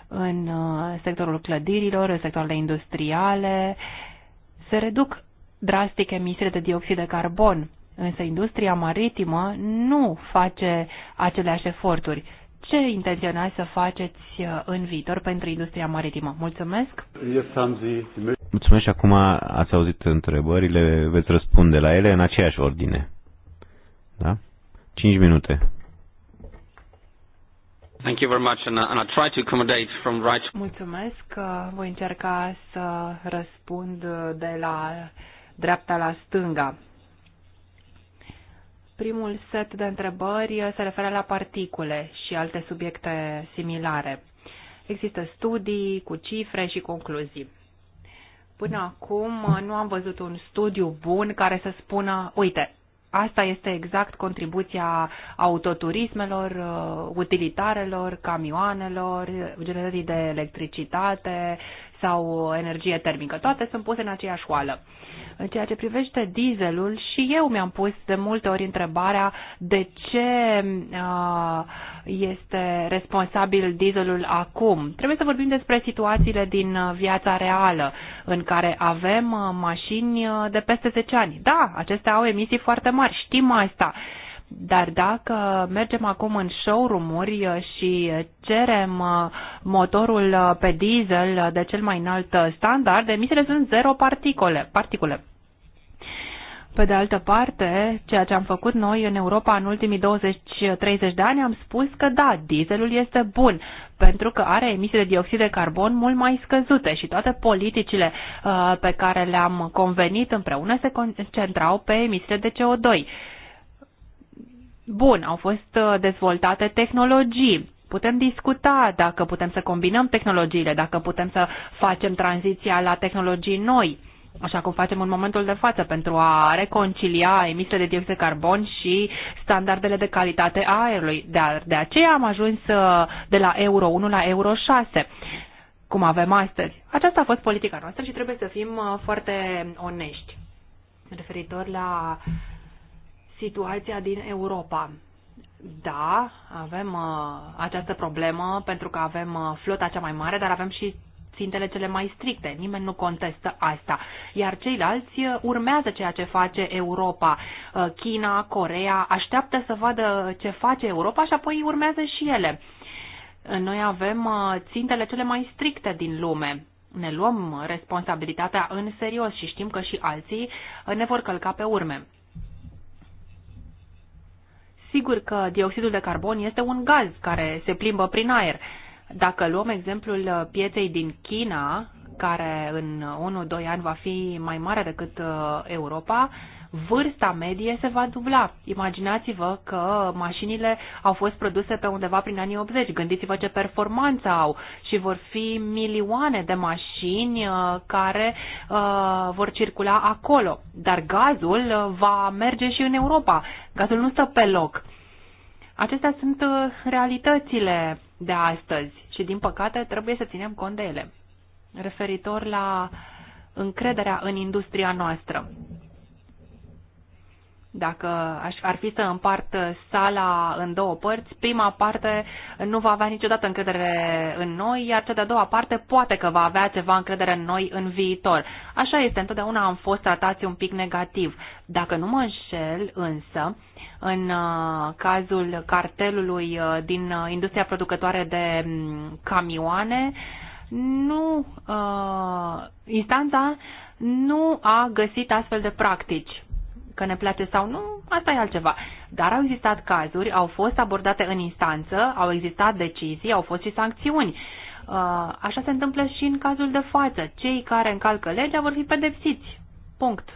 În sectorul clădirilor, în sectoarele industriale, se reduc drastic emisiile de dioxid de carbon Însă industria maritimă nu face aceleași eforturi. Ce intenționați să faceți uh, în viitor pentru industria maritimă? Mulțumesc! Mulțumesc și acum ați auzit întrebările, veți răspunde la ele în aceeași ordine. Da? 5 minute. Thank you very much and, uh, and I try to accommodate from right Mulțumesc, uh, voi încerca să răspund de la dreapta la stânga. Primul set de întrebări se referă la particule și alte subiecte similare. Există studii cu cifre și concluzii. Până acum nu am văzut un studiu bun care să spună, uite, asta este exact contribuția autoturismelor, uh, utilitarelor, camioanelor, generării de electricitate sau energie termică. Toate sunt puse în aceeași oală. În ceea ce privește dieselul, și eu mi-am pus de multe ori întrebarea de ce este responsabil dieselul acum. Trebuie să vorbim despre situațiile din viața reală, în care avem mașini de peste 10 ani. Da, acestea au emisii foarte mari, știm asta dar dacă mergem acum în showroom-uri uh, și cerem uh, motorul uh, pe diesel de cel mai înalt standard, emisiile sunt zero particole. particule. Pe de altă parte, ceea ce am făcut noi în Europa în ultimii 20-30 de ani, am spus că da, dieselul este bun, pentru că are emisii de dioxid de carbon mult mai scăzute și toate politicile uh, pe care le-am convenit împreună se concentrau pe emisiile de CO2. Bun, au fost uh, dezvoltate tehnologii. Putem discuta dacă putem să combinăm tehnologiile, dacă putem să facem tranziția la tehnologii noi, așa cum facem în momentul de față, pentru a reconcilia emisiile de dioxid de carbon și standardele de calitate a aerului. Dar de aceea am ajuns uh, de la Euro 1 la Euro 6 cum avem astăzi. Aceasta a fost politica noastră și trebuie să fim uh, foarte onești referitor la situația din Europa. Da, avem uh, această problemă pentru că avem uh, flota cea mai mare, dar avem și țintele cele mai stricte. Nimeni nu contestă asta. Iar ceilalți uh, urmează ceea ce face Europa. Uh, China, Corea așteaptă să vadă ce face Europa și apoi urmează și ele. Uh, noi avem țintele cele mai stricte din lume. Ne luăm responsabilitatea în serios și știm că și alții ne vor călca pe urme. Sigur că dioxidul de carbon este un gaz care se plimbă prin aer. Dacă luăm exemplul uh, pieței din China, care în 1-2 ani va fi mai mare decât uh, Europa, vârsta medie se va dubla. Imaginați-vă că mașinile au fost produse pe undeva prin anii 80. Gândiți-vă ce performanță au și vor fi milioane de mașini uh, care uh, vor circula acolo. Dar gazul uh, va merge și în Europa. Gazul nu stă pe loc. Acestea sunt realitățile de astăzi și, din păcate, trebuie să ținem cont de ele. Referitor la încrederea în industria noastră. Dacă aș, ar fi să împart sala în două părți, prima parte nu va avea niciodată încredere în noi, iar cea de-a doua parte poate că va avea ceva încredere în noi în viitor. Așa este, întotdeauna am fost tratați un pic negativ. Dacă nu mă înșel, însă, în uh, cazul cartelului uh, din uh, industria producătoare de mm, camioane, nu, uh, instanța nu a găsit astfel de practici că ne place sau nu, asta e altceva. Dar au existat cazuri, au fost abordate în instanță, au existat decizii, au fost și sancțiuni. Uh, așa se întâmplă și în cazul de față. Cei care încalcă legea vor fi pedepsiți. Punct.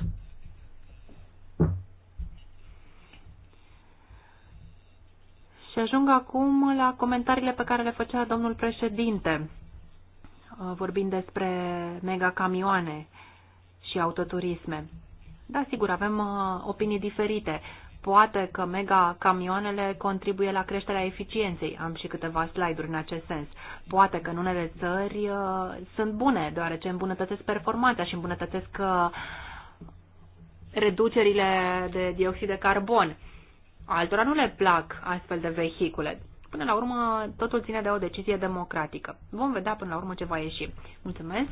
Și ajung acum la comentariile pe care le făcea domnul președinte, uh, vorbind despre megacamioane și autoturisme. Da, sigur, avem uh, opinii diferite. Poate că mega camioanele contribuie la creșterea eficienței. Am și câteva slide-uri în acest sens. Poate că în unele țări uh, sunt bune, deoarece îmbunătățesc performanța și îmbunătățesc uh, reducerile de dioxid de carbon. Altora nu le plac astfel de vehicule. Până la urmă, totul ține de o decizie democratică. Vom vedea până la urmă ce va ieși. Mulțumesc!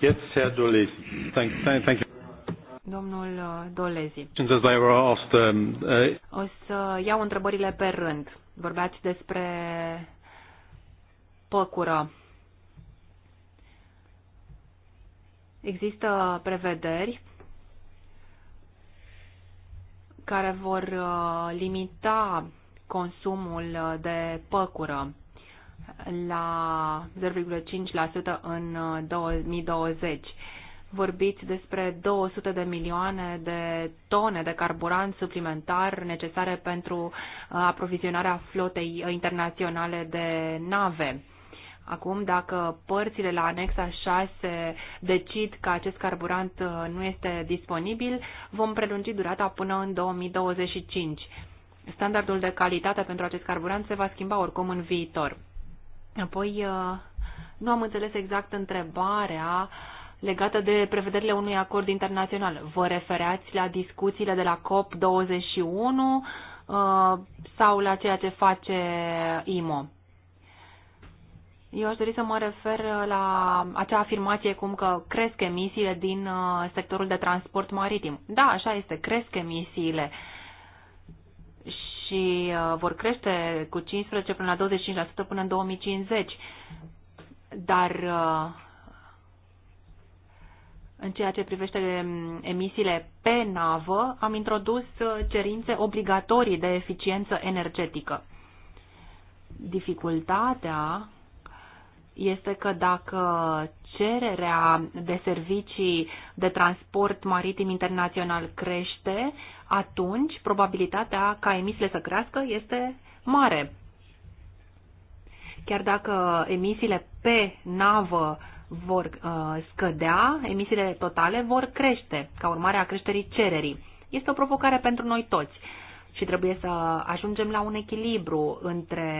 Yes, Thank, thank, thank you. Domnul uh, Dolezi. Um, uh, o să iau întrebările pe rând. Vorbeați despre păcură. Există prevederi care vor uh, limita consumul de păcură la 0,5% în 2020 vorbiți despre 200 de milioane de tone de carburant suplimentar necesare pentru uh, aprovizionarea flotei internaționale de nave. Acum, dacă părțile la anexa 6 decid că acest carburant uh, nu este disponibil, vom prelungi durata până în 2025. Standardul de calitate pentru acest carburant se va schimba oricum în viitor. Apoi, uh, nu am înțeles exact întrebarea uh, legată de prevederile unui acord internațional. Vă refereați la discuțiile de la COP21 uh, sau la ceea ce face IMO? Eu aș dori să mă refer uh, la acea afirmație cum că cresc emisiile din uh, sectorul de transport maritim. Da, așa este, cresc emisiile și vor crește cu 15 până la 25% până în 2050. Dar în ceea ce privește mm, emisiile pe navă, am introdus uh, cerințe obligatorii de eficiență energetică. Dificultatea este că dacă cererea de servicii de transport maritim internațional crește, atunci probabilitatea ca emisiile să crească este mare. Chiar dacă emisiile pe navă uh, vor uh, scădea, emisiile totale vor crește ca urmare a creșterii cererii. Este o provocare pentru noi toți și trebuie să ajungem la un echilibru între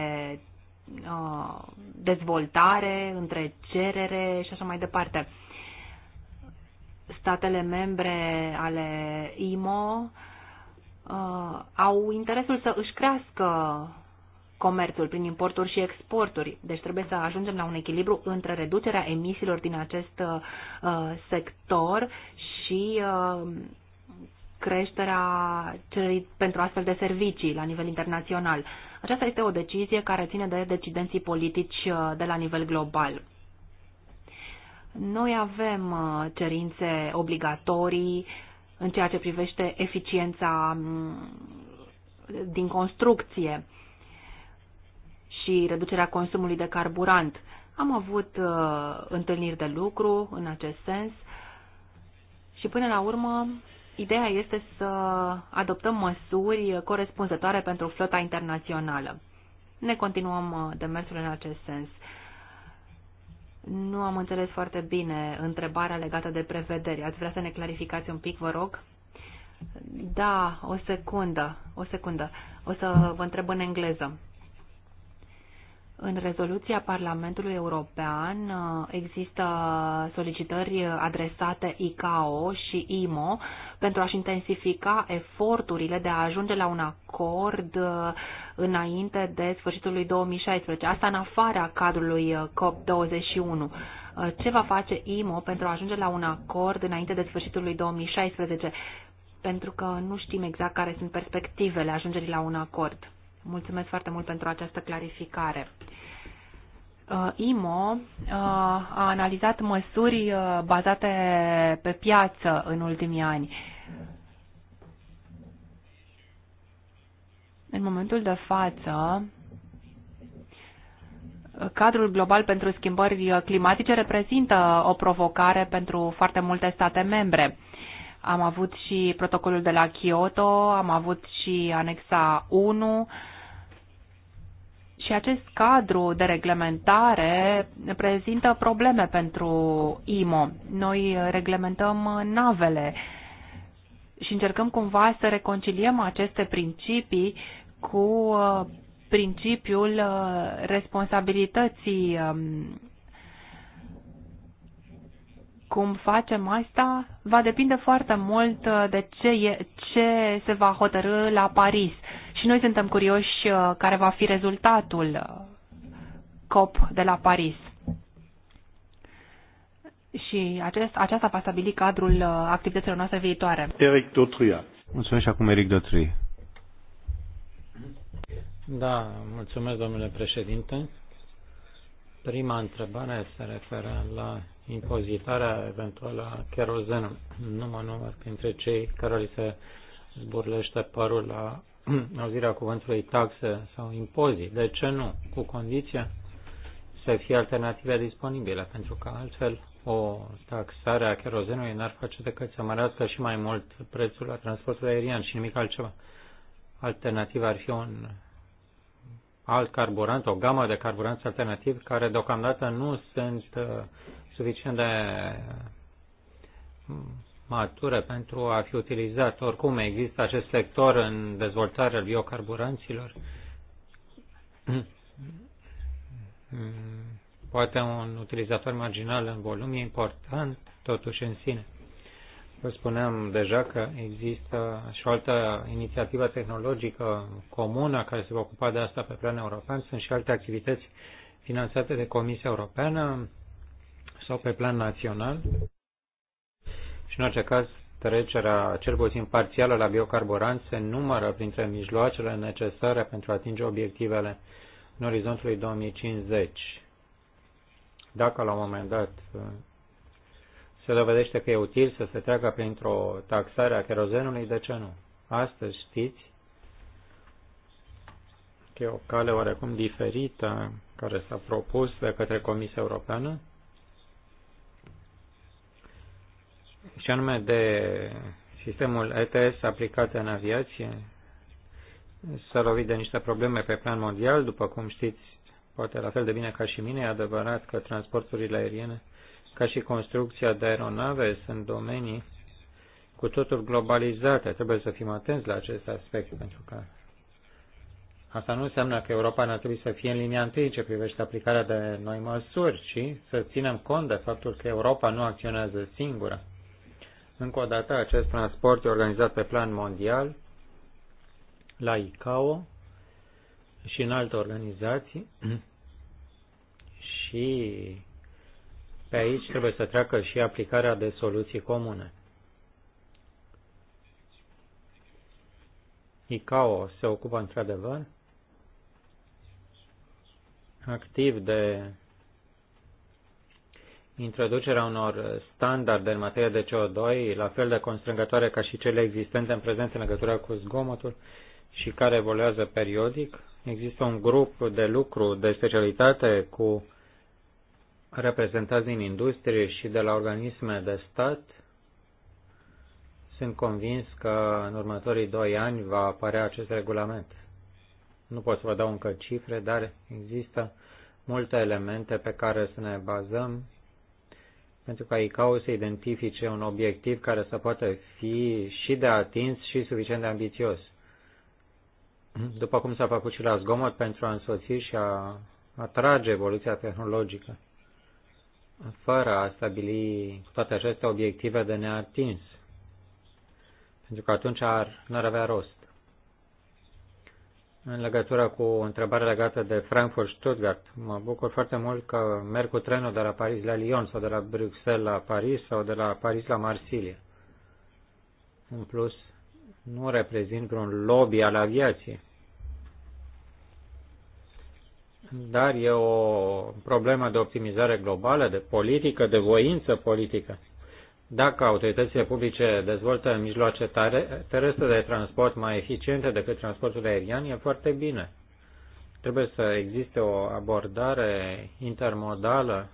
uh, dezvoltare, între cerere și așa mai departe. Statele membre ale IMO uh, au interesul să își crească comerțul prin importuri și exporturi. Deci trebuie să ajungem la un echilibru între reducerea emisiilor din acest uh, sector și uh, creșterea cererii pentru astfel de servicii la nivel internațional. Aceasta este o decizie care ține de decidenții politici uh, de la nivel global. Noi avem uh, cerințe obligatorii în ceea ce privește eficiența mm, din construcție și reducerea consumului de carburant. Am avut uh, întâlniri de lucru în acest sens și până la urmă ideea este să adoptăm măsuri corespunzătoare pentru flota internațională. Ne continuăm uh, demersul în acest sens. Nu am înțeles foarte bine întrebarea legată de prevederi. Ați vrea să ne clarificați un pic, vă rog? Da, o secundă, o secundă. O să vă întreb în engleză. În rezoluția Parlamentului European uh, există solicitări adresate ICAO și IMO pentru a-și intensifica eforturile de a ajunge la un acord uh, înainte de sfârșitul lui 2016, asta în afara cadrului uh, COP21. Ce va face IMO pentru a ajunge la un acord înainte de sfârșitul lui 2016? Pentru că nu știm exact care sunt perspectivele ajungerii la un acord. Mulțumesc foarte mult pentru această clarificare. Uh, IMO uh, a analizat măsuri uh, bazate pe piață în ultimii ani. În momentul de față, cadrul global pentru schimbări climatice reprezintă o provocare pentru foarte multe state membre. Am avut și protocolul de la Kyoto, am avut și anexa 1, și acest cadru de reglementare prezintă probleme pentru IMO. Noi reglementăm navele și încercăm cumva să reconciliem aceste principii cu uh, principiul uh, responsabilității. Um, cum facem asta va depinde foarte mult uh, de ce, e, ce se va hotărâ la Paris și noi suntem curioși uh, care va fi rezultatul uh, COP de la Paris. Și acest, aceasta va stabili cadrul uh, activităților noastre viitoare. Eric Dotria. Mulțumesc și acum Eric Dotria. Da, mulțumesc, domnule președinte. Prima întrebare se referă la impozitarea eventuală a cherozenului. numai mă număr printre cei care li se zburlește părul la auzirea cuvântului taxe sau impozit. De ce nu? Cu condiția să fie alternative disponibile, pentru că altfel o taxare a cherozenului n-ar face decât să mărească și mai mult prețul la transportul aerian și nimic altceva. Alternativa ar fi un alt carburant, o gamă de carburanți alternativi care deocamdată nu sunt uh, suficient de matură pentru a fi utilizat. Oricum există acest sector în dezvoltarea biocarburanților. Poate un utilizator marginal în volum e important totuși în sine. Vă spuneam deja că există și o altă inițiativă tehnologică comună care se va ocupa de asta pe plan european. Sunt și alte activități finanțate de Comisia Europeană sau pe plan național. Și în orice caz, trecerea cel puțin parțială la biocarburanți se numără printre mijloacele necesare pentru a atinge obiectivele în orizontului 2050. Dacă la un moment dat se dovedește că e util să se treacă printr-o taxare a cherozenului, de ce nu? Astăzi știți că e o cale oarecum diferită care s-a propus de către Comisia Europeană și anume de sistemul ETS aplicat în aviație, s-a lovit de niște probleme pe plan mondial, după cum știți, poate la fel de bine ca și mine, e adevărat că transporturile aeriene, ca și construcția de aeronave, sunt domenii cu totul globalizate. Trebuie să fim atenți la acest aspect, pentru că asta nu înseamnă că Europa nu trebuie să fie în linia întâi ce privește aplicarea de noi măsuri, ci să ținem cont de faptul că Europa nu acționează singură încă o dată, acest transport e organizat pe plan mondial, la ICAO și în alte organizații și pe aici trebuie să treacă și aplicarea de soluții comune. ICAO se ocupă într-adevăr activ de introducerea unor standarde în materie de CO2, la fel de constrângătoare ca și cele existente în prezent în legătură cu zgomotul și care evoluează periodic. Există un grup de lucru de specialitate cu reprezentați din industrie și de la organisme de stat. Sunt convins că în următorii doi ani va apărea acest regulament. Nu pot să vă dau încă cifre, dar există multe elemente pe care să ne bazăm pentru ca ICAO să identifice un obiectiv care să poată fi și de atins și suficient de ambițios. După cum s-a făcut și la zgomot pentru a însoți și a atrage evoluția tehnologică, fără a stabili toate aceste obiective de neatins, pentru că atunci ar, n-ar avea rost în legătură cu o întrebare legată de Frankfurt-Stuttgart. Mă bucur foarte mult că merg cu trenul de la Paris la Lyon sau de la Bruxelles la Paris sau de la Paris la Marsilia. În plus, nu reprezint un lobby al aviației. Dar e o problemă de optimizare globală, de politică, de voință politică. Dacă autoritățile publice dezvoltă mijloace terestre de transport mai eficiente decât transportul aerian, e foarte bine. Trebuie să existe o abordare intermodală.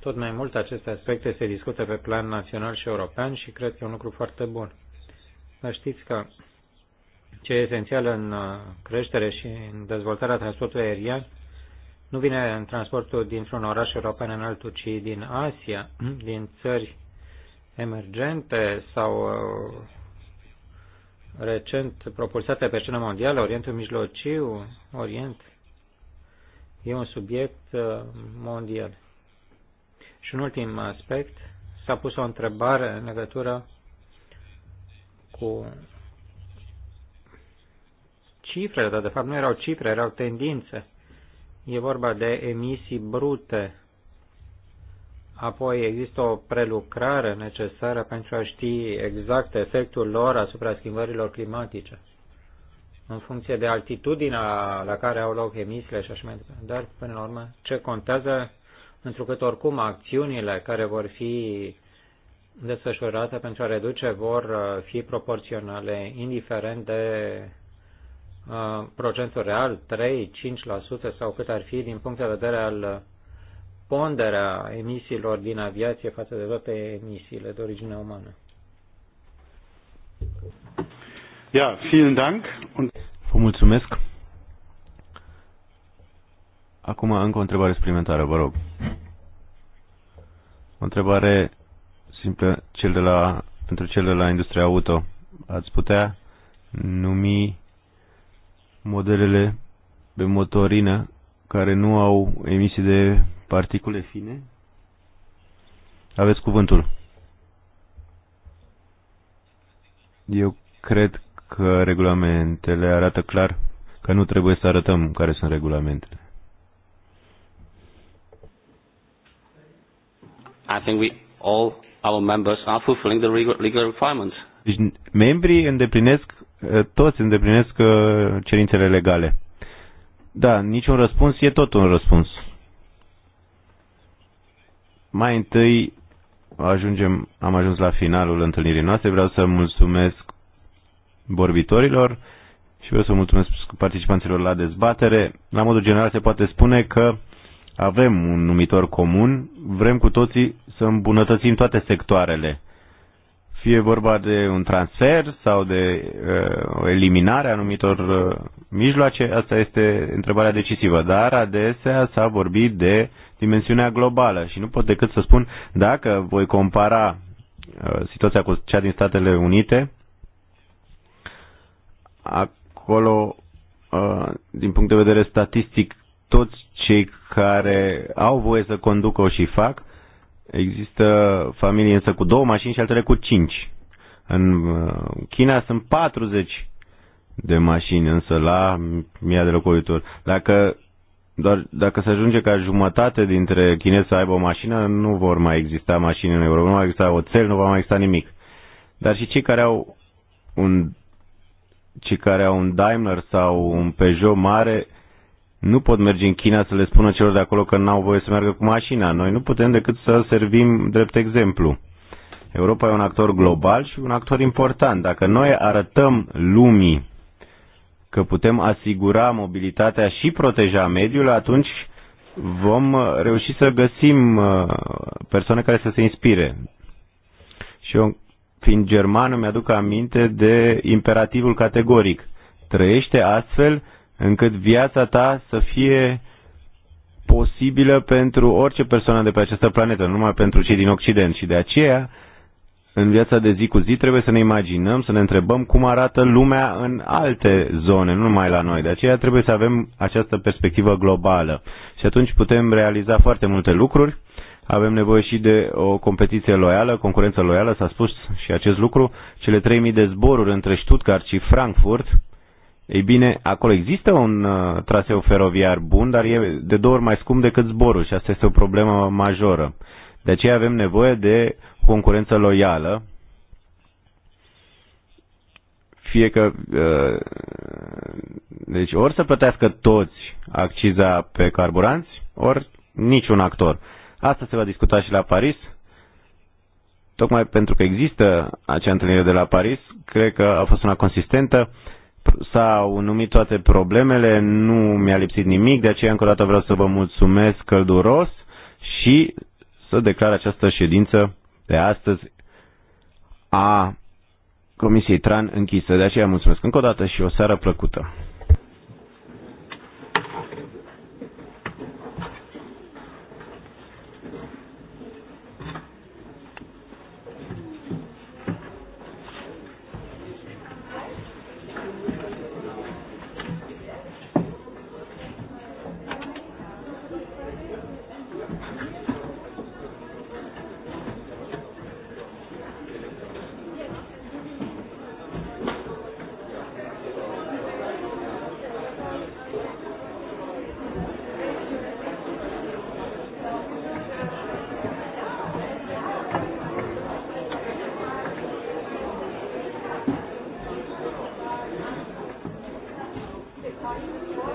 Tot mai mult aceste aspecte se discută pe plan național și european și cred că e un lucru foarte bun. Dar știți că ce e esențial în uh, creștere și în dezvoltarea transportului aerian nu vine în transportul dintr-un oraș european în altul, ci din Asia, din țări emergente sau uh, recent propulsate pe scena mondială, Orientul Mijlociu, Orient, e un subiect uh, mondial. Și un ultim aspect, s-a pus o întrebare în legătură cu cifrele, dar de fapt nu erau cifre, erau tendințe. E vorba de emisii brute. Apoi există o prelucrare necesară pentru a ști exact efectul lor asupra schimbărilor climatice, în funcție de altitudinea la care au loc emisiile și așa mai departe. Dar, până la urmă, ce contează, întrucât oricum acțiunile care vor fi desfășurate pentru a reduce vor fi proporționale, indiferent de procentul real, 3-5% sau cât ar fi din punct de vedere al uh, ponderea emisiilor din aviație față de toate emisiile de origine umană. Ja, vielen Dank. Und Vă mulțumesc. Acum încă o întrebare suplimentară, vă rog. O întrebare simplă cel de la, pentru cel de la industria auto. Ați putea numi modelele de motorină care nu au emisii de particule fine? Aveți cuvântul. Eu cred că regulamentele arată clar că nu trebuie să arătăm care sunt regulamentele. I think we all our members are fulfilling the legal requirements. Deci membrii îndeplinesc Eh, toți îndeplinesc eh, cerințele legale. Da, niciun răspuns e tot un răspuns. Mai întâi ajungem, am ajuns la finalul întâlnirii noastre. Vreau să mulțumesc vorbitorilor și vreau să mulțumesc participanților la dezbatere. La modul general se poate spune că avem un numitor comun, vrem cu toții să îmbunătățim toate sectoarele fie vorba de un transfer sau de uh, a anumitor uh, mijloace, asta este întrebarea decisivă. Dar adesea s-a vorbit de dimensiunea globală și nu pot decât să spun dacă voi compara uh, situația cu cea din Statele Unite, acolo, uh, din punct de vedere statistic, toți cei care au voie să conducă o și fac, Există familii însă cu două mașini și altele cu cinci. În uh, China sunt 40 de mașini, însă la mii de locuitori. Dacă, doar, dacă se ajunge ca jumătate dintre chinezi să aibă o mașină, nu vor mai exista mașini în Europa, nu va mai exista oțel, nu va mai exista nimic. Dar și cei care au un cei care au un Daimler sau un Peugeot mare nu pot merge în China să le spună celor de acolo că n-au voie să meargă cu mașina. Noi nu putem decât să servim drept exemplu. Europa e un actor global și un actor important. Dacă noi arătăm lumii că putem asigura mobilitatea și proteja mediul, atunci vom uh, reuși să găsim uh, persoane care să se inspire. Și eu, fiind german, îmi aduc aminte de imperativul categoric. Trăiește astfel încât viața ta să fie posibilă pentru orice persoană de pe această planetă, nu numai pentru cei din Occident. Și de aceea, în viața de zi cu zi, trebuie să ne imaginăm, să ne întrebăm cum arată lumea în alte zone, nu numai la noi. De aceea trebuie să avem această perspectivă globală. Și atunci putem realiza foarte multe lucruri. Avem nevoie și de o competiție loială, concurență loială, s-a spus și acest lucru. Cele 3.000 de zboruri între Stuttgart și Frankfurt ei bine, acolo există un uh, traseu feroviar bun, dar e de două ori mai scump decât zborul și asta este o problemă majoră. De aceea avem nevoie de concurență loială, fie că. Uh, deci ori să plătească toți acciza pe carburanți, ori niciun actor. Asta se va discuta și la Paris. Tocmai pentru că există acea întâlnire de la Paris, cred că a fost una consistentă. Uh, s-au numit toate problemele, nu mi-a lipsit nimic, de aceea încă o dată vreau să vă mulțumesc călduros și să declar această ședință de astăzi a Comisiei TRAN închisă. De aceea mulțumesc încă o dată și o seară plăcută.